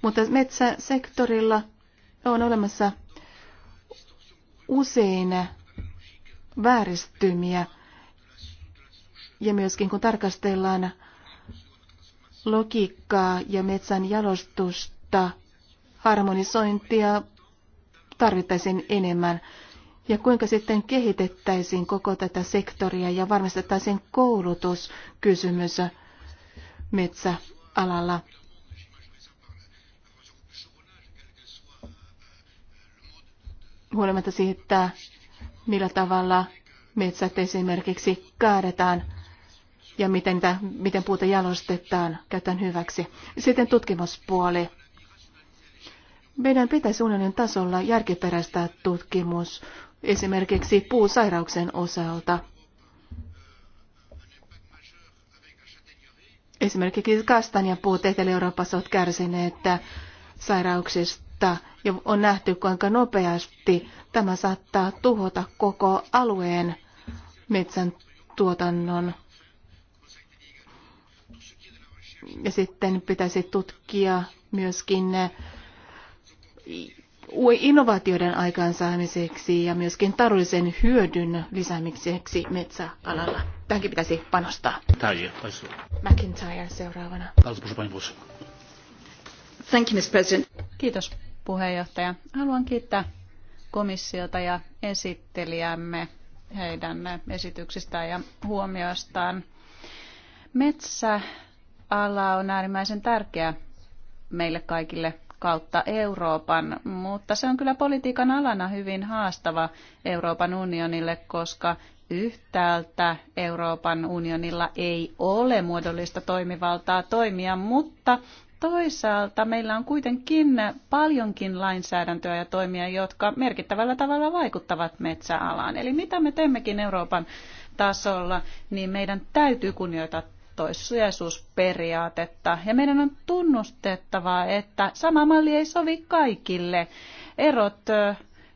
mutta metsäsektorilla on olemassa usein vääristymiä. Ja myöskin kun tarkastellaan logiikkaa ja metsän jalostusta, harmonisointia tarvittaisiin enemmän ja kuinka sitten kehitettäisiin koko tätä sektoria ja varmistettaisiin koulutuskysymys metsäalalla. Huolimatta siitä, millä tavalla metsät esimerkiksi kaadetaan ja miten, tämä, miten puuta jalostetaan, käytän hyväksi. Sitten tutkimuspuoli. Meidän pitäisi unionin tasolla järkiperäistää tutkimus esimerkiksi puusairauksen osalta. Esimerkiksi kastanjan puut Etelä-Euroopassa ovat kärsineet sairauksista ja on nähty, kuinka nopeasti tämä saattaa tuhota koko alueen metsän tuotannon. Ja sitten pitäisi tutkia myöskin innovaatioiden aikaansaamiseksi ja myöskin taloudellisen hyödyn lisäämiseksi metsäalalla. Tähänkin pitäisi panostaa. McIntyre seuraavana. Thank you, President. Kiitos puheenjohtaja. Haluan kiittää komissiota ja esittelijämme heidän esityksistään ja huomioistaan. Metsäala on äärimmäisen tärkeä meille kaikille kautta Euroopan, mutta se on kyllä politiikan alana hyvin haastava Euroopan unionille, koska yhtäältä Euroopan unionilla ei ole muodollista toimivaltaa toimia, mutta toisaalta meillä on kuitenkin paljonkin lainsäädäntöä ja toimia, jotka merkittävällä tavalla vaikuttavat metsäalaan. Eli mitä me teemmekin Euroopan tasolla, niin meidän täytyy kunnioittaa toissijaisuusperiaatetta. Ja meidän on tunnustettava, että sama malli ei sovi kaikille. Erot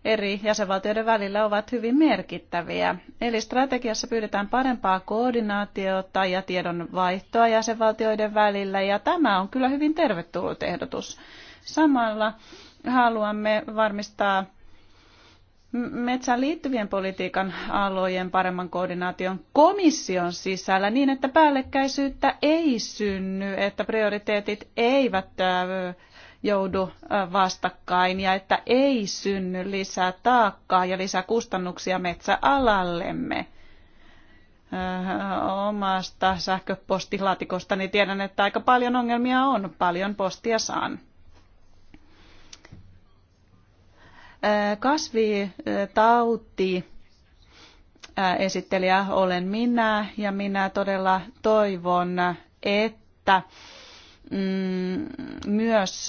eri jäsenvaltioiden välillä ovat hyvin merkittäviä. Eli strategiassa pyydetään parempaa koordinaatiota ja tiedon vaihtoa jäsenvaltioiden välillä, ja tämä on kyllä hyvin tervetullut ehdotus. Samalla haluamme varmistaa metsään liittyvien politiikan alojen paremman koordinaation komission sisällä niin, että päällekkäisyyttä ei synny, että prioriteetit eivät joudu vastakkain ja että ei synny lisää taakkaa ja lisää kustannuksia metsäalallemme. Omasta sähköpostilaatikostani niin tiedän, että aika paljon ongelmia on, paljon postia saan. Kasvitauti esittelijä olen minä ja minä todella toivon, että mm, myös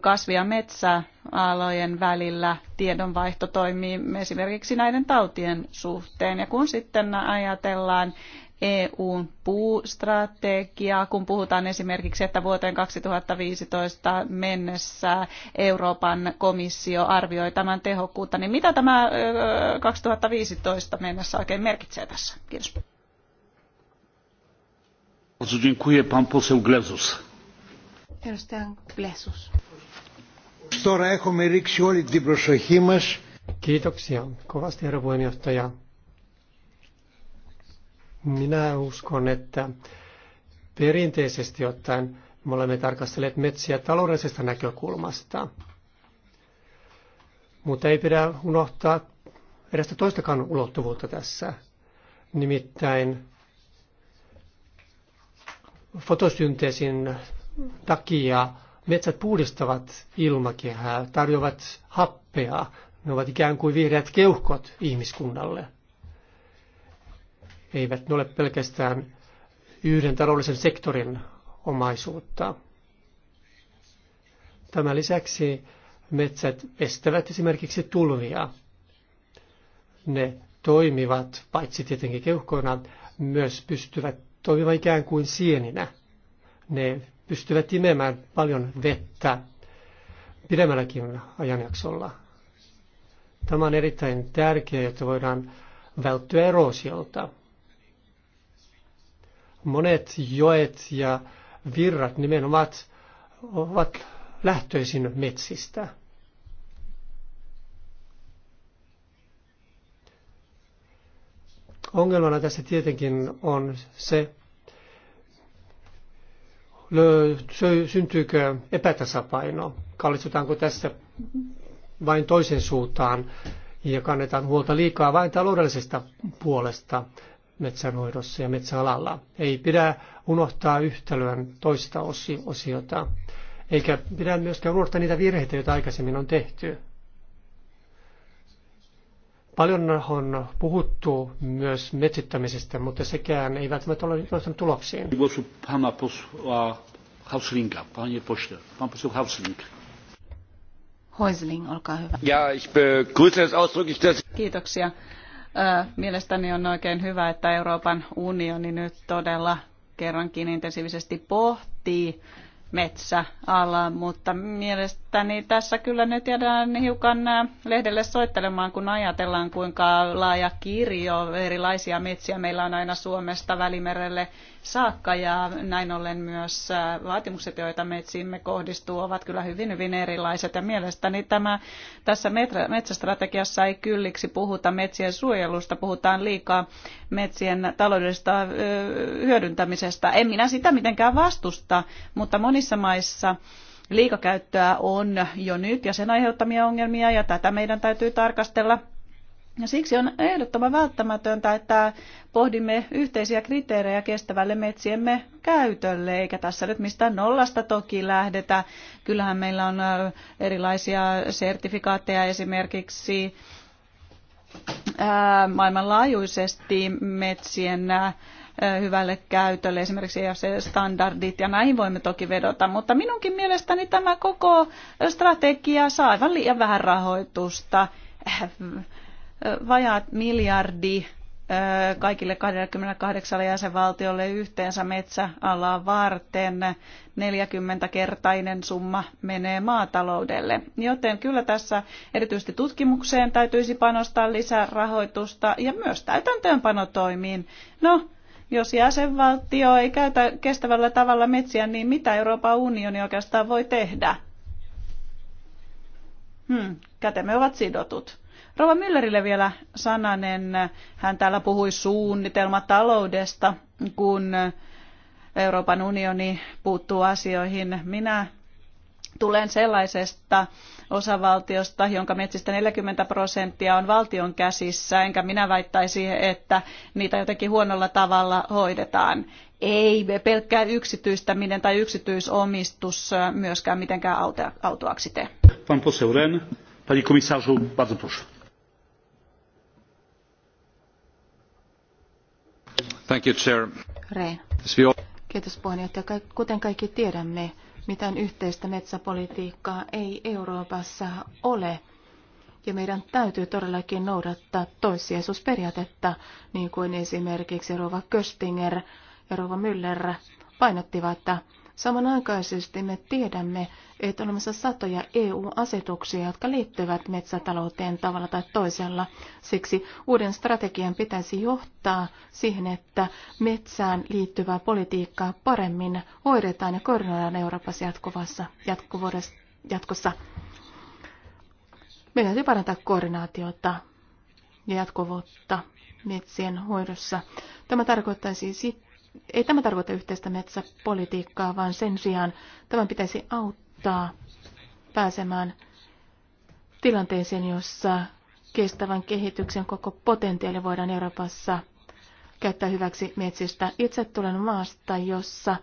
kasvi- ja metsäalojen välillä tiedonvaihto toimii esimerkiksi näiden tautien suhteen. Ja kun sitten ajatellaan EUn puustrategiaa, kun puhutaan esimerkiksi, että vuoteen 2015 mennessä Euroopan komissio arvioi tämän tehokkuutta, niin mitä tämä 2015 mennessä oikein merkitsee tässä? Kiitos. Bardzo dziękuję. Pan poseł Glezus. Edustajan Glezus. Kiitoksia kovasti, herra puheenjohtaja. Minä uskon, että perinteisesti ottaen me olemme tarkastelleet metsiä taloudellisesta näkökulmasta. Mutta ei pidä unohtaa edestä toistakaan ulottuvuutta tässä. Nimittäin fotosynteesin takia metsät puhdistavat ilmakehää, tarjoavat happea. Ne ovat ikään kuin vihreät keuhkot ihmiskunnalle. Eivät ne ole pelkästään yhden taloudellisen sektorin omaisuutta. Tämän lisäksi metsät estävät esimerkiksi tulvia. Ne toimivat, paitsi tietenkin keuhkoina, myös pystyvät toimimaan ikään kuin sieninä. Ne pystyvät imemään paljon vettä pidemmälläkin ajanjaksolla. Tämä on erittäin tärkeää, jotta voidaan välttyä erosiolta. Monet joet ja virrat nimenomaan ovat lähtöisin metsistä. Ongelmana tässä tietenkin on se, syntyykö epätasapaino, kallistutaanko tässä vain toisen suuntaan ja kannetaan huolta liikaa vain taloudellisesta puolesta, metsänhoidossa ja metsäalalla. Ei pidä unohtaa yhtälön toista osiota, eikä pidä myöskään unohtaa niitä virheitä, joita aikaisemmin on tehty. Paljon on puhuttu myös metsittämisestä, mutta sekään ei välttämättä ole johtanut tuloksiin. Häusling, olkaa hyvä. Kiitoksia. Mielestäni on oikein hyvä, että Euroopan unioni nyt todella kerrankin intensiivisesti pohtii metsäalaa, mutta mielestäni niin tässä kyllä nyt jäädään hiukan lehdelle soittelemaan, kun ajatellaan kuinka laaja kirjo erilaisia metsiä meillä on aina Suomesta Välimerelle saakka ja näin ollen myös vaatimukset, joita metsiimme kohdistuu, ovat kyllä hyvin hyvin erilaiset ja mielestäni tämä tässä metsästrategiassa ei kylliksi puhuta metsien suojelusta, puhutaan liikaa metsien taloudellisesta hyödyntämisestä. En minä sitä mitenkään vastusta, mutta monissa maissa liikakäyttöä on jo nyt ja sen aiheuttamia ongelmia ja tätä meidän täytyy tarkastella. Ja siksi on ehdottoman välttämätöntä, että pohdimme yhteisiä kriteerejä kestävälle metsiemme käytölle, eikä tässä nyt mistään nollasta toki lähdetä. Kyllähän meillä on äh, erilaisia sertifikaatteja esimerkiksi äh, maailmanlaajuisesti metsien äh, hyvälle käytölle, esimerkiksi EFC-standardit ja näihin voimme toki vedota, mutta minunkin mielestäni tämä koko strategia saa aivan liian vähän rahoitusta, äh, vajaat miljardi kaikille 28 jäsenvaltiolle yhteensä metsäalaa varten 40-kertainen summa menee maataloudelle. Joten kyllä tässä erityisesti tutkimukseen täytyisi panostaa lisää rahoitusta ja myös täytäntöönpanotoimiin. No, jos jäsenvaltio ei käytä kestävällä tavalla metsiä, niin mitä Euroopan unioni oikeastaan voi tehdä? Hmm, kätemme ovat sidotut. Rova Müllerille vielä sananen. Hän täällä puhui suunnitelmataloudesta, kun Euroopan unioni puuttuu asioihin. Minä tulen sellaisesta osavaltiosta, jonka metsistä 40 prosenttia on valtion käsissä, enkä minä väittäisi, että niitä jotenkin huonolla tavalla hoidetaan. Ei pelkkää yksityistäminen tai yksityisomistus myöskään mitenkään autoaksi tee. Pan poseł Ren, panie komisarzu, bardzo proszę. Thank you, Chair. Rehn. Kiitos puheenjohtaja. Kuten kaikki tiedämme, mitään yhteistä metsäpolitiikkaa ei Euroopassa ole. Ja meidän täytyy todellakin noudattaa toissijaisuusperiaatetta, niin kuin esimerkiksi Rova Köstinger ja Rova Müller painottivat, että Samanaikaisesti me tiedämme, että on olemassa satoja EU-asetuksia, jotka liittyvät metsätalouteen tavalla tai toisella. Siksi uuden strategian pitäisi johtaa siihen, että metsään liittyvää politiikkaa paremmin hoidetaan ja koordinoidaan Euroopassa jatkuvassa, jatkossa. Meidän täytyy parantaa koordinaatiota ja jatkuvuutta metsien hoidossa. Tämä tarkoittaisi sitä, ei tämä tarkoita yhteistä metsäpolitiikkaa, vaan sen sijaan tämä pitäisi auttaa pääsemään tilanteeseen, jossa kestävän kehityksen koko potentiaali voidaan Euroopassa käyttää hyväksi metsistä. Itse tulen maasta, jossa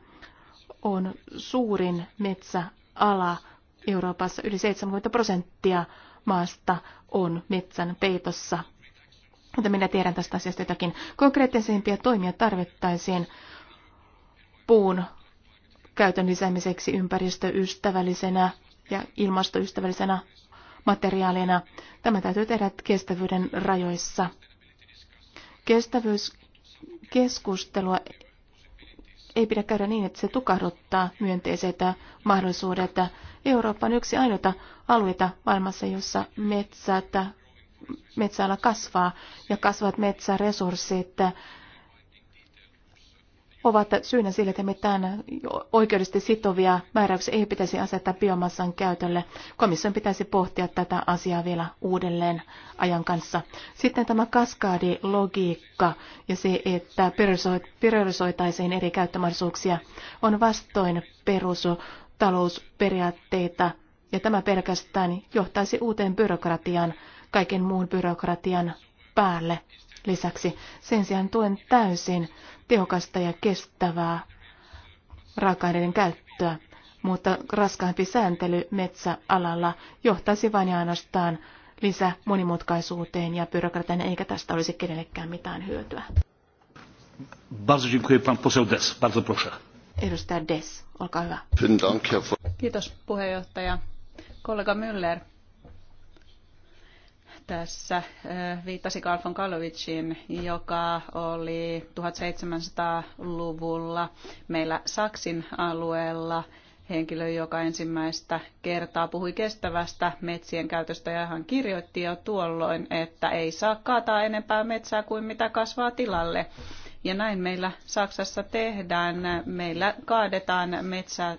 on suurin metsäala Euroopassa. Yli 70 prosenttia maasta on metsän peitossa että minä tiedän tästä asiasta jotakin. Konkreettisempia toimia tarvittaisiin puun käytön lisäämiseksi ympäristöystävällisenä ja ilmastoystävällisenä materiaalina. Tämä täytyy tehdä kestävyyden rajoissa. Kestävyyskeskustelua ei pidä käydä niin, että se tukahduttaa myönteiset mahdollisuudet. Eurooppa on yksi ainoita alueita maailmassa, jossa metsät metsäala kasvaa ja kasvavat metsäresurssit ovat syynä sille, että mitään oikeudellisesti sitovia määräyksiä ei pitäisi asettaa biomassan käytölle. Komission pitäisi pohtia tätä asiaa vielä uudelleen ajan kanssa. Sitten tämä kaskaadilogiikka ja se, että priorisoitaisiin eri käyttömahdollisuuksia, on vastoin perustalousperiaatteita, ja tämä pelkästään johtaisi uuteen byrokratiaan, kaiken muun byrokratian päälle. Lisäksi sen sijaan tuen täysin tehokasta ja kestävää raaka-aineiden käyttöä, mutta raskaampi sääntely metsäalalla johtaisi vain ja ainoastaan lisä monimutkaisuuteen ja byrokratian, eikä tästä olisi kenellekään mitään hyötyä. Bardzo dziękuję pan poseł Des. Bardzo proszę. Edustaja Des, olkaa hyvä. Kiitos puheenjohtaja. Kollega Müller, tässä äh, viittasi Kalfon Kalovicin, joka oli 1700-luvulla meillä Saksin alueella henkilö, joka ensimmäistä kertaa puhui kestävästä metsien käytöstä ja hän kirjoitti jo tuolloin, että ei saa kaataa enempää metsää kuin mitä kasvaa tilalle. Ja näin meillä Saksassa tehdään. Meillä kaadetaan metsää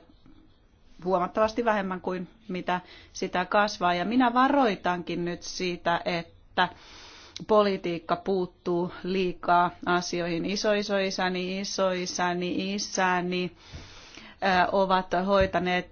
huomattavasti vähemmän kuin mitä sitä kasvaa. Ja minä varoitankin nyt siitä, että politiikka puuttuu liikaa asioihin. Isoisoisäni, isoisäni, isäni, ovat hoitaneet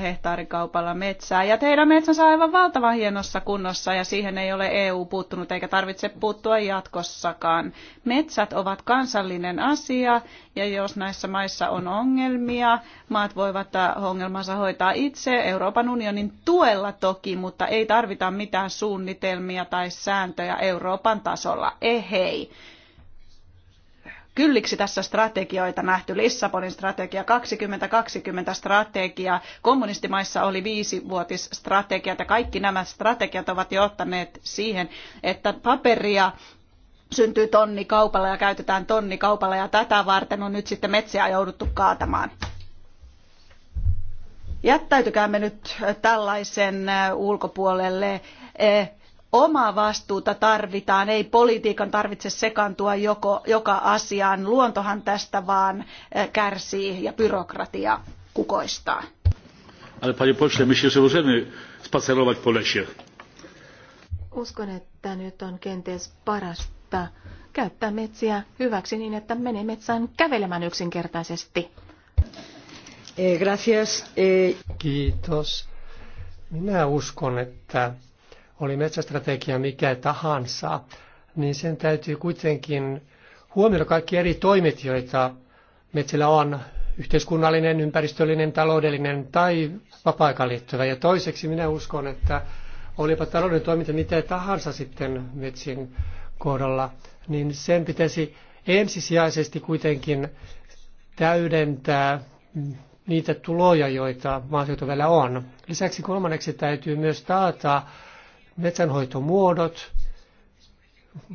hehtaarikaupalla metsää. Ja teidän metsänsä on aivan valtavan hienossa kunnossa ja siihen ei ole EU puuttunut eikä tarvitse puuttua jatkossakaan. Metsät ovat kansallinen asia ja jos näissä maissa on ongelmia, maat voivat ongelmansa hoitaa itse Euroopan unionin tuella toki, mutta ei tarvita mitään suunnitelmia tai sääntöjä Euroopan tasolla. Ehei. Eh kylliksi tässä strategioita nähty. Lissabonin strategia, 2020 strategia, kommunistimaissa oli viisivuotisstrategia ja kaikki nämä strategiat ovat johtaneet siihen, että paperia syntyy tonni kaupalla ja käytetään tonni kaupalla ja tätä varten on nyt sitten metsiä jouduttu kaatamaan. Jättäytykäämme nyt tällaisen ulkopuolelle eh, omaa vastuuta tarvitaan, ei politiikan tarvitse sekaantua joko, joka asiaan. Luontohan tästä vaan eh, kärsii ja byrokratia kukoistaa. Ale panie pośle, myślę, że możemy spacerować po lesie. Uskon, että nyt on kenties parasta käyttää metsiä hyväksi niin, että menee metsään kävelemään yksinkertaisesti. Eh, gracias. Eh, Kiitos. Minä uskon, että oli metsästrategia mikä tahansa, niin sen täytyy kuitenkin huomioida kaikki eri toimet, joita metsillä on, yhteiskunnallinen, ympäristöllinen, taloudellinen tai vapaa liittyvä. Ja toiseksi minä uskon, että olipa talouden toiminta mitä tahansa sitten metsien kohdalla, niin sen pitäisi ensisijaisesti kuitenkin täydentää niitä tuloja, joita maaseutuvälillä on. Lisäksi kolmanneksi täytyy myös taata metsänhoitomuodot,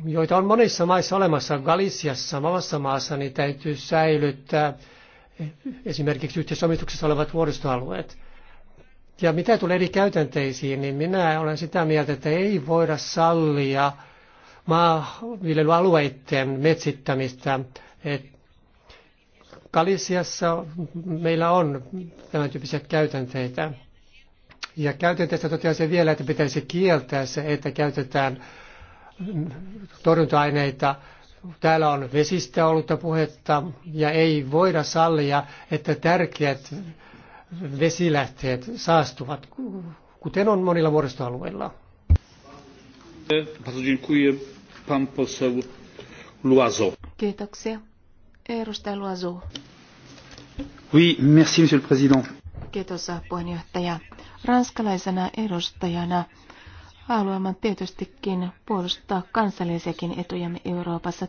joita on monissa maissa olemassa, Galisiassa, omassa maassa, niin täytyy säilyttää esimerkiksi yhteisomistuksessa olevat vuoristoalueet. Ja mitä tulee eri käytänteisiin, niin minä olen sitä mieltä, että ei voida sallia maanviljelyalueiden metsittämistä. Et Galisiassa meillä on tämän tyyppisiä käytänteitä. Ja käytänteestä toteaisin vielä, että pitäisi kieltää se, että käytetään torjunta-aineita. Täällä on vesistä ollut puhetta ja ei voida sallia, että tärkeät vesilähteet saastuvat, kuten on monilla vuoristoalueilla. Kiitoksia. Edustaja Luazo. Oui, merci, monsieur le président. Kiitos, puheenjohtaja Ranskalaisena edustajana haluamme tietystikin puolustaa kansallisiakin etujamme Euroopassa.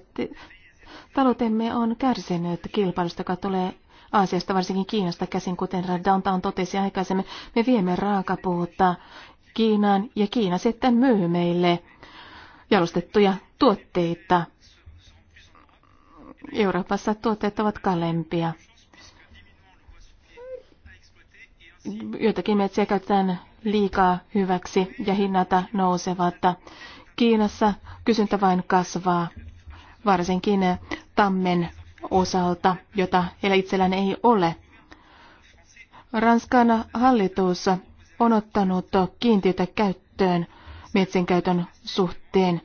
Taloutemme on kärsinyt kilpailusta, joka tulee Aasiasta, varsinkin Kiinasta käsin, kuten Radantaan totesi aikaisemmin. Me viemme raakapuuta Kiinaan ja Kiina sitten myy meille jalostettuja tuotteita. Euroopassa tuotteet ovat kalempia. joitakin metsiä käytetään liikaa hyväksi ja hinnat nousevat. Kiinassa kysyntä vain kasvaa, varsinkin tammen osalta, jota heillä itsellään ei ole. Ranskan hallitus on ottanut kiintiötä käyttöön metsien käytön suhteen.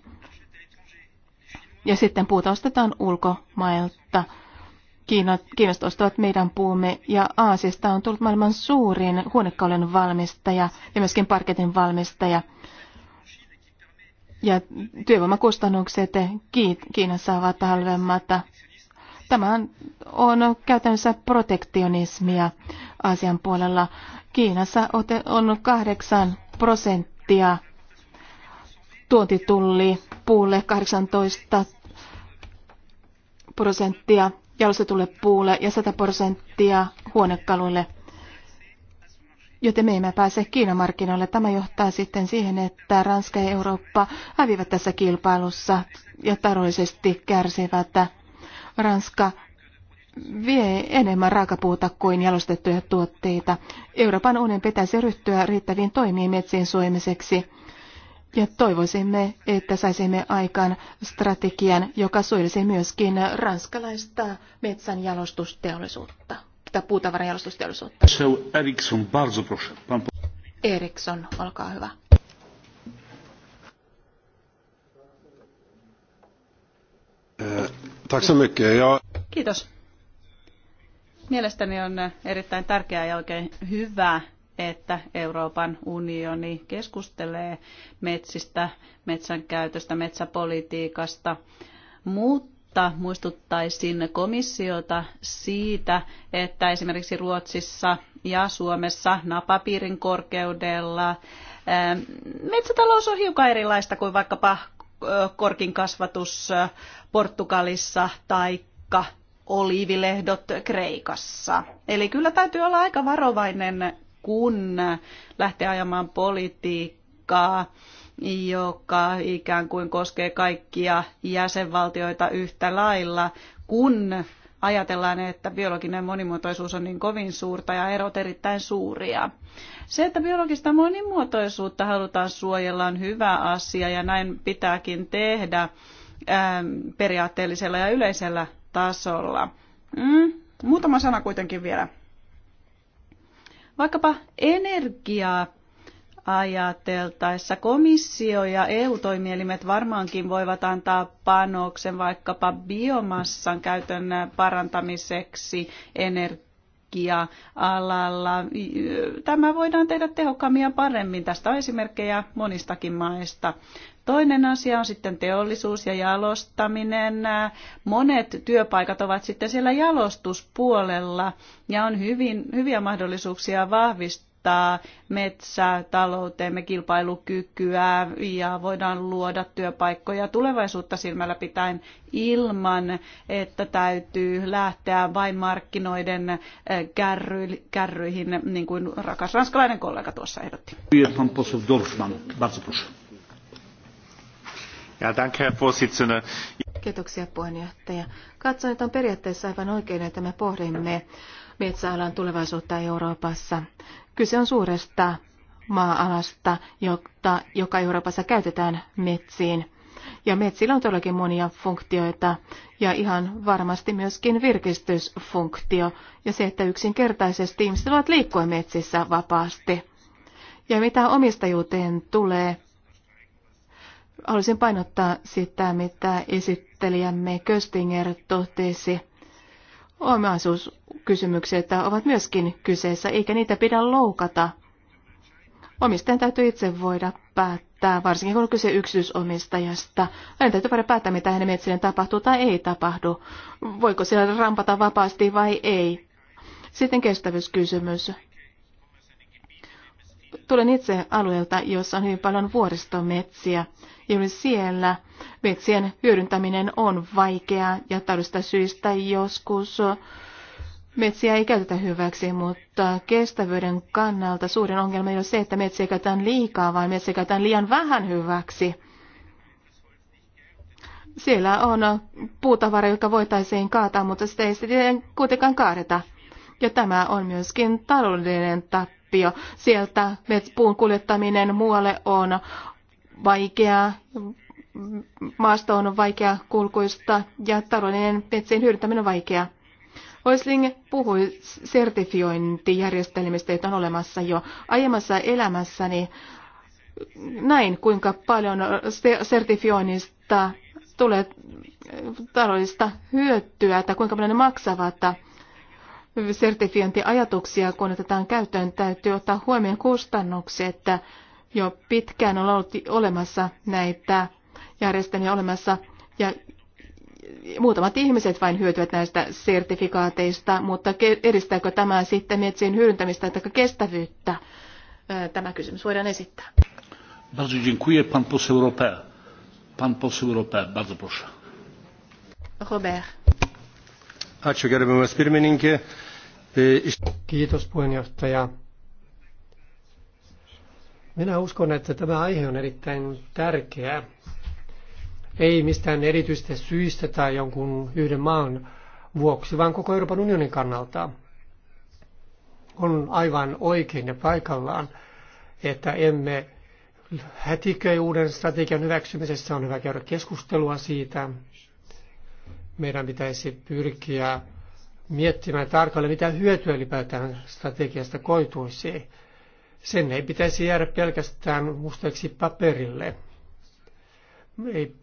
Ja sitten puuta ostetaan ulkomailta. Kiinasta ostavat meidän puumme ja Aasiasta on tullut maailman suurin huonekaulun valmistaja ja myöskin parketin valmistaja. Ja työvoimakustannukset Kiinassa ovat halvemmat. Tämä on käytännössä protektionismia Aasian puolella. Kiinassa on kahdeksan prosenttia tuontitulli puulle 18 prosenttia jalostetulle puulle ja 100 prosenttia huonekaluille, joten me emme pääse Kiinan markkinoille. Tämä johtaa sitten siihen, että Ranska ja Eurooppa häviävät tässä kilpailussa ja taloudellisesti kärsivät. Ranska vie enemmän raakapuuta kuin jalostettuja tuotteita. Euroopan unionin pitäisi ryhtyä riittäviin toimiin metsien suojelmiseksi ja toivoisimme, että saisimme aikaan strategian, joka suojelisi myöskin ranskalaista metsänjalostusteollisuutta tai puutavaranjalostusteollisuutta. Eriksson, bardzo proszę. Eriksson, olkaa hyvä. Eh, Kiitos. Mielestäni on eh, erittäin tärkeää ja oikein hyvää että Euroopan unioni keskustelee metsistä, metsän käytöstä, metsäpolitiikasta, mutta muistuttaisin komissiota siitä, että esimerkiksi Ruotsissa ja Suomessa napapiirin korkeudella ähm, metsätalous on hiukan erilaista kuin vaikkapa äh, korkin kasvatus äh, Portugalissa tai oliivilehdot Kreikassa. Eli kyllä täytyy olla aika varovainen kun lähtee ajamaan politiikkaa, joka ikään kuin koskee kaikkia jäsenvaltioita yhtä lailla, kun ajatellaan, että biologinen monimuotoisuus on niin kovin suurta ja erot erittäin suuria. Se, että biologista monimuotoisuutta halutaan suojella, on hyvä asia ja näin pitääkin tehdä ähm, periaatteellisella ja yleisellä tasolla. Mm. Muutama sana kuitenkin vielä Vaikkapa energiaa ajateltaessa komissio ja EU-toimielimet varmaankin voivat antaa panoksen vaikkapa biomassan käytön parantamiseksi energia-alalla. Tämä voidaan tehdä tehokkaammin ja paremmin. Tästä on esimerkkejä monistakin maista. Toinen asia on sitten teollisuus ja jalostaminen. Monet työpaikat ovat sitten siellä jalostuspuolella ja on hyvin, hyviä mahdollisuuksia vahvistaa metsätalouteemme kilpailukykyä ja voidaan luoda työpaikkoja tulevaisuutta silmällä pitäen ilman, että täytyy lähteä vain markkinoiden eh, kärry, kärryihin, niin kuin rakas ranskalainen kollega tuossa ehdotti. Dorfman, bardzo proszę. Ja, danke, Kiitoksia puheenjohtaja. Katson, että on periaatteessa aivan oikein, että me pohdimme metsäalan tulevaisuutta Euroopassa. Kyse on suuresta maa-alasta, jota, joka Euroopassa käytetään metsiin. Ja metsillä on todellakin monia funktioita ja ihan varmasti myöskin virkistysfunktio ja se, että yksinkertaisesti ihmiset ovat liikkua metsissä vapaasti. Ja mitä omistajuuteen tulee, Haluaisin painottaa sitä, mitä esittelijämme Köstinger totesi. Omaisuuskysymykset ovat myöskin kyseessä, eikä niitä pidä loukata. Omistajan täytyy itse voida päättää, varsinkin kun on kyse yksityisomistajasta. Hänen täytyy voida päättää, mitä hänen metsilleen tapahtuu tai ei tapahdu. Voiko siellä rampata vapaasti vai ei. Sitten kestävyyskysymys. Tulen itse alueelta, jossa on hyvin paljon vuoristometsiä, juuri siellä metsien hyödyntäminen on vaikeaa ja taloudellisista syistä joskus metsiä ei käytetä hyväksi, mutta kestävyyden kannalta suurin ongelma ei ole se, että metsiä käytetään liikaa, vaan metsiä käytetään liian vähän hyväksi. Siellä on puutavara, joka voitaisiin kaataa, mutta sitä ei sitten kuitenkaan kaadeta. Ja tämä on myöskin taloudellinen tappio tappio. Sieltä puun kuljettaminen muualle on vaikeaa, maasto on vaikea kulkuista ja taloudellinen metsien hyödyntäminen on vaikeaa. Oisling puhui sertifiointijärjestelmistä, joita on olemassa jo aiemmassa elämässäni. Näin, kuinka paljon sertifioinnista tulee taloudellista hyötyä, tai kuinka paljon ne maksavat sertifiointiajatuksia, kun otetaan käyttöön, täytyy ottaa huomioon kustannukset. Jo pitkään on ollut olemassa näitä järjestelmiä olemassa ja muutamat ihmiset vain hyötyvät näistä sertifikaateista, mutta edistääkö tämä sitten metsien hyödyntämistä tai kestävyyttä? Tämä kysymys voidaan esittää. Bardzo dziękuję. Pan poseł Pan poseł Robert, bardzo proszę. Robert. Ačiū gerbiamas pirmininkė. E, Kiitos puheenjohtaja. Minä uskon, että tämä aihe on erittäin tärkeä. Ei mistään erityistä syistä tai jonkun yhden maan vuoksi, vaan koko Euroopan unionin kannalta. On aivan oikein ja paikallaan, että emme hätiköi uuden strategian hyväksymisessä. On hyvä käydä keskustelua siitä, meidän pitäisi pyrkiä miettimään tarkalleen, mitä hyötyä ylipäätään strategiasta koituisi. Sen ei pitäisi jäädä pelkästään mustaiksi paperille. Ei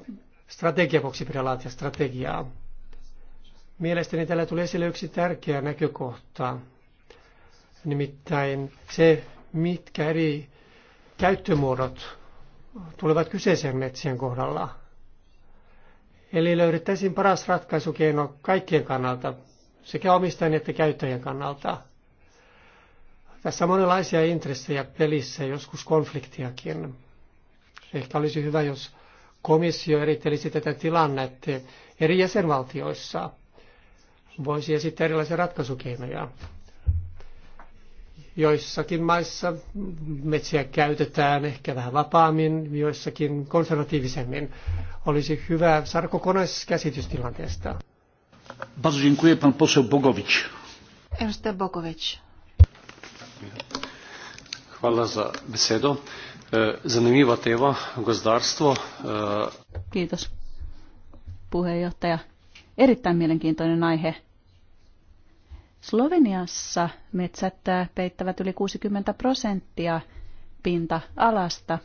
strategia vuoksi pidä laatia strategiaa. Mielestäni täällä tulee esille yksi tärkeä näkökohta, nimittäin se, mitkä eri käyttömuodot tulevat kyseiseen metsien kohdalla. Eli löydettäisiin paras ratkaisukeino kaikkien kannalta, sekä omistajan että käyttäjän kannalta. Tässä on monenlaisia intressejä pelissä, joskus konfliktiakin. Ehkä olisi hyvä, jos komissio erittelisi tätä tilannetta eri jäsenvaltioissa. Voisi esittää erilaisia ratkaisukeinoja. Joissakin maissa metsiä käytetään ehkä vähän vapaammin, joissakin konservatiivisemmin. Olisi hyvä saada kokonaiskäsitystilanteesta. Bardzo dziękuję pan poseł Bogowicz. Erste Bogowicz. Hvala za besedo. E, zanimiva teva, gozdarstvo. E. Kiitos puheenjohtaja. Erittäin mielenkiintoinen aihe Sloveniassa metsät äh, peittävät yli 60 prosenttia pinta-alasta.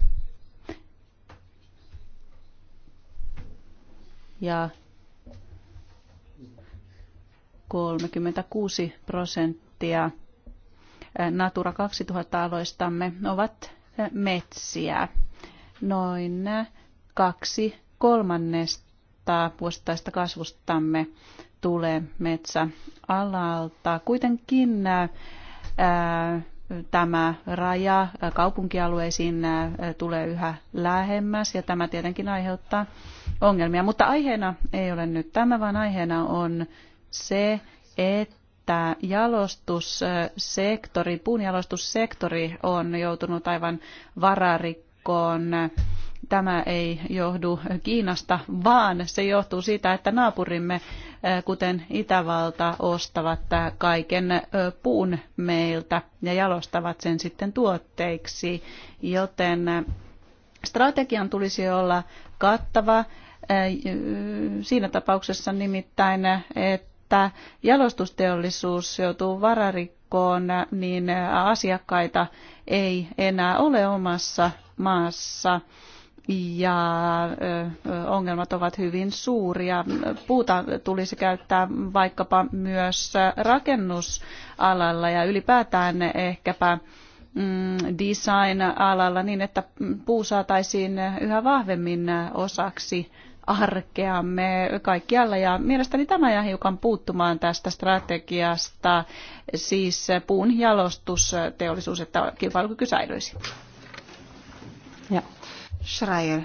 Ja 36 prosenttia äh, Natura 2000-aloistamme ovat äh, metsiä. Noin kaksi kolmannesta vuosittaista kasvustamme tulee metsäalalta. Kuitenkin ää, tämä raja kaupunkialueisiin tulee yhä lähemmäs ja tämä tietenkin aiheuttaa ongelmia. Mutta aiheena ei ole nyt tämä, vaan aiheena on se, että jalostussektori, puunjalostussektori on joutunut aivan vararikkoon tämä ei johdu Kiinasta, vaan se johtuu siitä, että naapurimme, kuten Itävalta, ostavat kaiken puun meiltä ja jalostavat sen sitten tuotteiksi, joten strategian tulisi olla kattava siinä tapauksessa nimittäin, että jalostusteollisuus joutuu vararikkoon, niin asiakkaita ei enää ole omassa maassa ja ongelmat ovat hyvin suuria. Puuta tulisi käyttää vaikkapa myös rakennusalalla ja ylipäätään ehkäpä mm, design-alalla niin, että puu saataisiin yhä vahvemmin osaksi arkeamme kaikkialla. Ja mielestäni tämä jää hiukan puuttumaan tästä strategiasta, siis puun jalostusteollisuus, että kilpailukyky säilyisi. Ja Schreier.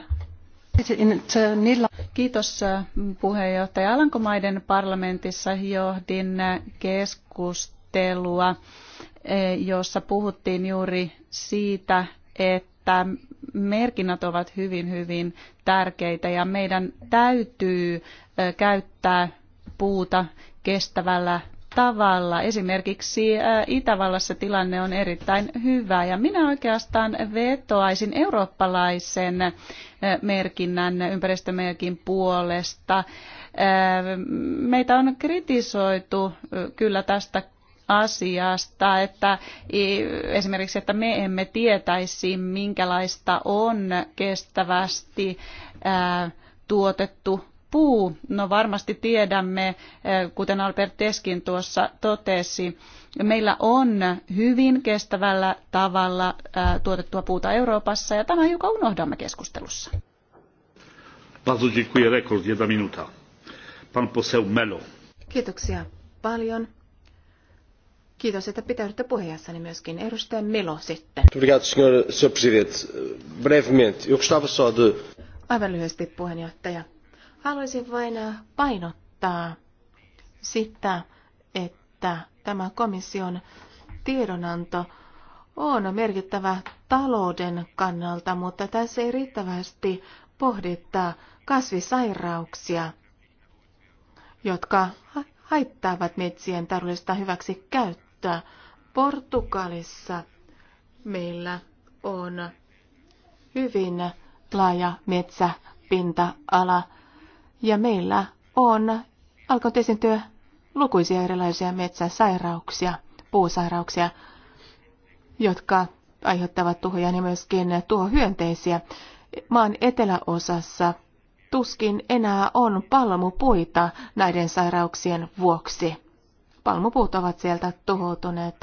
Kiitos äh, puheenjohtaja. Alankomaiden parlamentissa johdin äh, keskustelua, äh, jossa puhuttiin juuri siitä, että merkinnät ovat hyvin, hyvin tärkeitä ja meidän täytyy käyttää puuta kestävällä tavalla. Esimerkiksi äh, Itävallassa tilanne on erittäin hyvä ja minä oikeastaan vetoaisin eurooppalaisen äh, merkinnän, ympäristömerkin puolesta. Äh, meitä on kritisoitu kyllä tästä asiasta, että esimerkiksi, että me emme tietäisi, minkälaista on kestävästi tuotettu puu? No varmasti tiedämme, eh, kuten Albert Teskin tuossa totesi, meillä on hyvin kestävällä tavalla eh, tuotettua puuta Euroopassa ja tämä joka unohdamme keskustelussa. Bardzo dziękuję. Rekord, jedna minuta. Pan poseł Melo. Kiitoksia paljon. Kiitos, että pitäydytte puheenjohtajani myöskin. Edustaja Melo sitten. presidente. Brevemente, Aivan lyhyesti puheenjohtaja. Haluaisin vain painottaa sitä, että tämä komission tiedonanto on merkittävä talouden kannalta, mutta tässä ei riittävästi pohdittaa kasvisairauksia, jotka haittaavat metsien taloudellista hyväksi käyttöä. Portugalissa meillä on hyvin laaja metsäpinta-ala ja meillä on alkoi esiintyä lukuisia erilaisia metsäsairauksia, puusairauksia, jotka aiheuttavat tuhoja ja myöskin tuhohyönteisiä. Maan eteläosassa tuskin enää on palmupuita näiden sairauksien vuoksi. Palmupuut ovat sieltä tuhoutuneet.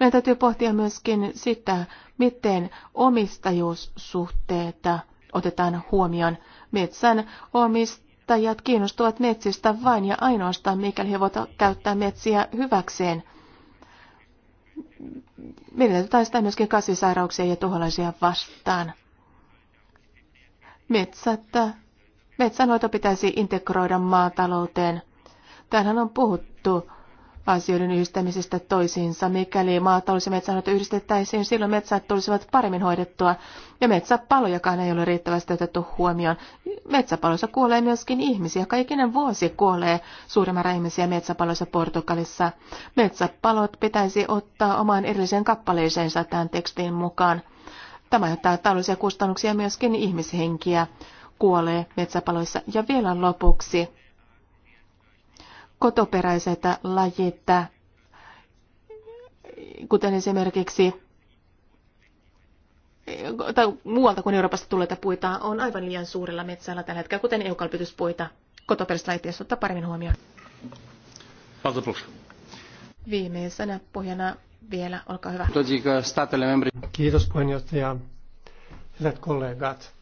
Meidän täytyy pohtia myöskin sitä, miten omistajuussuhteet otetaan huomioon. Metsän omist metsästäjät kiinnostuvat metsistä vain ja ainoastaan, mikäli he voivat käyttää metsiä hyväkseen. Menetetään sitä myöskin kasvisairauksia ja tuholaisia vastaan. Metsättä. metsänhoito pitäisi integroida maatalouteen. Tähän on puhuttu asioiden yhdistämisestä toisiinsa. Mikäli maatalous ja metsänhoito yhdistettäisiin, silloin metsät tulisivat paremmin hoidettua ja metsäpalojakaan ei ole riittävästi otettu huomioon. Metsäpaloissa kuolee myöskin ihmisiä. Kaikinen vuosi kuolee suuri määrä ihmisiä metsäpaloissa Portugalissa. Metsäpalot pitäisi ottaa omaan erilliseen kappaleeseensa tämän tekstin mukaan. Tämä johtaa taloudellisia kustannuksia myöskin ihmishenkiä kuolee metsäpaloissa. Ja vielä lopuksi kotoperäiset lajit, kuten esimerkiksi tai muualta kuin Euroopasta tulleita puita on aivan liian suurella metsällä tällä hetkellä, kuten eukalpytyspuita. Kotoperäiset lajit pitäisi ottaa paremmin huomioon. Viimeisenä pohjana vielä, olkaa hyvä. Kiitos puheenjohtaja. Hyvät kollegat.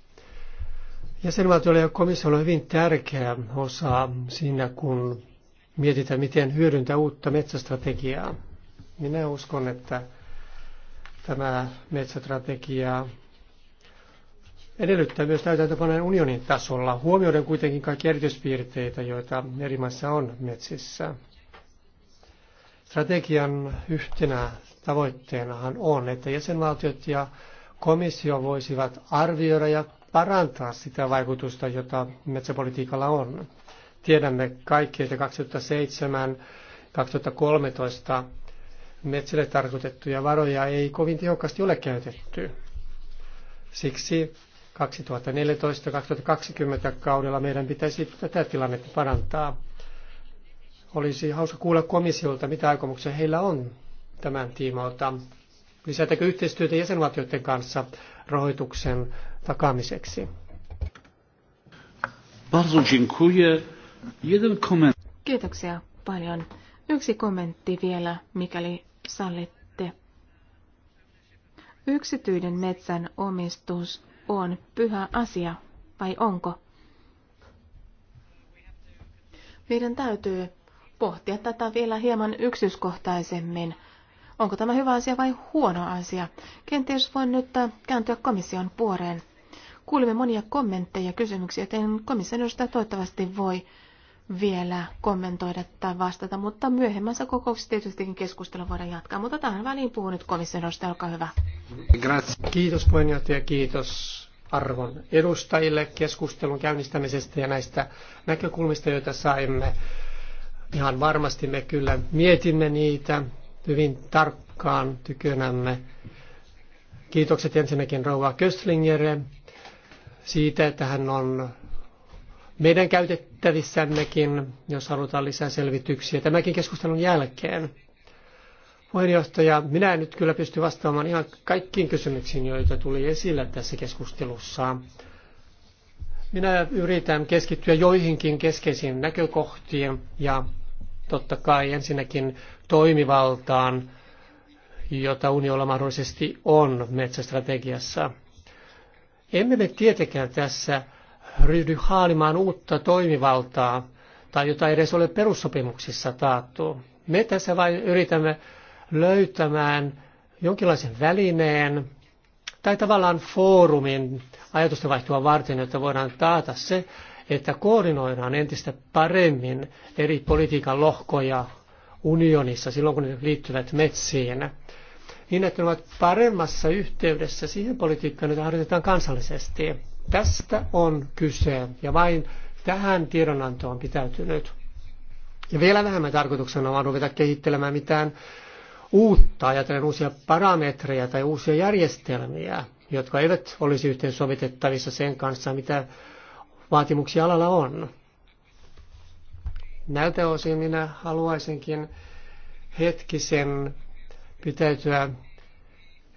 Jäsenvaltiolle ja komissiolle on hyvin tärkeä osa siinä, kun mietitään, miten hyödyntää uutta metsästrategiaa. Minä uskon, että tämä metsästrategia edellyttää myös täytäntöpanojen unionin tasolla, huomioiden kuitenkin kaikki erityispiirteitä, joita eri maissa on metsissä. Strategian yhtenä tavoitteenahan on, että jäsenvaltiot ja komissio voisivat arvioida ja parantaa sitä vaikutusta, jota metsäpolitiikalla on. Tiedämme kaikki, että 2007-2013 metsille tarkoitettuja varoja ei kovin tehokkaasti ole käytetty. Siksi 2014-2020 kaudella meidän pitäisi tätä tilannetta parantaa. Olisi hauska kuulla komissiolta, mitä aikomuksia heillä on tämän tiimoilta. Lisätäkö yhteistyötä jäsenvaltioiden kanssa rahoituksen takaamiseksi? Bardzo dziękuję. Kiitoksia paljon. Yksi kommentti vielä, mikäli sallitte. Yksityinen metsän omistus on pyhä asia, vai onko? Meidän täytyy pohtia tätä vielä hieman yksityiskohtaisemmin. Onko tämä hyvä asia vai huono asia? Kenties voin nyt äh, kääntyä komission puoreen. Kuulimme monia kommentteja ja kysymyksiä, joten komission edustaja toivottavasti voi vielä kommentoida tai vastata, mutta myöhemmässä kokouksessa tietystikin keskustelua voidaan jatkaa. Mutta tähän väliin puhun nyt komission edustaja, olkaa hyvä. Kiitos puheenjohtaja, kiitos arvon edustajille keskustelun käynnistämisestä ja näistä näkökulmista, joita saimme. Ihan varmasti me kyllä mietimme niitä hyvin tarkkaan tykönämme. Kiitokset ensinnäkin rouva Köstlingere siitä, että hän on meidän käytettävissämmekin, jos halutaan lisää selvityksiä tämänkin keskustelun jälkeen. Puheenjohtaja, minä en nyt kyllä pysty vastaamaan ihan kaikkiin kysymyksiin, joita tuli esille tässä keskustelussa. Minä yritän keskittyä joihinkin keskeisiin näkökohtiin ja totta kai ensinnäkin toimivaltaan, jota uniolla mahdollisesti on metsästrategiassa. Emme me tietenkään tässä ryhdy haalimaan uutta toimivaltaa tai jota ei edes ole perussopimuksissa taattu. Me tässä vain yritämme löytämään jonkinlaisen välineen tai tavallaan foorumin ajatustenvaihtoa varten, jotta voidaan taata se, että koordinoidaan entistä paremmin eri politiikan lohkoja unionissa silloin, kun ne liittyvät metsiin, niin että ne ovat paremmassa yhteydessä siihen politiikkaan, jota harjoitetaan kansallisesti Tästä on kyse ja vain tähän tiedonantoon pitäytynyt. Ja vielä vähemmän tarkoituksena on ruveta kehittelemään mitään uutta, ajatellen uusia parametreja tai uusia järjestelmiä, jotka eivät olisi yhteensovitettavissa sen kanssa, mitä vaatimuksia alalla on. Näiltä osin minä haluaisinkin hetkisen pitäytyä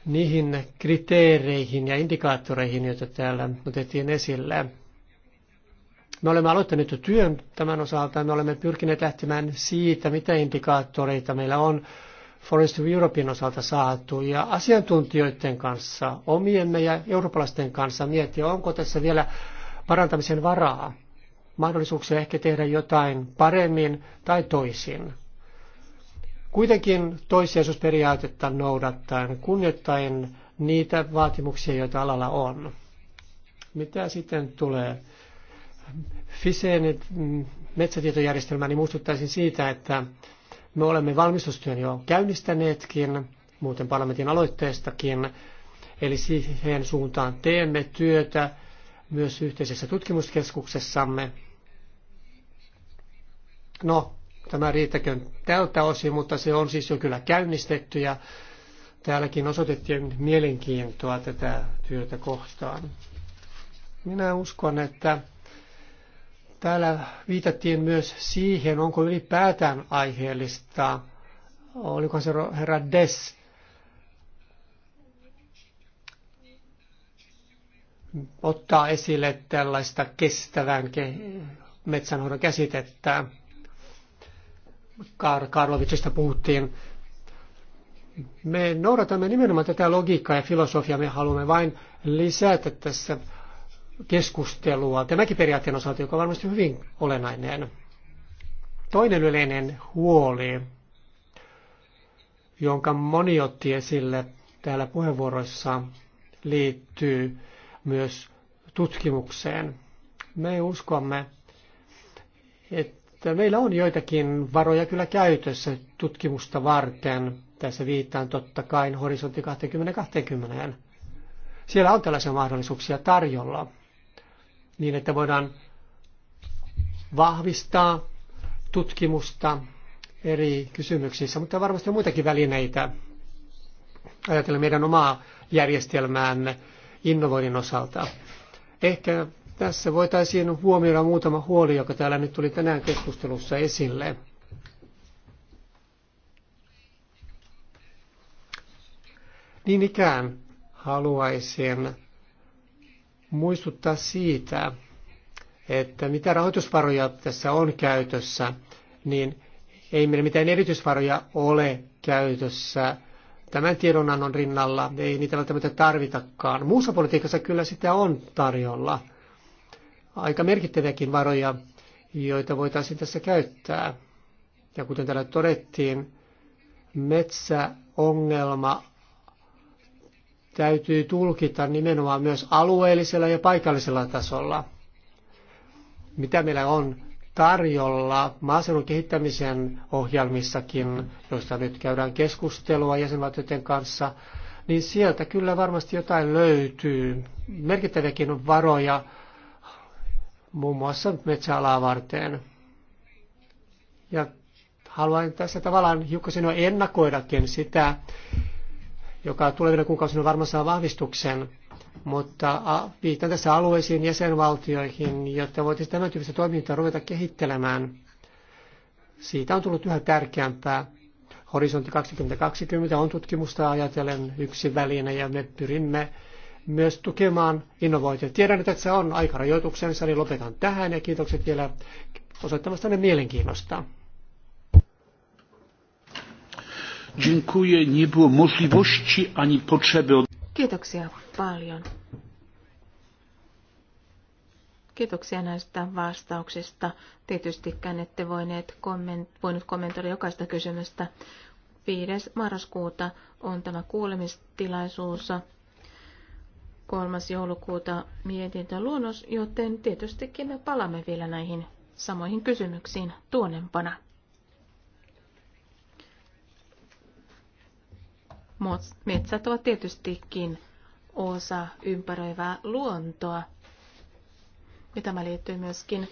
niihin kriteereihin ja indikaattoreihin, joita täällä otettiin esille. Me olemme aloittaneet jo työn tämän osalta. Me olemme pyrkineet lähtemään siitä, mitä indikaattoreita meillä on Forest of Europein osalta saatu ja asiantuntijoiden kanssa, omiemme ja eurooppalaisten kanssa miettiä, onko tässä vielä parantamisen varaa, mahdollisuuksia ehkä tehdä jotain paremmin tai toisin. Kuitenkin toissijaisuusperiaatetta noudattaen, kunnioittaen niitä vaatimuksia, joita alalla on. Mitä sitten tulee FISEen mm, metsätietojärjestelmään, niin muistuttaisin siitä, että me olemme valmistustyön jo käynnistäneetkin, muuten parlamentin aloitteestakin, eli siihen suuntaan teemme työtä myös yhteisessä tutkimuskeskuksessamme. No, tämä riittäköön tältä osin, mutta se on siis jo kyllä käynnistetty ja täälläkin osoitettiin mielenkiintoa tätä työtä kohtaan. Minä uskon, että täällä viitattiin myös siihen, onko ylipäätään aiheellista, oliko se herra Des, ottaa esille tällaista kestävän metsänhoidon käsitettä. Kar- Karlovicista puhuttiin. Me noudatamme nimenomaan tätä logiikkaa ja filosofiaa. Me haluamme vain lisätä tässä keskustelua tämäkin periaatteen osalta, joka on varmasti hyvin olennainen. Toinen yleinen huoli, jonka moni otti esille täällä puheenvuoroissa, liittyy myös tutkimukseen. Me uskomme, että että meillä on joitakin varoja kyllä käytössä tutkimusta varten. Tässä viittaan totta kai horisontti 2020. Siellä on tällaisia mahdollisuuksia tarjolla niin, että voidaan vahvistaa tutkimusta eri kysymyksissä, mutta varmasti on muitakin välineitä. Ajatellen meidän omaa järjestelmäämme innovoinnin osalta. Ehkä tässä voitaisiin huomioida muutama huoli, joka täällä nyt tuli tänään keskustelussa esille. Niin ikään haluaisin muistuttaa siitä, että mitä rahoitusvaroja tässä on käytössä, niin ei meillä mitään erityisvaroja ole käytössä tämän tiedonannon rinnalla. Ei niitä välttämättä tarvitakaan. Muussa politiikassa kyllä sitä on tarjolla – aika merkittäviäkin varoja, joita voitaisiin tässä käyttää. Ja kuten täällä todettiin, metsäongelma täytyy tulkita nimenomaan myös alueellisella ja paikallisella tasolla. Mitä meillä on tarjolla maaseudun kehittämisen ohjelmissakin, joista nyt käydään keskustelua jäsenvaltioiden kanssa, niin sieltä kyllä varmasti jotain löytyy. Merkittäviäkin varoja muun muassa metsäalaa varten. Ja haluan tässä tavallaan sinua ennakoidakin sitä, joka tulevina kuukausina varmaan saa vahvistuksen, mutta viitan tässä alueisiin jäsenvaltioihin, jotta voitaisiin tämän tyyppistä toimintaa ruveta kehittelemään. Siitä on tullut yhä tärkeämpää. Horisontti 2020 on tutkimusta ajatellen yksi väline ja me pyrimme myös tukemaan innovointia. Tiedän, että se on rajoituksensa, niin lopetan tähän ja kiitokset vielä osoittamastanne mielenkiinnosta. Kiitoksia paljon. Kiitoksia näistä vastauksista. Tietystikään ette voineet komment- voinut kommentoida jokaista kysymystä. 5. marraskuuta on tämä kuulemistilaisuus. 3. joulukuuta luonnos, joten tietystikin me palaamme vielä näihin samoihin kysymyksiin tuonempana. Metsät ovat tietystikin osa ympäröivää luontoa. Ja tämä liittyy myöskin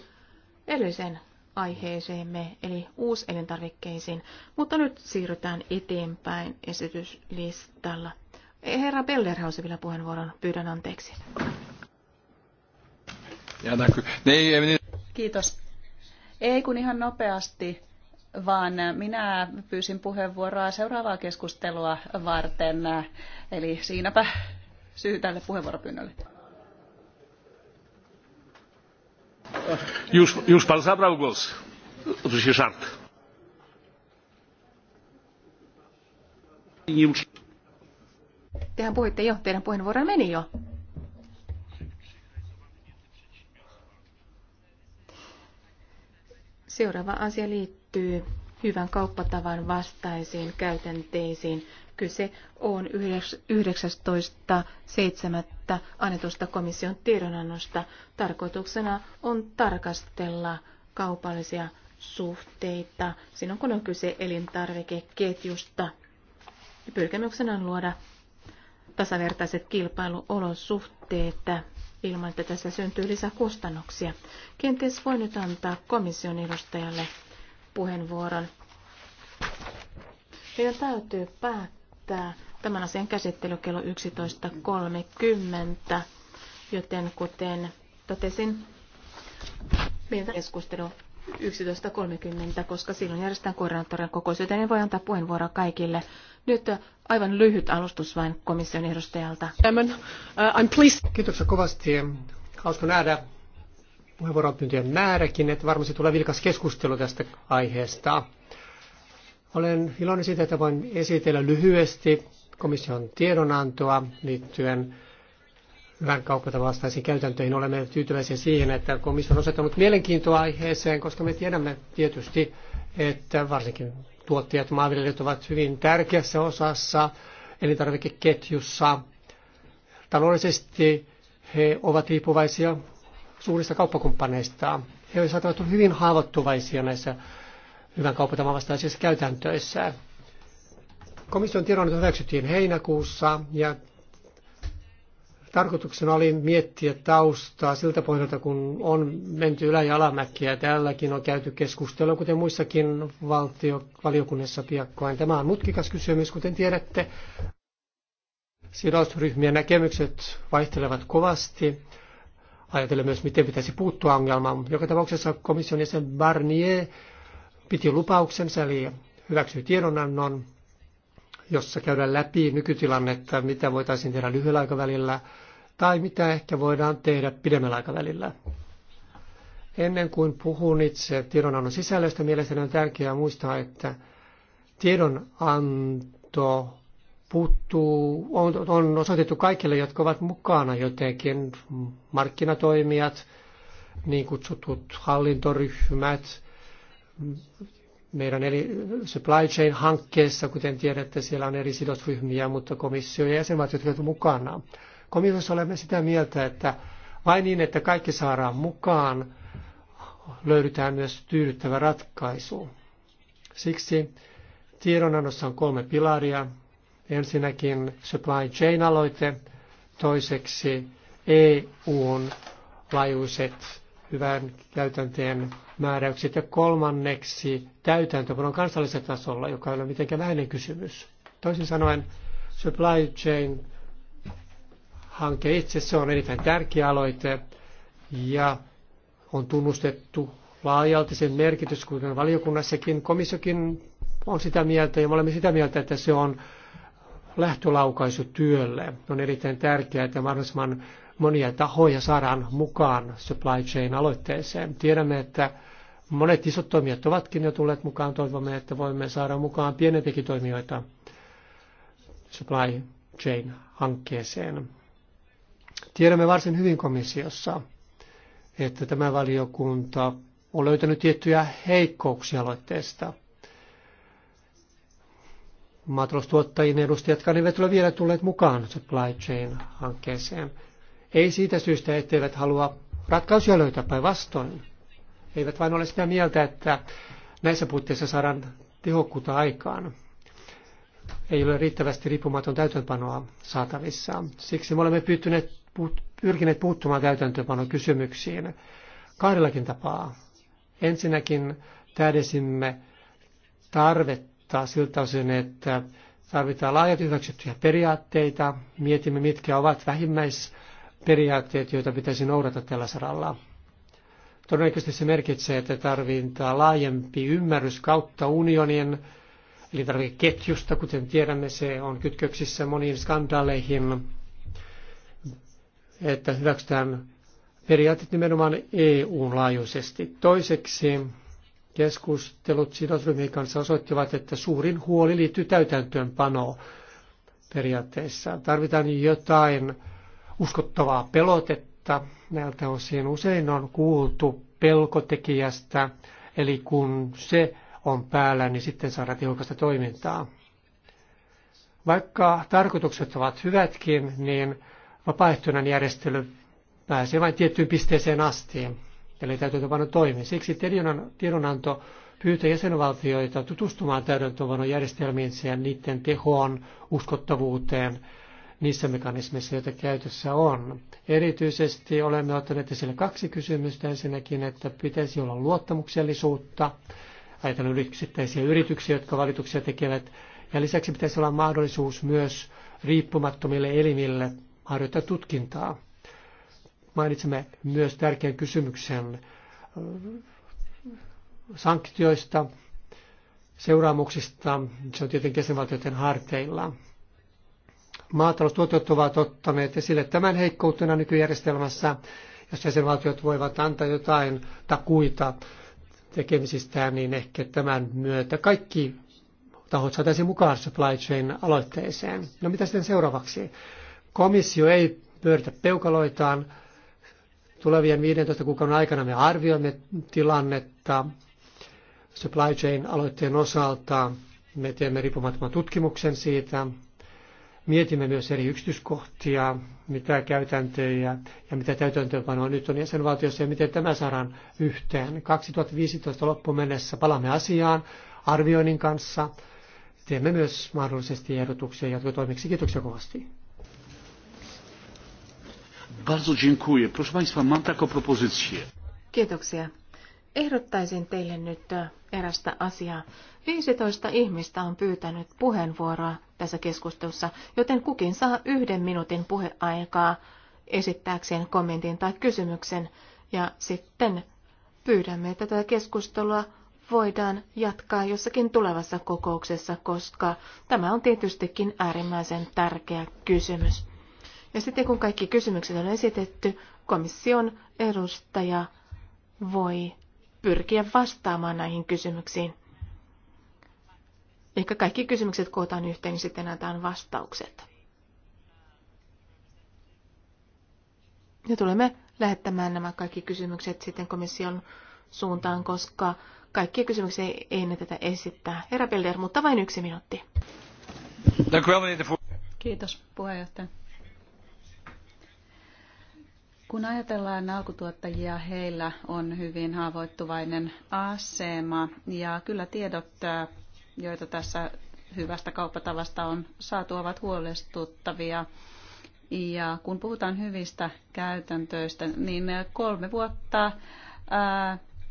edellisen aiheeseemme, eli uuselintarvikkeisiin. Mutta nyt siirrytään eteenpäin esityslistalla. Herra Belder hausi vielä puheenvuoron. Pyydän anteeksi. Niin, niin. Kiitos. Ei kun ihan nopeasti, vaan minä pyysin puheenvuoroa seuraavaa keskustelua varten. Eli siinäpä syy tälle puheenvuoropyynnölle. Już, już pan zabrał głos. Oczywiście żart. Nie Tehän puhuitte jo, teidän puheenvuoro meni jo. Seuraava asia liittyy hyvän kauppatavan vastaisiin käytänteisiin. Kyse on 19.7. annetusta komission tiedonannosta. Tarkoituksena on tarkastella kaupallisia suhteita silloin, kun on kyse elintarvikeketjusta. Pyrkimyksenä on luoda tasavertaiset kilpailuolosuhteet ilman, että tässä syntyy lisäkustannuksia. kustannuksia. Kenties voi nyt antaa komission edustajalle puheenvuoron. Meidän täytyy päättää tämän asian käsittely kello 11.30, joten kuten totesin, meiltä keskustelu 11.30, koska silloin järjestetään koordinaattorin kokous, joten en voi antaa puheenvuoroa kaikille nyt äh, aivan lyhyt alustus vain komission edustajalta. Uh, I'm pleased. Kiitoksia kovasti. Hauska nähdä puheenvuoropyyntöjen määräkin, että varmasti tulee vilkas keskustelu tästä aiheesta. Olen iloinen siitä, että voin esitellä lyhyesti komission tiedonantoa liittyen hyvän kauppatavastaisiin käytäntöihin. Olemme tyytyväisiä siihen, että komissio on osoittanut mielenkiintoa aiheeseen, koska me tiedämme tietysti, että varsinkin tuottajat, maanviljelijät ovat hyvin tärkeässä osassa elintarvikeketjussa. Taloudellisesti he ovat riippuvaisia suurista kauppakumppaneista. He saattavat olla hyvin haavoittuvaisia näissä hyvän kauppatavan vastaisissa käytäntöissä. Komission tiedonanto hyväksyttiin heinäkuussa ja Tarkoituksena oli miettiä taustaa siltä pohjalta, kun on menty ylä- ja alamäkiä. Täälläkin on käyty keskustelua, kuten muissakin valtio, valiokunnissa piakkoin. Tämä on mutkikas kysymys, kuten tiedätte. Sidosryhmien näkemykset vaihtelevat kovasti. Ajatellen myös, miten pitäisi puuttua ongelmaan. Joka tapauksessa komission jäsen Barnier piti lupauksensa, eli hyväksyi tiedonannon, jossa käydään läpi nykytilannetta, mitä voitaisiin tehdä lyhyellä aikavälillä – tai mitä ehkä voidaan tehdä pidemmällä aikavälillä. Ennen kuin puhun itse tiedonannon sisällöstä, mielestäni on tärkeää muistaa, että tiedonanto puuttuu, on, on osoitettu kaikille, jotka ovat mukana jotenkin, markkinatoimijat, niin kutsutut hallintoryhmät, meidän eli supply chain hankkeessa, kuten tiedätte, siellä on eri sidosryhmiä, mutta komissio ja jäsenvaltiot ovat mukana. Komissiossa olemme sitä mieltä, että vain niin, että kaikki saadaan mukaan, löydetään myös tyydyttävä ratkaisu. Siksi tiedonannossa on kolme pilaria. Ensinnäkin supply chain-aloite, toiseksi EUn laajuiset hyvän käytänteen määräykset ja kolmanneksi täytäntöpanon kansallisella tasolla, joka ei ole mitenkään vähäinen kysymys. Toisin sanoen supply chain hanke itse se on erittäin tärkeä aloite ja on tunnustettu laajalti sen merkitys, kuten valiokunnassakin. Komissiokin on sitä mieltä ja me olemme sitä mieltä, että se on lähtölaukaisu työlle. On erittäin tärkeää, että mahdollisimman monia tahoja saadaan mukaan supply chain aloitteeseen. Tiedämme, että monet isot toimijat ovatkin jo tulleet mukaan. Toivomme, että voimme saada mukaan pienempiäkin toimijoita supply chain hankkeeseen. Tiedämme varsin hyvin komissiossa, että tämä valiokunta on löytänyt tiettyjä heikkouksia aloitteesta. Maataloustuottajien edustajatkaan eivät ole vielä tulleet mukaan supply chain-hankkeeseen. Ei siitä syystä, etteivät halua ratkaisuja löytää päinvastoin. He eivät vain ole sitä mieltä, että näissä puitteissa saadaan tehokkuutta aikaan. Ei ole riittävästi riippumaton täytäntöpanoa saatavissa. Siksi me olemme pyytäneet pyrkineet puuttumaan täytäntöpanon kysymyksiin kahdellakin tapaa. Ensinnäkin tähdesimme tarvetta siltä osin, että tarvitaan laajat hyväksyttyjä periaatteita. Mietimme, mitkä ovat vähimmäisperiaatteet, joita pitäisi noudata tällä saralla. Todennäköisesti se merkitsee, että tarvitaan laajempi ymmärrys kautta unionin eli ketjusta, kuten tiedämme, se on kytköksissä moniin skandaaleihin, että hyväksytään periaatteet nimenomaan EUn laajuisesti. Toiseksi keskustelut sidosryhmien kanssa osoittivat, että suurin huoli liittyy täytäntöönpanoon periaatteessa. Tarvitaan jotain uskottavaa pelotetta. Näiltä osin usein on kuultu pelkotekijästä, eli kun se on päällä, niin sitten saadaan tehokasta toimintaa. Vaikka tarkoitukset ovat hyvätkin, niin vapaaehtoinen järjestely pääsee vain tiettyyn pisteeseen asti, eli täytäntöönpanon toimia. Siksi tiedonanto pyytää jäsenvaltioita tutustumaan täytäntöönpanon järjestelmiinsä ja niiden tehoon, uskottavuuteen niissä mekanismeissa, joita käytössä on. Erityisesti olemme ottaneet esille kaksi kysymystä. Ensinnäkin, että pitäisi olla luottamuksellisuutta, Ajatellaan yksittäisiä yrityksiä, jotka valituksia tekevät, ja lisäksi pitäisi olla mahdollisuus myös riippumattomille elimille harjoittaa tutkintaa. Mainitsemme myös tärkeän kysymyksen äh, sanktioista, seuraamuksista. Se on tietenkin jäsenvaltioiden harteilla. Maataloustuotot ovat ottaneet esille tämän heikkoutena nykyjärjestelmässä, jos jäsenvaltiot voivat antaa jotain takuita tekemisistään, niin ehkä tämän myötä kaikki tahot saataisiin mukaan supply chain aloitteeseen. No mitä sitten seuraavaksi? Komissio ei pyöritä peukaloitaan. Tulevien 15 kuukauden aikana me arvioimme tilannetta supply chain aloitteen osalta. Me teemme riippumattoman tutkimuksen siitä. Mietimme myös eri yksityiskohtia, mitä käytäntöjä ja mitä täytäntöönpanoa nyt on jäsenvaltiossa ja miten tämä saadaan yhteen. 2015 loppuun mennessä palaamme asiaan arvioinnin kanssa. Teemme myös mahdollisesti ehdotuksia jatkotoimiksi. Kiitoksia kovasti. Bardzo dziękuję. Proszę Państwa, mam taką propozycję. Kiitoksia. Ehdottaisin teille nyt äh, erästä asiaa. 15 ihmistä on pyytänyt puheenvuoroa tässä keskustelussa, joten kukin saa yhden minuutin puheaikaa esittääkseen kommentin tai kysymyksen. Ja sitten pyydämme, että tätä keskustelua voidaan jatkaa jossakin tulevassa kokouksessa, koska tämä on tietystikin äärimmäisen tärkeä kysymys. Ja sitten kun kaikki kysymykset on esitetty, komission edustaja voi pyrkiä vastaamaan näihin kysymyksiin. Ehkä kaikki kysymykset kootaan yhteen, niin sitten annetaan vastaukset. Ja tulemme lähettämään nämä kaikki kysymykset sitten komission suuntaan, koska kaikkia kysymyksiä ei tätä esittää. Herra Pelder, mutta vain yksi minuutti. Kiitos puheenjohtaja. Kun ajatellaan alkutuottajia, heillä on hyvin haavoittuvainen asema ja kyllä tiedot, joita tässä hyvästä kauppatavasta on saatu, ovat huolestuttavia. Ja kun puhutaan hyvistä käytäntöistä, niin kolme vuotta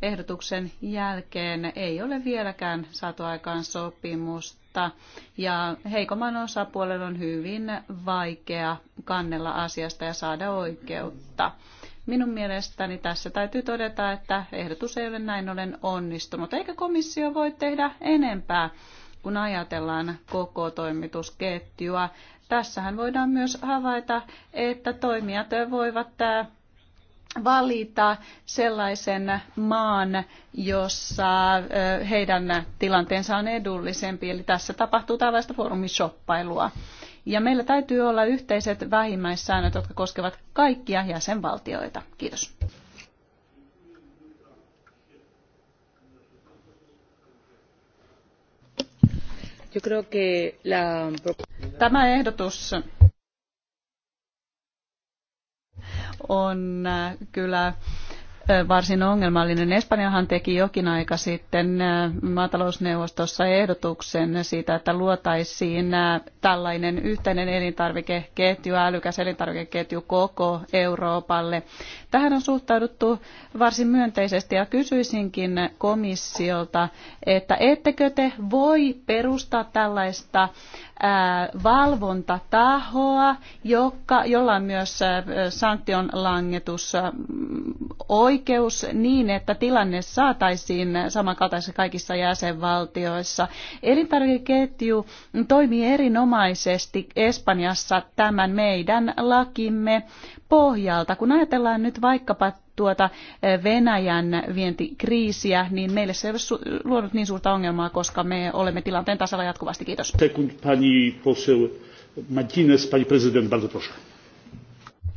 ehdotuksen jälkeen ei ole vieläkään saatu aikaan sopimusta ja heikomman osapuolen on hyvin vaikea kannella asiasta ja saada oikeutta. Minun mielestäni tässä täytyy todeta, että ehdotus ei ole näin ollen onnistunut, eikä komissio voi tehdä enempää, kun ajatellaan koko toimitusketjua. Tässähän voidaan myös havaita, että toimijat voivat valita sellaisen maan, jossa heidän tilanteensa on edullisempi. Eli tässä tapahtuu tällaista foorumishoppailua. Ja meillä täytyy olla yhteiset vähimmäissäännöt, jotka koskevat kaikkia jäsenvaltioita. Kiitos. Tämä ehdotus on äh, kyllä varsin ongelmallinen. Espanjahan teki jokin aika sitten maatalousneuvostossa ehdotuksen siitä, että luotaisiin tällainen yhteinen elintarvikeketju, älykäs elintarvikeketju koko Euroopalle. Tähän on suhtauduttu varsin myönteisesti ja kysyisinkin komissiolta, että ettekö te voi perustaa tällaista valvontatahoa, joka, jolla on myös sanktion oikeus Oikeus niin, että tilanne saataisiin samankaltaisessa kaikissa jäsenvaltioissa. Elintarvikeketju toimii erinomaisesti Espanjassa tämän meidän lakimme pohjalta. Kun ajatellaan nyt vaikkapa tuota eh, Venäjän vientikriisiä, niin meille se ei ole luonut niin suurta ongelmaa, koska me olemme tilanteen tasalla jatkuvasti. Kiitos.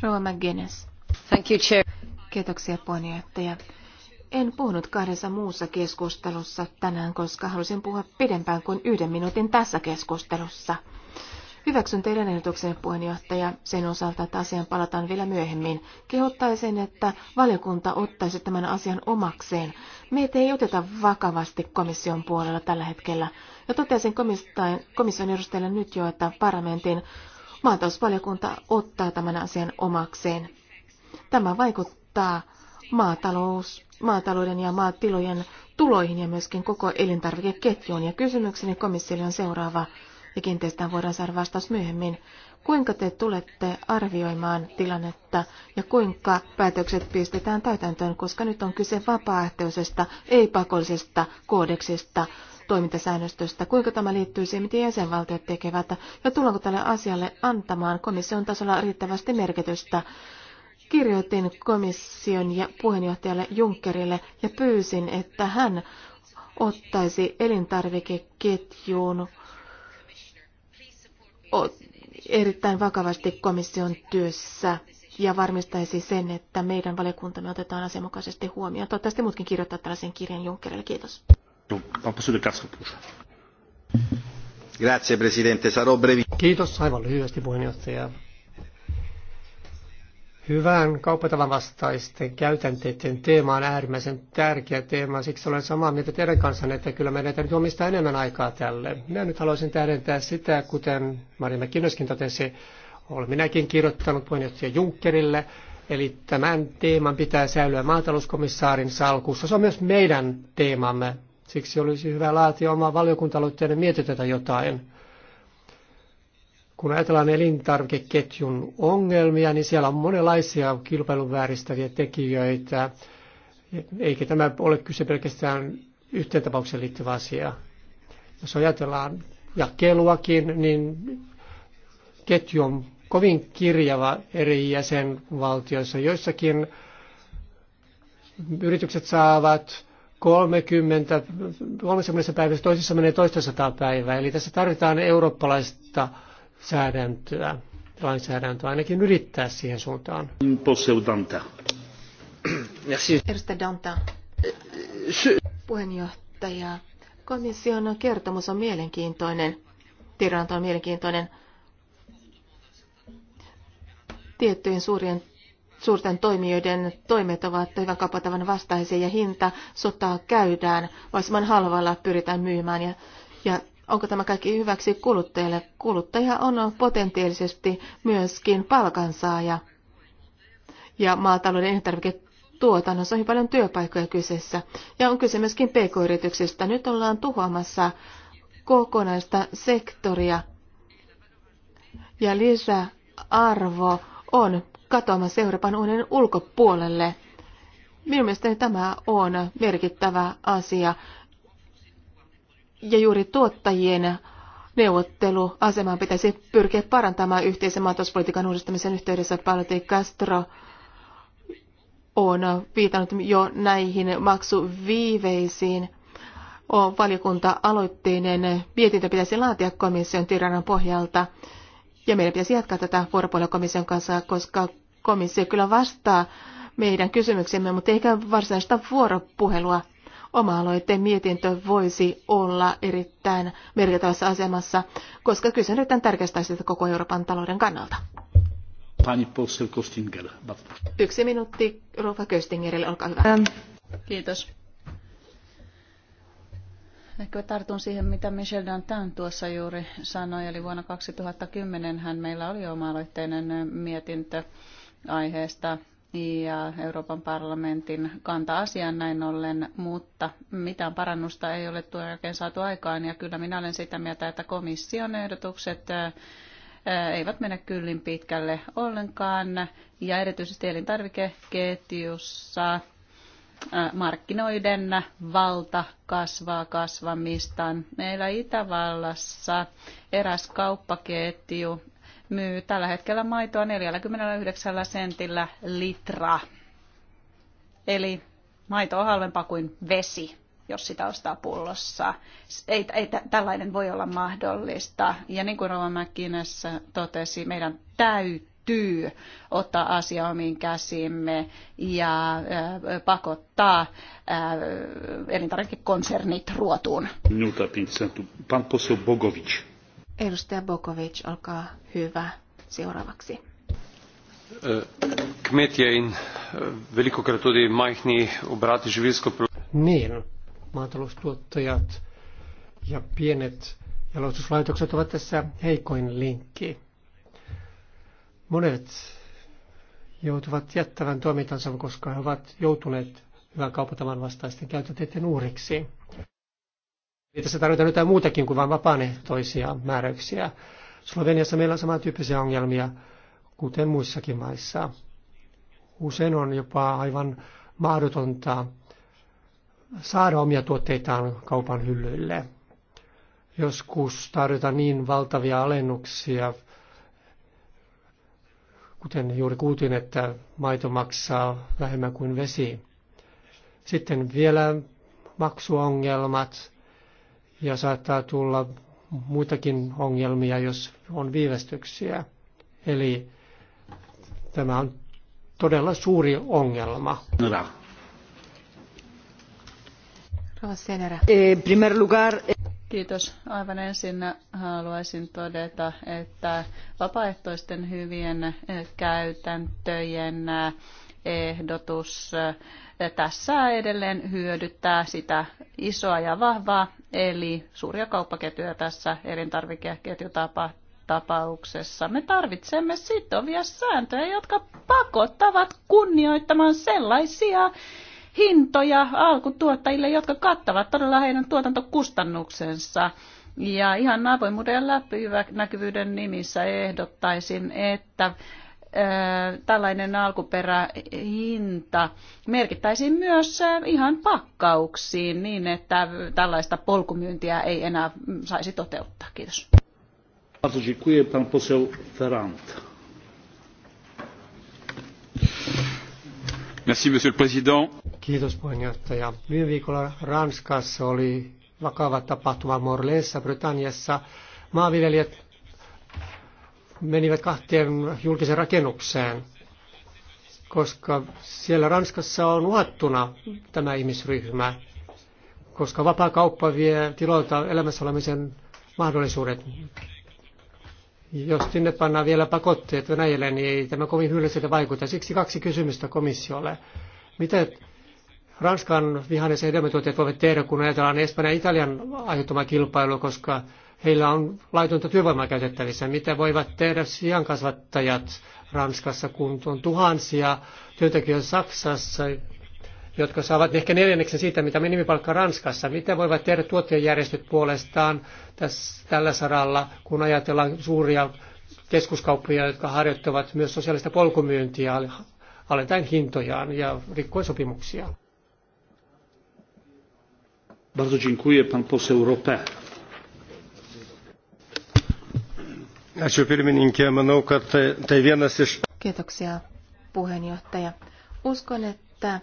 Rova McGuinness. Thank you, Chair. Kiitoksia puheenjohtaja. En puhunut kahdessa muussa keskustelussa tänään, koska halusin puhua pidempään kuin yhden minuutin tässä keskustelussa. Hyväksyn teidän ehdotuksen puheenjohtaja sen osalta, että asiaan palataan vielä myöhemmin. Kehottaisin, että valiokunta ottaisi tämän asian omakseen. Meitä ei oteta vakavasti komission puolella tällä hetkellä. Ja totesin komission edustajille nyt jo, että parlamentin maatalousvaliokunta ottaa tämän asian omakseen. Tämä vaikuttaa vaikuttaa maatalous, maatalouden ja maatilojen tuloihin ja myöskin koko elintarvikeketjuun. Ja kysymykseni komissiolle on seuraava, ja kiinteistään voidaan saada vastaus myöhemmin. Kuinka te tulette arvioimaan tilannetta ja kuinka päätökset pistetään täytäntöön, koska nyt on kyse vapaaehtoisesta, ei-pakollisesta koodeksista, toimintasäännöstöstä, kuinka tämä liittyy siihen, miten jäsenvaltiot tekevät, ja tullaanko tälle asialle antamaan komission tasolla riittävästi merkitystä Kirjoitin komission ja puheenjohtajalle Junckerille ja pyysin, että hän ottaisi elintarvikeketjuun erittäin vakavasti komission työssä ja varmistaisi sen, että meidän valiokuntamme otetaan asianmukaisesti huomioon. Toivottavasti muutkin kirjoittaa tällaisen kirjan Junckerille. Kiitos. No, Grazie, Presidente. Sarò brevi. Kiitos aivan lyhyesti puheenjohtaja hyvään kauppatavan vastaisten käytänteiden teema on äärimmäisen tärkeä teema. Siksi olen samaa mieltä teidän kanssanne, että kyllä meidän täytyy omistaa enemmän aikaa tälle. Minä nyt haluaisin tähdentää sitä, kuten Marja Mäkinöskin totesi, olen minäkin kirjoittanut puheenjohtaja Junckerille, Eli tämän teeman pitää säilyä maatalouskomissaarin salkussa. Se on myös meidän teemamme. Siksi olisi hyvä laatia oma valiokuntaloitteinen mietintö jotain. Kun ajatellaan elintarvikeketjun ongelmia, niin siellä on monenlaisia kilpailun vääristäviä tekijöitä, eikä tämä ole kyse pelkästään yhteen tapaukseen liittyvä asia. Jos ajatellaan jakeluakin, niin ketju on kovin kirjava eri jäsenvaltioissa. Joissakin yritykset saavat 30, 30 päivässä, toisissa menee toista sataa päivää. Eli tässä tarvitaan eurooppalaista säädäntöä, lainsäädäntöä, ainakin yrittää siihen suuntaan. Danta. Edustaja Danta. Puheenjohtaja, komission kertomus on mielenkiintoinen. Tiedonanto on mielenkiintoinen. Tiettyjen suurien suurten toimijoiden toimet ovat hyvän kauppatavan vastaisia ja hinta sotaa käydään. Vaisman halvalla pyritään myymään ja, ja Onko tämä kaikki hyväksi kuluttajille? Kuluttaja on potentiaalisesti myöskin palkansaaja. Ja maatalouden elintarviketuotannossa on paljon työpaikkoja kyseessä. Ja on kyse myöskin pk-yrityksistä. Nyt ollaan tuhoamassa kokonaista sektoria. Ja lisäarvo on katoamassa Euroopan unionin ulkopuolelle. Minun mielestäni tämä on merkittävä asia ja juuri tuottajien neuvotteluasemaan pitäisi pyrkiä parantamaan yhteisen maatalouspolitiikan uudistamisen yhteydessä. Palti Castro on viitannut jo näihin maksuviiveisiin. valiokunta-aloitteinen mietintö pitäisi laatia komission tiedonannon pohjalta. Ja meidän pitäisi jatkaa tätä vuoropuolella komission kanssa, koska komissio kyllä vastaa meidän kysymyksemme, mutta eikä varsinaista vuoropuhelua oma-aloitteen mietintö voisi olla erittäin merkittävässä asemassa, koska kyse on tärkeästä asiasta koko Euroopan talouden kannalta. Yksi minuutti Rufa Köstingerille, olkaa hyvä. Ähm. Kiitos. Ehkä tartun siihen, mitä Michel Dantin tuossa juuri sanoi, eli vuonna 2010 hän meillä oli oma-aloitteinen mietintö aiheesta ja Euroopan parlamentin kanta asiaan näin ollen, mutta mitään parannusta ei ole tuon jälkeen saatu aikaan ja kyllä minä olen sitä mieltä, että komission ehdotukset eivät mene kyllin pitkälle ollenkaan ja erityisesti elintarvikeketjussa markkinoiden valta kasvaa kasvamistaan. Meillä Itävallassa eräs kauppaketju myy tällä hetkellä maitoa 49 sentillä litra. Eli maito on halvempaa kuin vesi, jos sitä ostaa pullossa. Ei, ei tällainen voi olla mahdollista. Ja niin kuin Rova Mäkinässä totesi, meidän täytyy ottaa asia omiin käsimme ja äh, pakottaa äh, elintarvikekonsernit ruotuun. Minuta 50. Pan poseł Bogovic. Edustaja Bokovic, olkaa hyvä seuraavaksi. Kmetje in velikokrat tudi majhni obrati živilsko... Niin, maataloustuottajat ja pienet jalostuslaitokset ovat tässä heikoin linkki. Monet joutuvat jättävän toimintansa, koska he ovat joutuneet hyvän kauppatavan vastaisten käytänteiden uuriksi. Ei tässä tarvitaan jotain muutakin kuin vain vapaaehtoisia määräyksiä. Sloveniassa meillä on samantyyppisiä ongelmia, kuten muissakin maissa. Usein on jopa aivan mahdotonta saada omia tuotteitaan kaupan hyllyille. Joskus tarjotaan niin valtavia alennuksia, kuten juuri kuutin, että maito maksaa vähemmän kuin vesi. Sitten vielä maksuongelmat, ja saattaa tulla muitakin ongelmia, jos on viivästyksiä. Eli tämä on todella suuri ongelma. Hyvä. Eh, eh, Kiitos. Aivan ensin haluaisin todeta, että vapaaehtoisten hyvien käytäntöjen ehdotus tässä edelleen hyödyttää sitä isoa ja vahvaa, eli suuria kauppaketjuja tässä elintarvikeketjutapauksessa. Me tarvitsemme sitovia sääntöjä, jotka pakottavat kunnioittamaan sellaisia hintoja alkutuottajille, jotka kattavat todella heidän tuotantokustannuksensa. Ja ihan avoimuuden ja läpinäkyvyyden nimissä ehdottaisin, että tällainen alkuperähinta merkittäisiin myös ihan pakkauksiin niin, että tällaista polkumyyntiä ei enää saisi toteuttaa. Kiitos. Bardzo dziękuję. Pan poseł Ferrand. Merci, monsieur le président. Kiitos puheenjohtaja. Viime viikolla Ranskassa oli vakava tapahtuma Morleessa, Britanniassa. Maanviljelijät menivät kahteen julkiseen rakennukseen, koska siellä Ranskassa on uhattuna tämä ihmisryhmä, koska vapaa kauppa vie tiloilta elämässä olemisen mahdollisuudet. Jos sinne pannaan vielä pakotteet Venäjälle, niin ei tämä kovin hyödylliseltä vaikuta. Siksi kaksi kysymystä komissiolle. Mitä Ranskan vihannes- ja hedelmätuotteet voivat tehdä, kun ajatellaan Espanjan ja Italian aiheuttama kilpailu, koska heillä on laitonta työvoimaa käytettävissä. Mitä voivat tehdä sijankasvattajat Ranskassa, kun on tuhansia työntekijöitä Saksassa, jotka saavat ehkä neljänneksen siitä, mitä minimipalkka Ranskassa. Mitä voivat tehdä tuottajajärjestöt puolestaan tässä, tällä saralla, kun ajatellaan suuria keskuskauppoja, jotka harjoittavat myös sosiaalista polkumyyntiä alentaen hintojaan ja rikkoen sopimuksia. Bardzo dziękuję pan poseł Rope. Kiitoksia puheenjohtaja. Uskon, että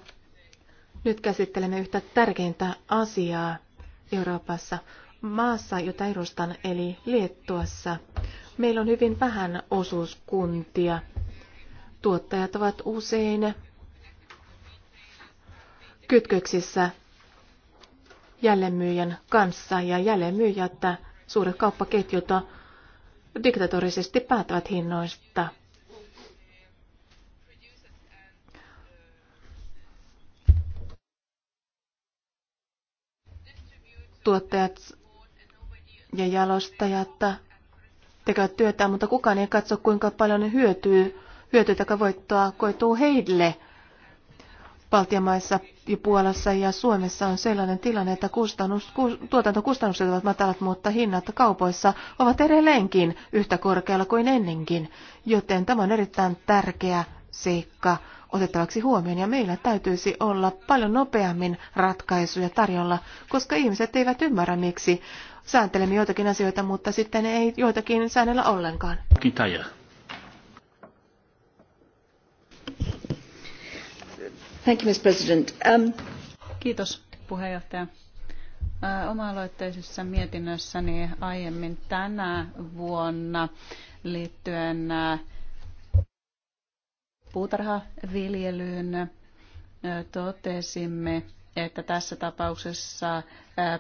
nyt käsittelemme yhtä tärkeintä asiaa Euroopassa maassa, jota edustan, eli Liettuassa. Meillä on hyvin vähän osuuskuntia. Tuottajat ovat usein kytköksissä jälleenmyyjän kanssa ja jälleenmyyjät suuret kauppaketjut diktatorisesti päättävät hinnoista. Tuottajat ja jalostajat tekevät työtä, mutta kukaan ei katso, kuinka paljon ne hyötyy, hyötyy tai voittoa koituu heille. Baltian maissa Puolassa ja Suomessa on sellainen tilanne, että kustannus, tuotantokustannukset ovat matalat, mutta hinnat kaupoissa ovat edelleenkin yhtä korkealla kuin ennenkin. Joten tämä on erittäin tärkeä seikka otettavaksi huomioon ja meillä täytyisi olla paljon nopeammin ratkaisuja tarjolla, koska ihmiset eivät ymmärrä miksi sääntelemme joitakin asioita, mutta sitten ei joitakin säännellä ollenkaan. Kitaja. Um, Kiitos puheenjohtaja. Oma-aloitteisessa mietinnössäni aiemmin tänä vuonna liittyen puutarhaviljelyyn totesimme, että tässä tapauksessa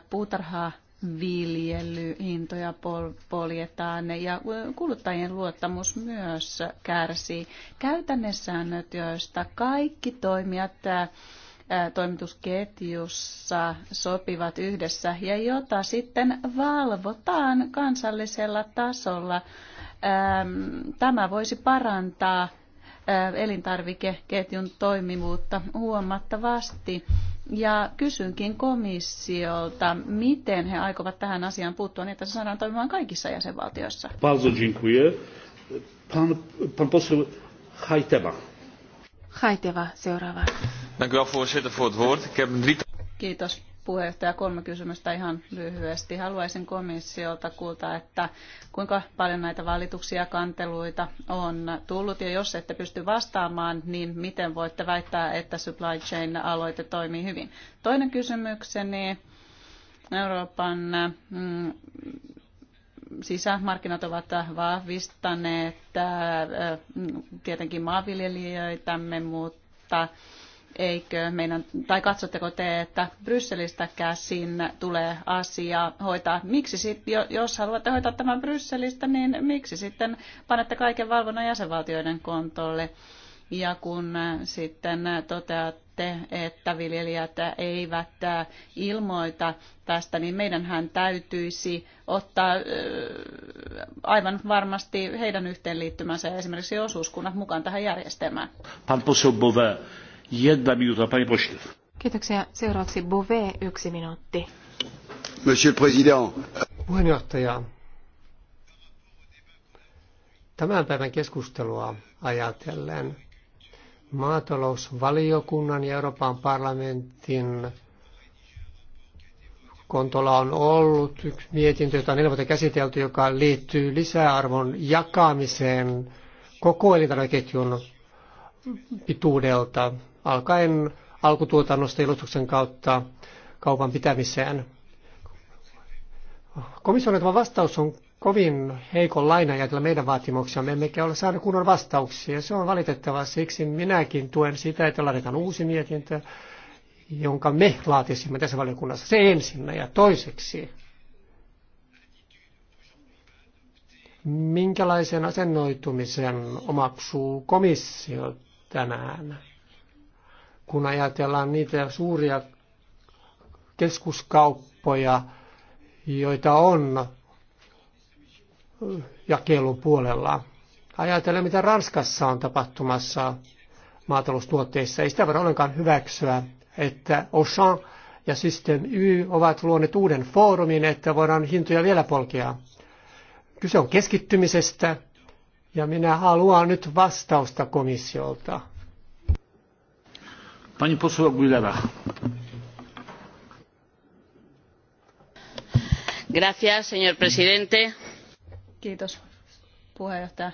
puutarhaviljelijöiden viljelyhintoja poljetaan ja kuluttajien luottamus myös kärsii. Käytännessäännöt, joista kaikki toimijat toimitusketjussa sopivat yhdessä ja jota sitten valvotaan kansallisella tasolla. Tämä voisi parantaa elintarvikeketjun toimivuutta huomattavasti. Ja kysynkin komissiolta, miten he aikovat tähän asiaan puuttua niin, että se saadaan toimimaan kaikissa jäsenvaltioissa. Bardzo dziękuję. Pan, pan poseł Haiteva. Haiteva, seuraava. Dank u wel, voorzitter, voor het woord. Ik heb drie... Kiitos, puheenjohtaja kolme kysymystä ihan lyhyesti. Haluaisin komissiolta kuulta, että kuinka paljon näitä valituksia ja kanteluita on tullut ja jos ette pysty vastaamaan, niin miten voitte väittää, että supply chain aloite toimii hyvin. Toinen kysymykseni Euroopan mm, sisämarkkinat ovat vahvistaneet äh, tietenkin maanviljelijöitämme, mutta mutta eikö meidän, tai katsotteko te, että Brysselistä käsin tulee asia hoitaa? Miksi sit, jos haluatte hoitaa tämän Brysselistä, niin miksi sitten panette kaiken valvonnan jäsenvaltioiden kontolle? Ja kun äh, sitten äh, toteatte, että viljelijät eivät äh, ilmoita tästä, niin meidänhän täytyisi ottaa aivan varmasti heidän yhteenliittymänsä ja esimerkiksi osuuskunnat mukaan tähän järjestelmään. Pan Jedna minuta, pani pośle. Kiitoksia. Seuraavaksi Bove, yksi minuutti. Monsieur le Président. Puheenjohtaja, tämän päivän keskustelua ajatellen maatalousvaliokunnan ja Euroopan parlamentin kontolla on ollut yksi mietintö, jota on neljä vuotta käsitelty, joka liittyy lisäarvon jakamiseen koko elintarvikeketjun pituudelta alkaen alkutuotannosta ilotuksen kautta kaupan pitämiseen. Komission vastaus on kovin heikon laina ajatella meidän vaatimuksia. Me emmekä ole saaneet kunnon vastauksia. Se on valitettavaa. Siksi minäkin tuen sitä, että laitetaan uusi mietintö, jonka me laatisimme tässä valiokunnassa. Se ensin ja toiseksi. Minkälaisen asennoitumisen omaksuu komissio tänään? kun ajatellaan niitä suuria keskuskauppoja, joita on jakelun puolella. ajatellaan, mitä Ranskassa on tapahtumassa maataloustuotteissa. Ei sitä voi ollenkaan hyväksyä, että Auchan ja System Y ovat luoneet uuden foorumin, että voidaan hintoja vielä polkea. Kyse on keskittymisestä, ja minä haluan nyt vastausta komissiolta. Pani poseł Aguilera. Gracias, señor presidente. Kiitos, puheenjohtaja.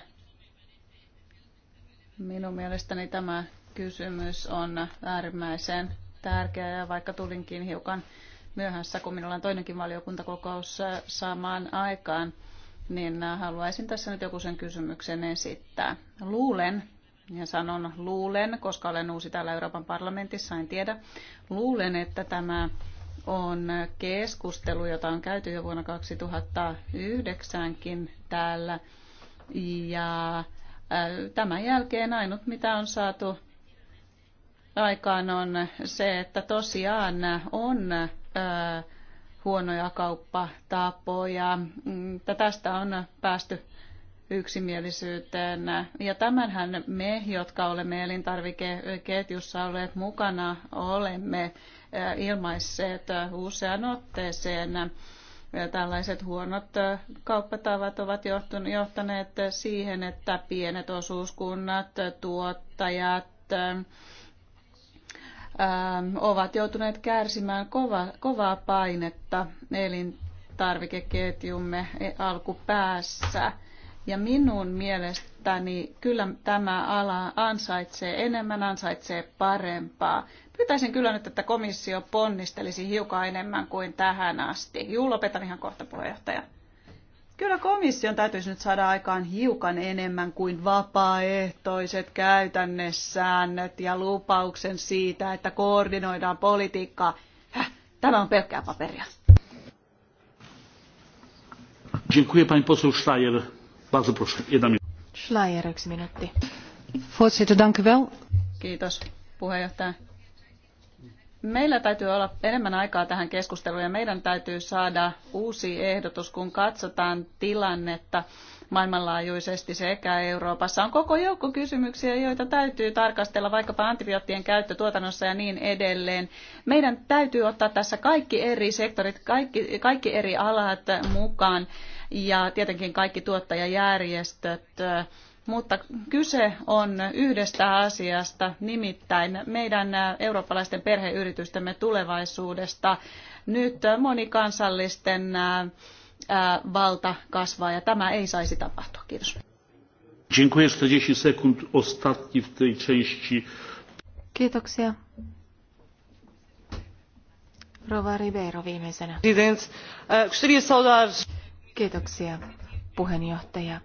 Minun mielestäni tämä kysymys on äärimmäisen tärkeä ja vaikka tulinkin hiukan myöhässä, kun minulla on toinenkin valiokuntakokous samaan aikaan, niin haluaisin tässä nyt joku sen kysymyksen esittää. Luulen, ja sanon luulen, koska olen uusi täällä Euroopan parlamentissa, en tiedä, luulen, että tämä on keskustelu, jota on käyty jo vuonna 2009kin täällä. Ja äh, tämän jälkeen ainut, mitä on saatu aikaan, on se, että tosiaan on äh, huonoja kauppatapoja. Mm, tästä on päästy yksimielisyyteen. Ja tämänhän me, jotka olemme elintarvikeketjussa olleet mukana, olemme ilmaisseet usean otteeseen. Tällaiset huonot kauppatavat ovat johtaneet siihen, että pienet osuuskunnat, tuottajat, ovat joutuneet kärsimään kova, kovaa painetta elintarvikeketjumme alkupäässä. Ja minun mielestäni kyllä tämä ala ansaitsee enemmän, ansaitsee parempaa. Pyytäisin kyllä nyt, että komissio ponnistelisi hiukan enemmän kuin tähän asti. Juu, lopetan ihan kohta puheenjohtaja. Kyllä komission täytyisi nyt saada aikaan hiukan enemmän kuin vapaaehtoiset käytännessäännöt ja lupauksen siitä, että koordinoidaan politiikkaa. Häh, tämä on pelkkää paperia. Dziękuję pani poseł Steyer minuutti. Schleier, yksi minuutti. dank u wel. Kiitos, puheenjohtaja. Meillä täytyy olla enemmän aikaa tähän keskusteluun ja meidän täytyy saada uusi ehdotus, kun katsotaan tilannetta maailmanlaajuisesti sekä Euroopassa. On koko joukko kysymyksiä, joita täytyy tarkastella, vaikkapa antibioottien käyttö tuotannossa ja niin edelleen. Meidän täytyy ottaa tässä kaikki eri sektorit, kaikki, kaikki eri alat mukaan ja tietenkin kaikki tuottajajärjestöt. Mutta kyse on yhdestä asiasta, nimittäin meidän eurooppalaisten perheyritystemme tulevaisuudesta. Nyt monikansallisten valta kasvaa ja tämä ei saisi tapahtua. Kiitos. Kiitoksia. Rova Ribeiro viimeisenä. Kiitoksia, puheenjohtaja.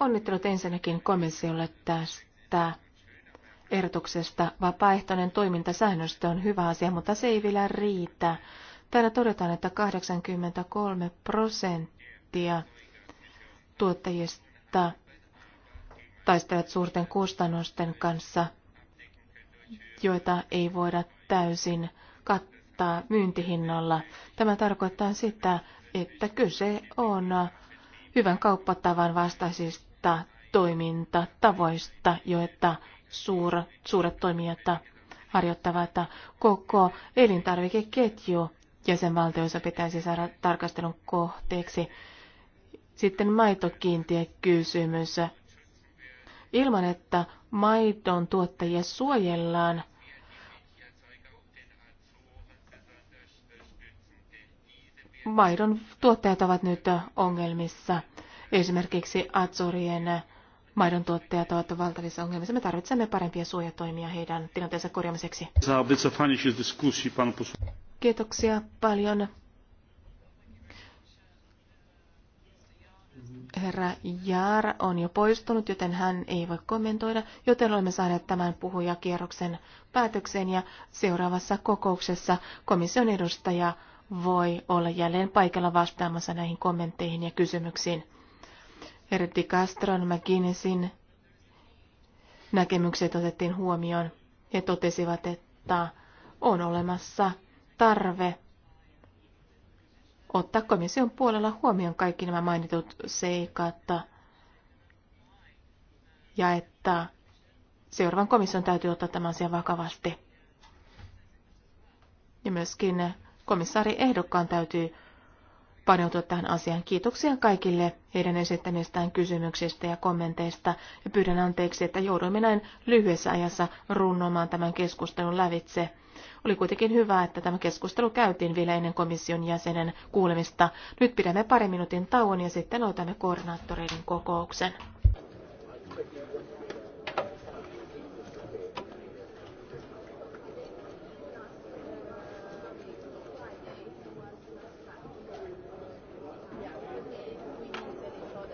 Onnittelut ensinnäkin komissiolle tästä ehdotuksesta. Vapaaehtoinen toimintasäännöstö on hyvä asia, mutta se ei vielä riitä. Täällä todetaan, että 83 prosenttia tuottajista taistelevat suurten kustannusten kanssa, joita ei voida täysin kattaa myyntihinnalla. Tämä tarkoittaa sitä, että kyse on hyvän kauppatavan vastaisista toimintatavoista, joita suur, suuret toimijat harjoittavat. Koko elintarvikeketju jäsenvaltioissa pitäisi saada tarkastelun kohteeksi. Sitten kysymys Ilman, että maidon tuottajia suojellaan, maidon tuottajat ovat nyt ongelmissa. Esimerkiksi Azorien maidon tuottajat ovat valtavissa ongelmissa. Me tarvitsemme parempia suojatoimia heidän tilanteensa korjaamiseksi. Kiitoksia paljon. Herra Jaar on jo poistunut, joten hän ei voi kommentoida, joten olemme saaneet tämän puhujakierroksen päätökseen ja seuraavassa kokouksessa komission edustaja voi olla jälleen paikalla vastaamassa näihin kommentteihin ja kysymyksiin. Erti Castron McKinneysin näkemykset otettiin huomioon. He totesivat, että on olemassa tarve ottaa komission puolella huomioon kaikki nämä mainitut seikat ja että seuraavan komission täytyy ottaa tämä asia vakavasti. Ja myöskin komissaari ehdokkaan täytyy paneutua tähän asiaan. Kiitoksia kaikille heidän esittämistään kysymyksistä ja kommenteista ja pyydän anteeksi, että jouduimme näin lyhyessä ajassa runnomaan tämän keskustelun lävitse. Oli kuitenkin hyvä, että tämä keskustelu käytiin vielä ennen komission jäsenen kuulemista. Nyt pidämme pari minuutin tauon ja sitten otamme koordinaattoreiden kokouksen.